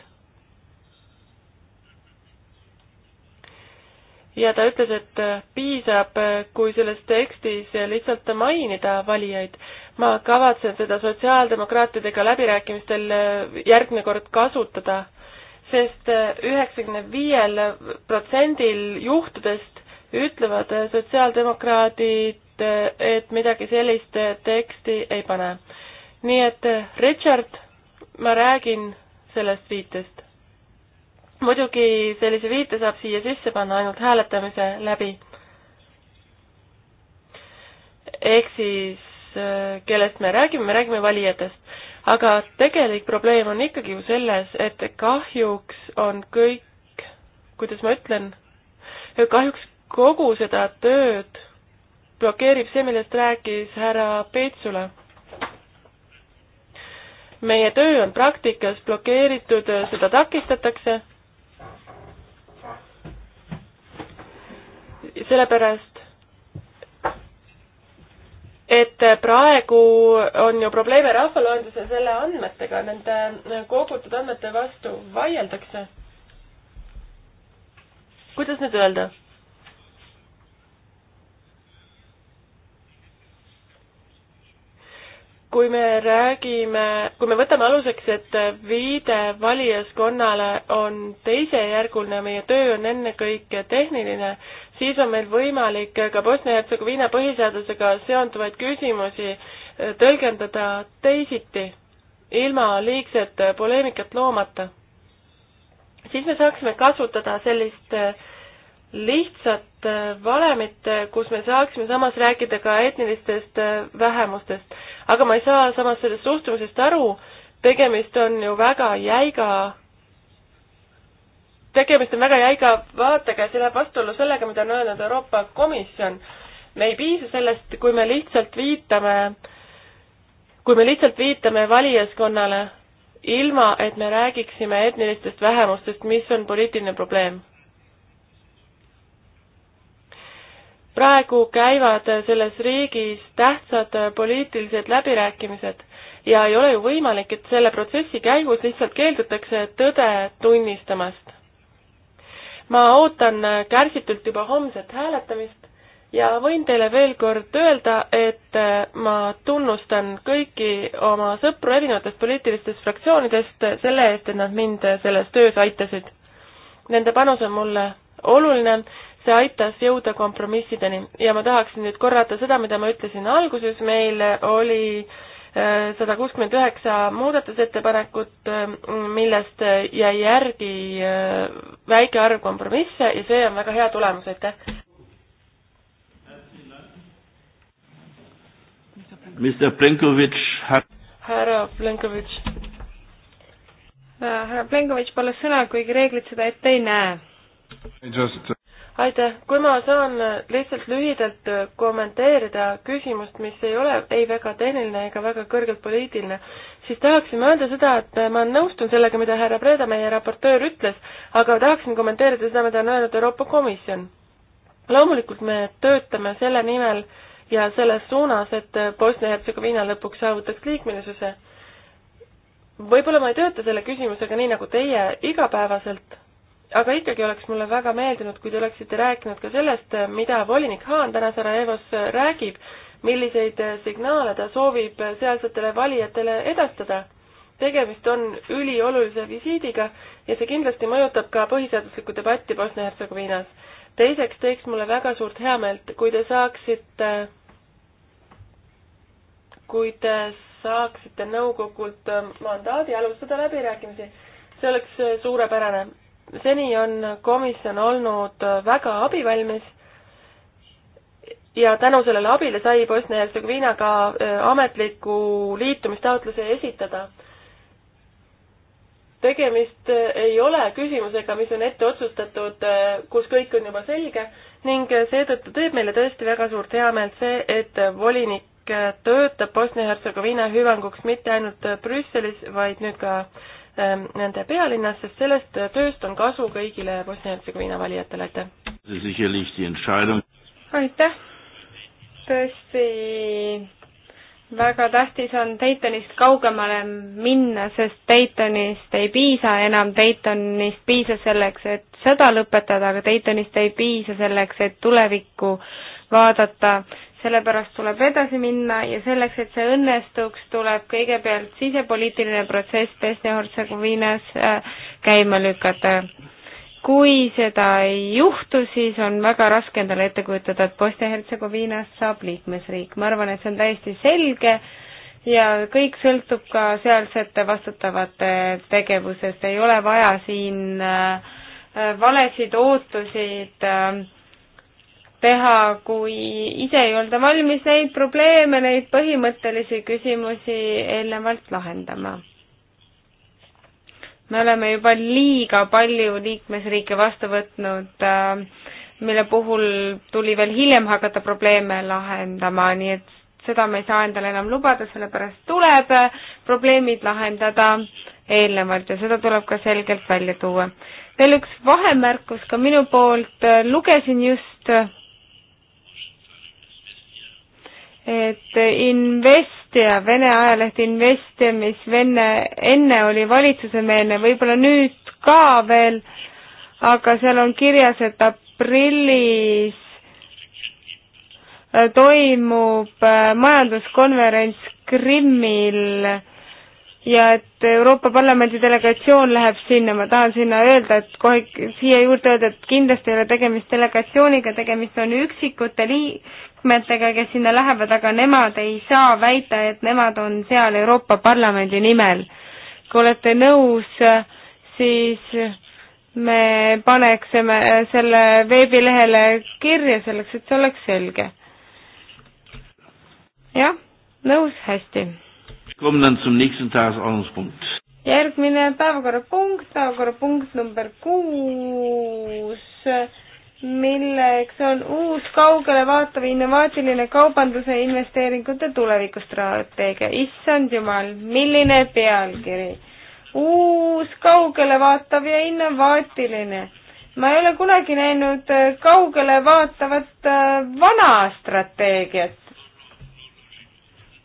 [SPEAKER 3] ja ta ütles, et äh, piisab, äh, kui selles tekstis äh, lihtsalt mainida valijaid. ma kavatsen seda sotsiaaldemokraatidega läbirääkimistel järgmine kord kasutada, sest üheksakümne viiel protsendil juhtudest ütlevad sotsiaaldemokraadid, et midagi sellist teksti ei pane. nii et Richard, ma räägin sellest viitest muidugi sellise viite saab siia sisse panna ainult hääletamise läbi. ehk siis, äh, kellest me räägime, me räägime valijatest. aga tegelik probleem on ikkagi ju selles, et kahjuks on kõik, kuidas ma ütlen, kahjuks kogu seda tööd blokeerib see, millest rääkis härra Peetsula meie töö on praktikas blokeeritud, seda takistatakse sellepärast, et praegu on ju probleeme rahvaloenduse selle andmetega, nende kogutud andmete vastu vaieldakse. kuidas nüüd öelda? kui me räägime, kui me võtame aluseks, et viide valijaskonnale on teisejärguline, meie töö on ennekõike tehniline, siis on meil võimalik ka Bosnia-Hertsegoviina põhiseadusega seonduvaid küsimusi eh, tõlgendada teisiti, ilma liigset eh, poleemikat loomata. siis me saaksime kasutada sellist eh, lihtsat valemit, kus me saaksime samas rääkida ka etnilistest vähemustest. aga ma ei saa samas sellest suhtumisest aru, tegemist on ju väga jäiga tegemist on väga jäiga vaatega ja see läheb vastuollu sellega, mida on öelnud Euroopa Komisjon. me ei piisa sellest, kui me lihtsalt viitame, kui me lihtsalt viitame valijaskonnale, ilma et me räägiksime etnilistest vähemustest, mis on poliitiline probleem. praegu käivad selles riigis tähtsad poliitilised läbirääkimised ja ei ole ju võimalik, et selle protsessi käigus lihtsalt keeldutakse tõde tunnistamast ma ootan kärsitult juba homset hääletamist ja võin teile veel kord öelda, et ma tunnustan kõiki oma sõpru erinevatest poliitilistest fraktsioonidest selle eest, et nad mind selles töös aitasid. Nende panus on mulle oluline, see aitas jõuda kompromissideni ja ma tahaksin nüüd korrata seda, mida ma ütlesin alguses, meil oli äh, sada kuuskümmend üheksa muudatusettepanekut, millest jäi järgi äh, väike arv kompromisse ja see on väga hea tulemus, aitäh. härra
[SPEAKER 1] Plenkovitš. Äh,
[SPEAKER 3] härra Plenkovitš palus sõna, kuigi reeglid seda ette ei näe. Just aitäh, kui ma saan lihtsalt lühidalt kommenteerida küsimust, mis ei ole ei väga tehniline ega väga kõrgelt poliitiline, siis tahaksin ma öelda seda, et ma nõustun sellega, mida härra Preda, meie raportöör, ütles, aga tahaksin kommenteerida seda, mida on öelnud Euroopa Komisjon. loomulikult me töötame selle nimel ja selles suunas, et Bosnia-Hertsegoviina lõpuks saavutaks liikmelisuse. võib-olla ma ei tööta selle küsimusega nii, nagu teie igapäevaselt aga ikkagi oleks mulle väga meeldinud, kui te oleksite rääkinud ka sellest, mida volinik Haan täna Sarajevos räägib, milliseid signaale ta soovib sealsetele valijatele edastada. tegemist on üliolulise visiidiga ja see kindlasti mõjutab ka põhiseaduslikku debatti Bosnia-Hertsegoviinas. teiseks teeks mulle väga suurt heameelt, kui te saaksite, kui te saaksite nõukogult mandaadi alustada läbirääkimisi. see oleks suurepärane seni on komisjon olnud väga abivalmis ja tänu sellele abile sai Bosnia-Hertsegoviina ka äh, ametliku liitumistaotluse esitada. tegemist äh, ei ole küsimusega, mis on ette otsustatud, äh, kus kõik on juba selge ning seetõttu teeb meile tõesti väga suurt heameelt see, et volinik töötab Bosnia-Hertsegoviina hüvanguks mitte ainult Brüsselis, vaid nüüd ka Ähm, nende pealinnas, sest sellest tööst on kasu kõigile Bosnia-Hertsegoviina valijatele, aitäh! aitäh! tõesti väga tähtis
[SPEAKER 2] on Daytonist kaugemale minna, sest Daytonist ei piisa enam, Daytonist piisas selleks, et sõda lõpetada, aga Daytonist ei piisa selleks, et tulevikku vaadata sellepärast tuleb edasi minna ja selleks, et see õnnestuks, tuleb kõigepealt sisepoliitiline protsess Bosnia-Hertsegoviinas äh, käima lükata. kui seda ei juhtu, siis on väga raske endale ette kujutada, et Bosnia-Hertsegoviinast saab liikmesriik. ma arvan, et see on täiesti selge ja kõik sõltub ka sealsete vastutavate tegevusest, ei ole vaja siin äh, äh, valesid ootusid äh, teha, kui ise ei olda valmis neid probleeme, neid põhimõttelisi küsimusi eelnevalt lahendama. me oleme juba liiga palju liikmesriike vastu võtnud, äh, mille puhul tuli veel hiljem hakata probleeme lahendama, nii et seda me ei saa endale enam lubada, sellepärast tuleb äh, probleemid lahendada eelnevalt ja seda tuleb ka selgelt välja tuua. veel üks vahemärkus ka minu poolt, äh, lugesin just et Investia, Vene ajaleht Investia, mis venne, enne oli valitsusemeelne, võib-olla nüüd ka veel, aga seal on kirjas, et aprillis äh, toimub äh, majanduskonverents Krimmil ja et Euroopa Parlamendi delegatsioon läheb sinna, ma tahan sinna öelda, et kohe siia juurde öelda, et kindlasti ei ole tegemist delegatsiooniga, tegemist on üksikute lii-, liikmetega, kes sinna lähevad, aga nemad ei saa väita, et nemad on seal Euroopa Parlamendi nimel. kui olete nõus, siis me paneksime selle veebilehele kirja selleks, et see oleks selge. jah, nõus, hästi. järgmine päevakorrapunkt, päevakorrapunkt number kuus milleks on uus kaugele vaatav innovaatiline kaubanduse ja investeeringute tulevikustrateegia. issand jumal, milline pealkiri! uus kaugele vaatav ja innovaatiline. ma ei ole kunagi näinud äh, kaugele vaatavat äh, vana strateegiat.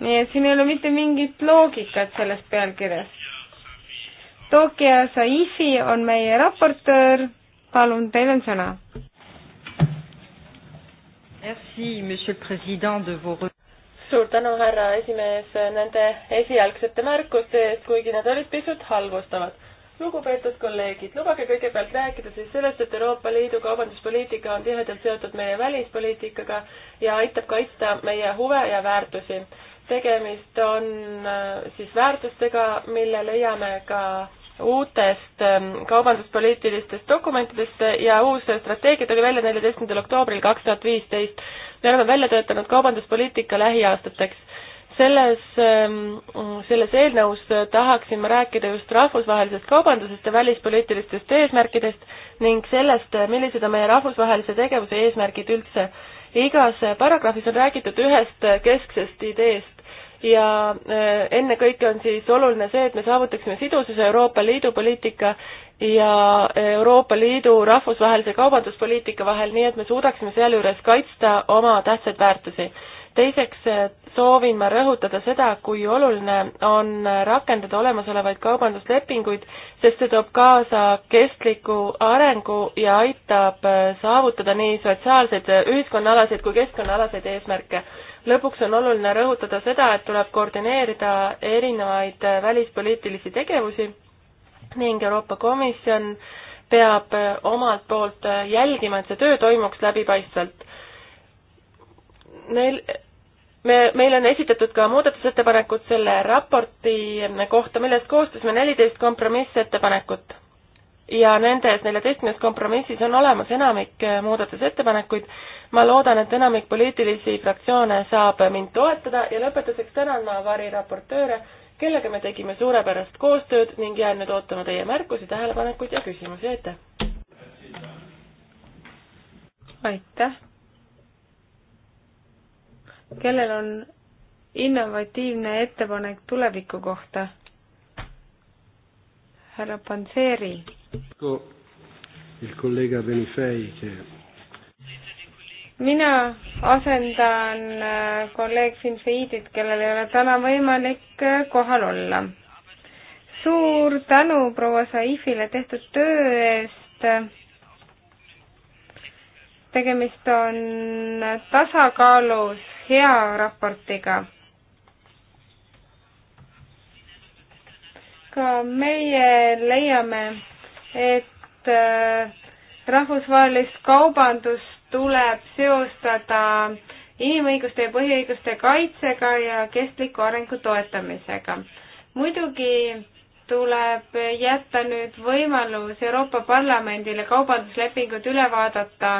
[SPEAKER 2] nii et siin ei ole mitte mingit loogikat selles pealkirjas. Tokyo Saifi on meie raportöör palun, teil on sõna.
[SPEAKER 4] Merci, monsieur president, de vos
[SPEAKER 3] suur tänu, härra esimees, nende esialgsete märkuste eest, kuigi need olid pisut halvustavad lugupeetud kolleegid, lubage kõigepealt rääkida siis sellest, et Euroopa Liidu kaubanduspoliitika on tihedalt seotud meie välispoliitikaga ja aitab kaitsta meie huve ja väärtusi. tegemist on äh, siis väärtustega, mille leiame ka uutest ähm, kaubanduspoliitilistest dokumentidest ja uus strateegia tuli välja neljateistkümnendal oktoobril kaks tuhat viisteist. me oleme välja töötanud kaubanduspoliitika lähiaastateks. selles, ähm, selles eelnõus tahaksime rääkida just rahvusvahelisest kaubandusest ja välispoliitilistest eesmärkidest ning sellest, millised on meie rahvusvahelise tegevuse eesmärgid üldse. igas paragrahvis on räägitud ühest kesksest ideest, ja äh, ennekõike on siis oluline see, et me saavutaksime sidususe Euroopa Liidu poliitika ja Euroopa Liidu rahvusvahelise kaubanduspoliitika vahel, nii et me suudaksime sealjuures kaitsta oma tähtsaid väärtusi teiseks eh, soovin ma rõhutada seda, kui oluline on rakendada olemasolevaid kaubanduslepinguid, sest see toob kaasa kestliku arengu ja aitab eh, saavutada nii sotsiaalseid, eh, ühiskonnaalaseid kui keskkonnaalaseid eesmärke. lõpuks on oluline rõhutada seda, et tuleb koordineerida erinevaid välispoliitilisi tegevusi ning Euroopa Komisjon peab omalt poolt jälgima, et see töö toimuks läbipaistvalt neil, me, meile on esitatud ka muudatusettepanekud selle raporti kohta, millest koostasime neliteist kompromissettepanekut. ja nendes neljateistkümnes kompromissis on olemas enamik muudatusettepanekuid. ma loodan, et enamik poliitilisi fraktsioone saab mind toetada ja lõpetuseks tänan ma variraportööre, kellega me tegime suurepärast koostööd ning jään nüüd ootama teie märkusi, tähelepanekuid ja küsimusi, aitäh!
[SPEAKER 2] aitäh! kellel on innovatiivne ettepanek tuleviku kohta? härra Panseri. mina asendan äh, kolleeg Finfeidit, kellel ei ole täna võimalik äh, kohal olla. suur tänu proua Saifile tehtud töö eest tegemist on äh, tasakaalus hea raportiga. ka meie leiame, et äh, rahvusvahelist kaubandust tuleb seostada inimõiguste ja põhiõiguste kaitsega ja kestliku arengu toetamisega. muidugi tuleb jätta nüüd võimalus Euroopa Parlamendile kaubanduslepingud üle vaadata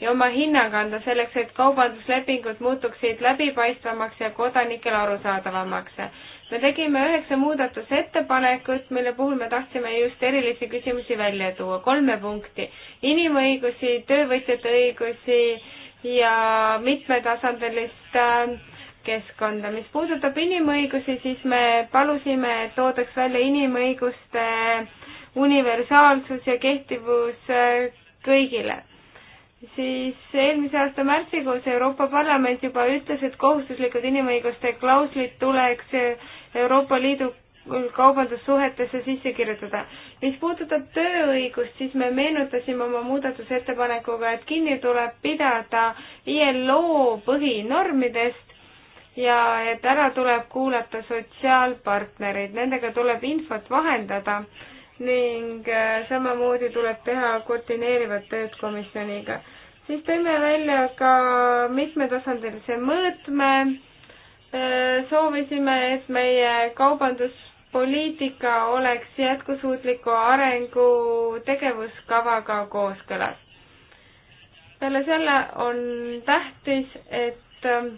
[SPEAKER 2] ja oma hinnang anda selleks, et kaubanduslepingud muutuksid läbipaistvamaks ja kodanikele arusaadavamaks. me tegime üheksa muudatusettepanekut, mille puhul me tahtsime just erilisi küsimusi välja tuua, kolme punkti. inimõigusi, töövõtjate õigusi ja mitmetasandilist äh, keskkonda. mis puudutab inimõigusi, siis me palusime, et toodaks välja inimõiguste universaalsus ja kehtivus äh, kõigile siis eelmise aasta märtsikuus Euroopa Parlament juba ütles, et kohustuslikud inimõiguste klauslid tuleks Euroopa Liidu kaubandussuhetesse sisse kirjutada. mis puudutab tööõigust, siis me meenutasime oma muudatusettepanekuga, et kinni tuleb pidada ILO põhinormidest ja et ära tuleb kuulata sotsiaalpartnereid, nendega tuleb infot vahendada ning äh, samamoodi tuleb teha koordineerivat tööd komisjoniga. siis tõime välja ka mitmetasandilise mõõtme, äh, soovisime, et meie kaubanduspoliitika oleks jätkusuutliku arengu tegevuskavaga kooskõlas. peale selle on tähtis, et äh,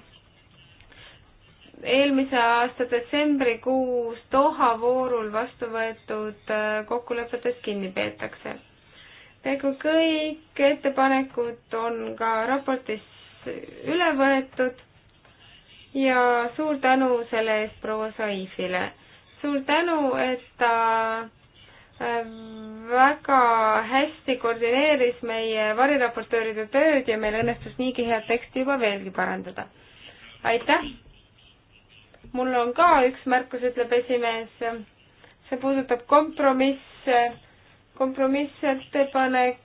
[SPEAKER 2] eelmise aasta detsembrikuus Doha voorul vastu võetud äh, kokkulepetest kinni peetakse. peaaegu kõik ettepanekud on ka raportis
[SPEAKER 1] üle
[SPEAKER 2] võetud ja suur tänu selle eest proua Saifile. suur tänu, et ta äh, väga hästi koordineeris meie variraportööride tööd ja meil õnnestus niigi head teksti juba veelgi parandada. aitäh! mul on ka üks märkus, ütleb esimees. see puudutab kompromisse, kompromissettepanek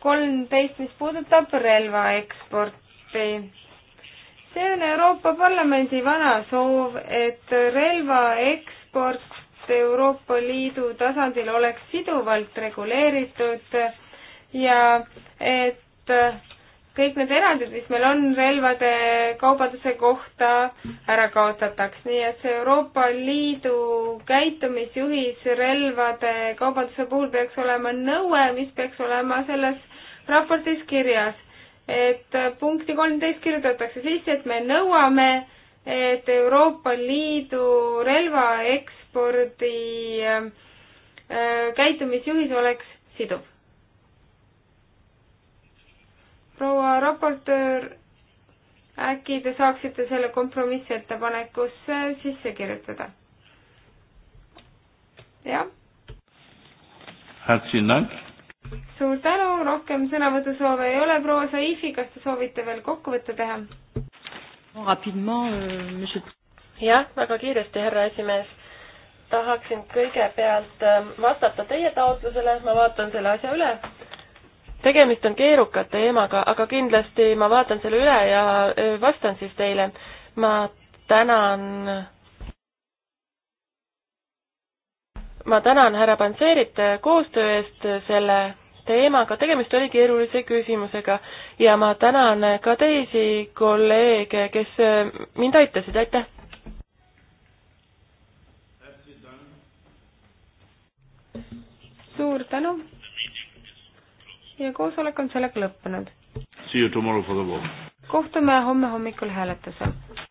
[SPEAKER 2] kolmteist, mis puudutab relvaeksporti. see on Euroopa Parlamendi vana soov, et relvaeksport Euroopa Liidu tasandil oleks siduvalt reguleeritud ja et kõik need erandid, mis meil on relvade kaubanduse kohta, ära kaotataks, nii et see Euroopa Liidu käitumisjuhis relvade kaubanduse puhul peaks olema nõue, mis peaks olema selles raportis kirjas. et punkti kolmteist kirjutatakse sisse, et me nõuame, et Euroopa Liidu relvaekspordi äh, käitumisjuhis oleks siduv proua raportöör, äkki te saaksite selle kompromissettepanekusse sisse kirjutada? jah. suur tänu, rohkem sõnavõtusoove ei ole, proua Saifi, kas te soovite veel kokkuvõtte
[SPEAKER 3] teha?
[SPEAKER 4] Euh,
[SPEAKER 3] jah, väga kiiresti, härra esimees. tahaksin kõigepealt ähm, vastata teie taotlusele, ma vaatan selle asja üle tegemist on keeruka teemaga, aga kindlasti ma vaatan selle üle ja vastan siis teile. ma tänan, ma tänan härra Panseerit koostöö eest selle teemaga, tegemist oli keerulise küsimusega ja ma tänan ka teisi kolleege, kes mind aitasid, aitäh! suur tänu!
[SPEAKER 2] ja koosolek on sellega lõppenud. kohtume homme hommikul hääletusel.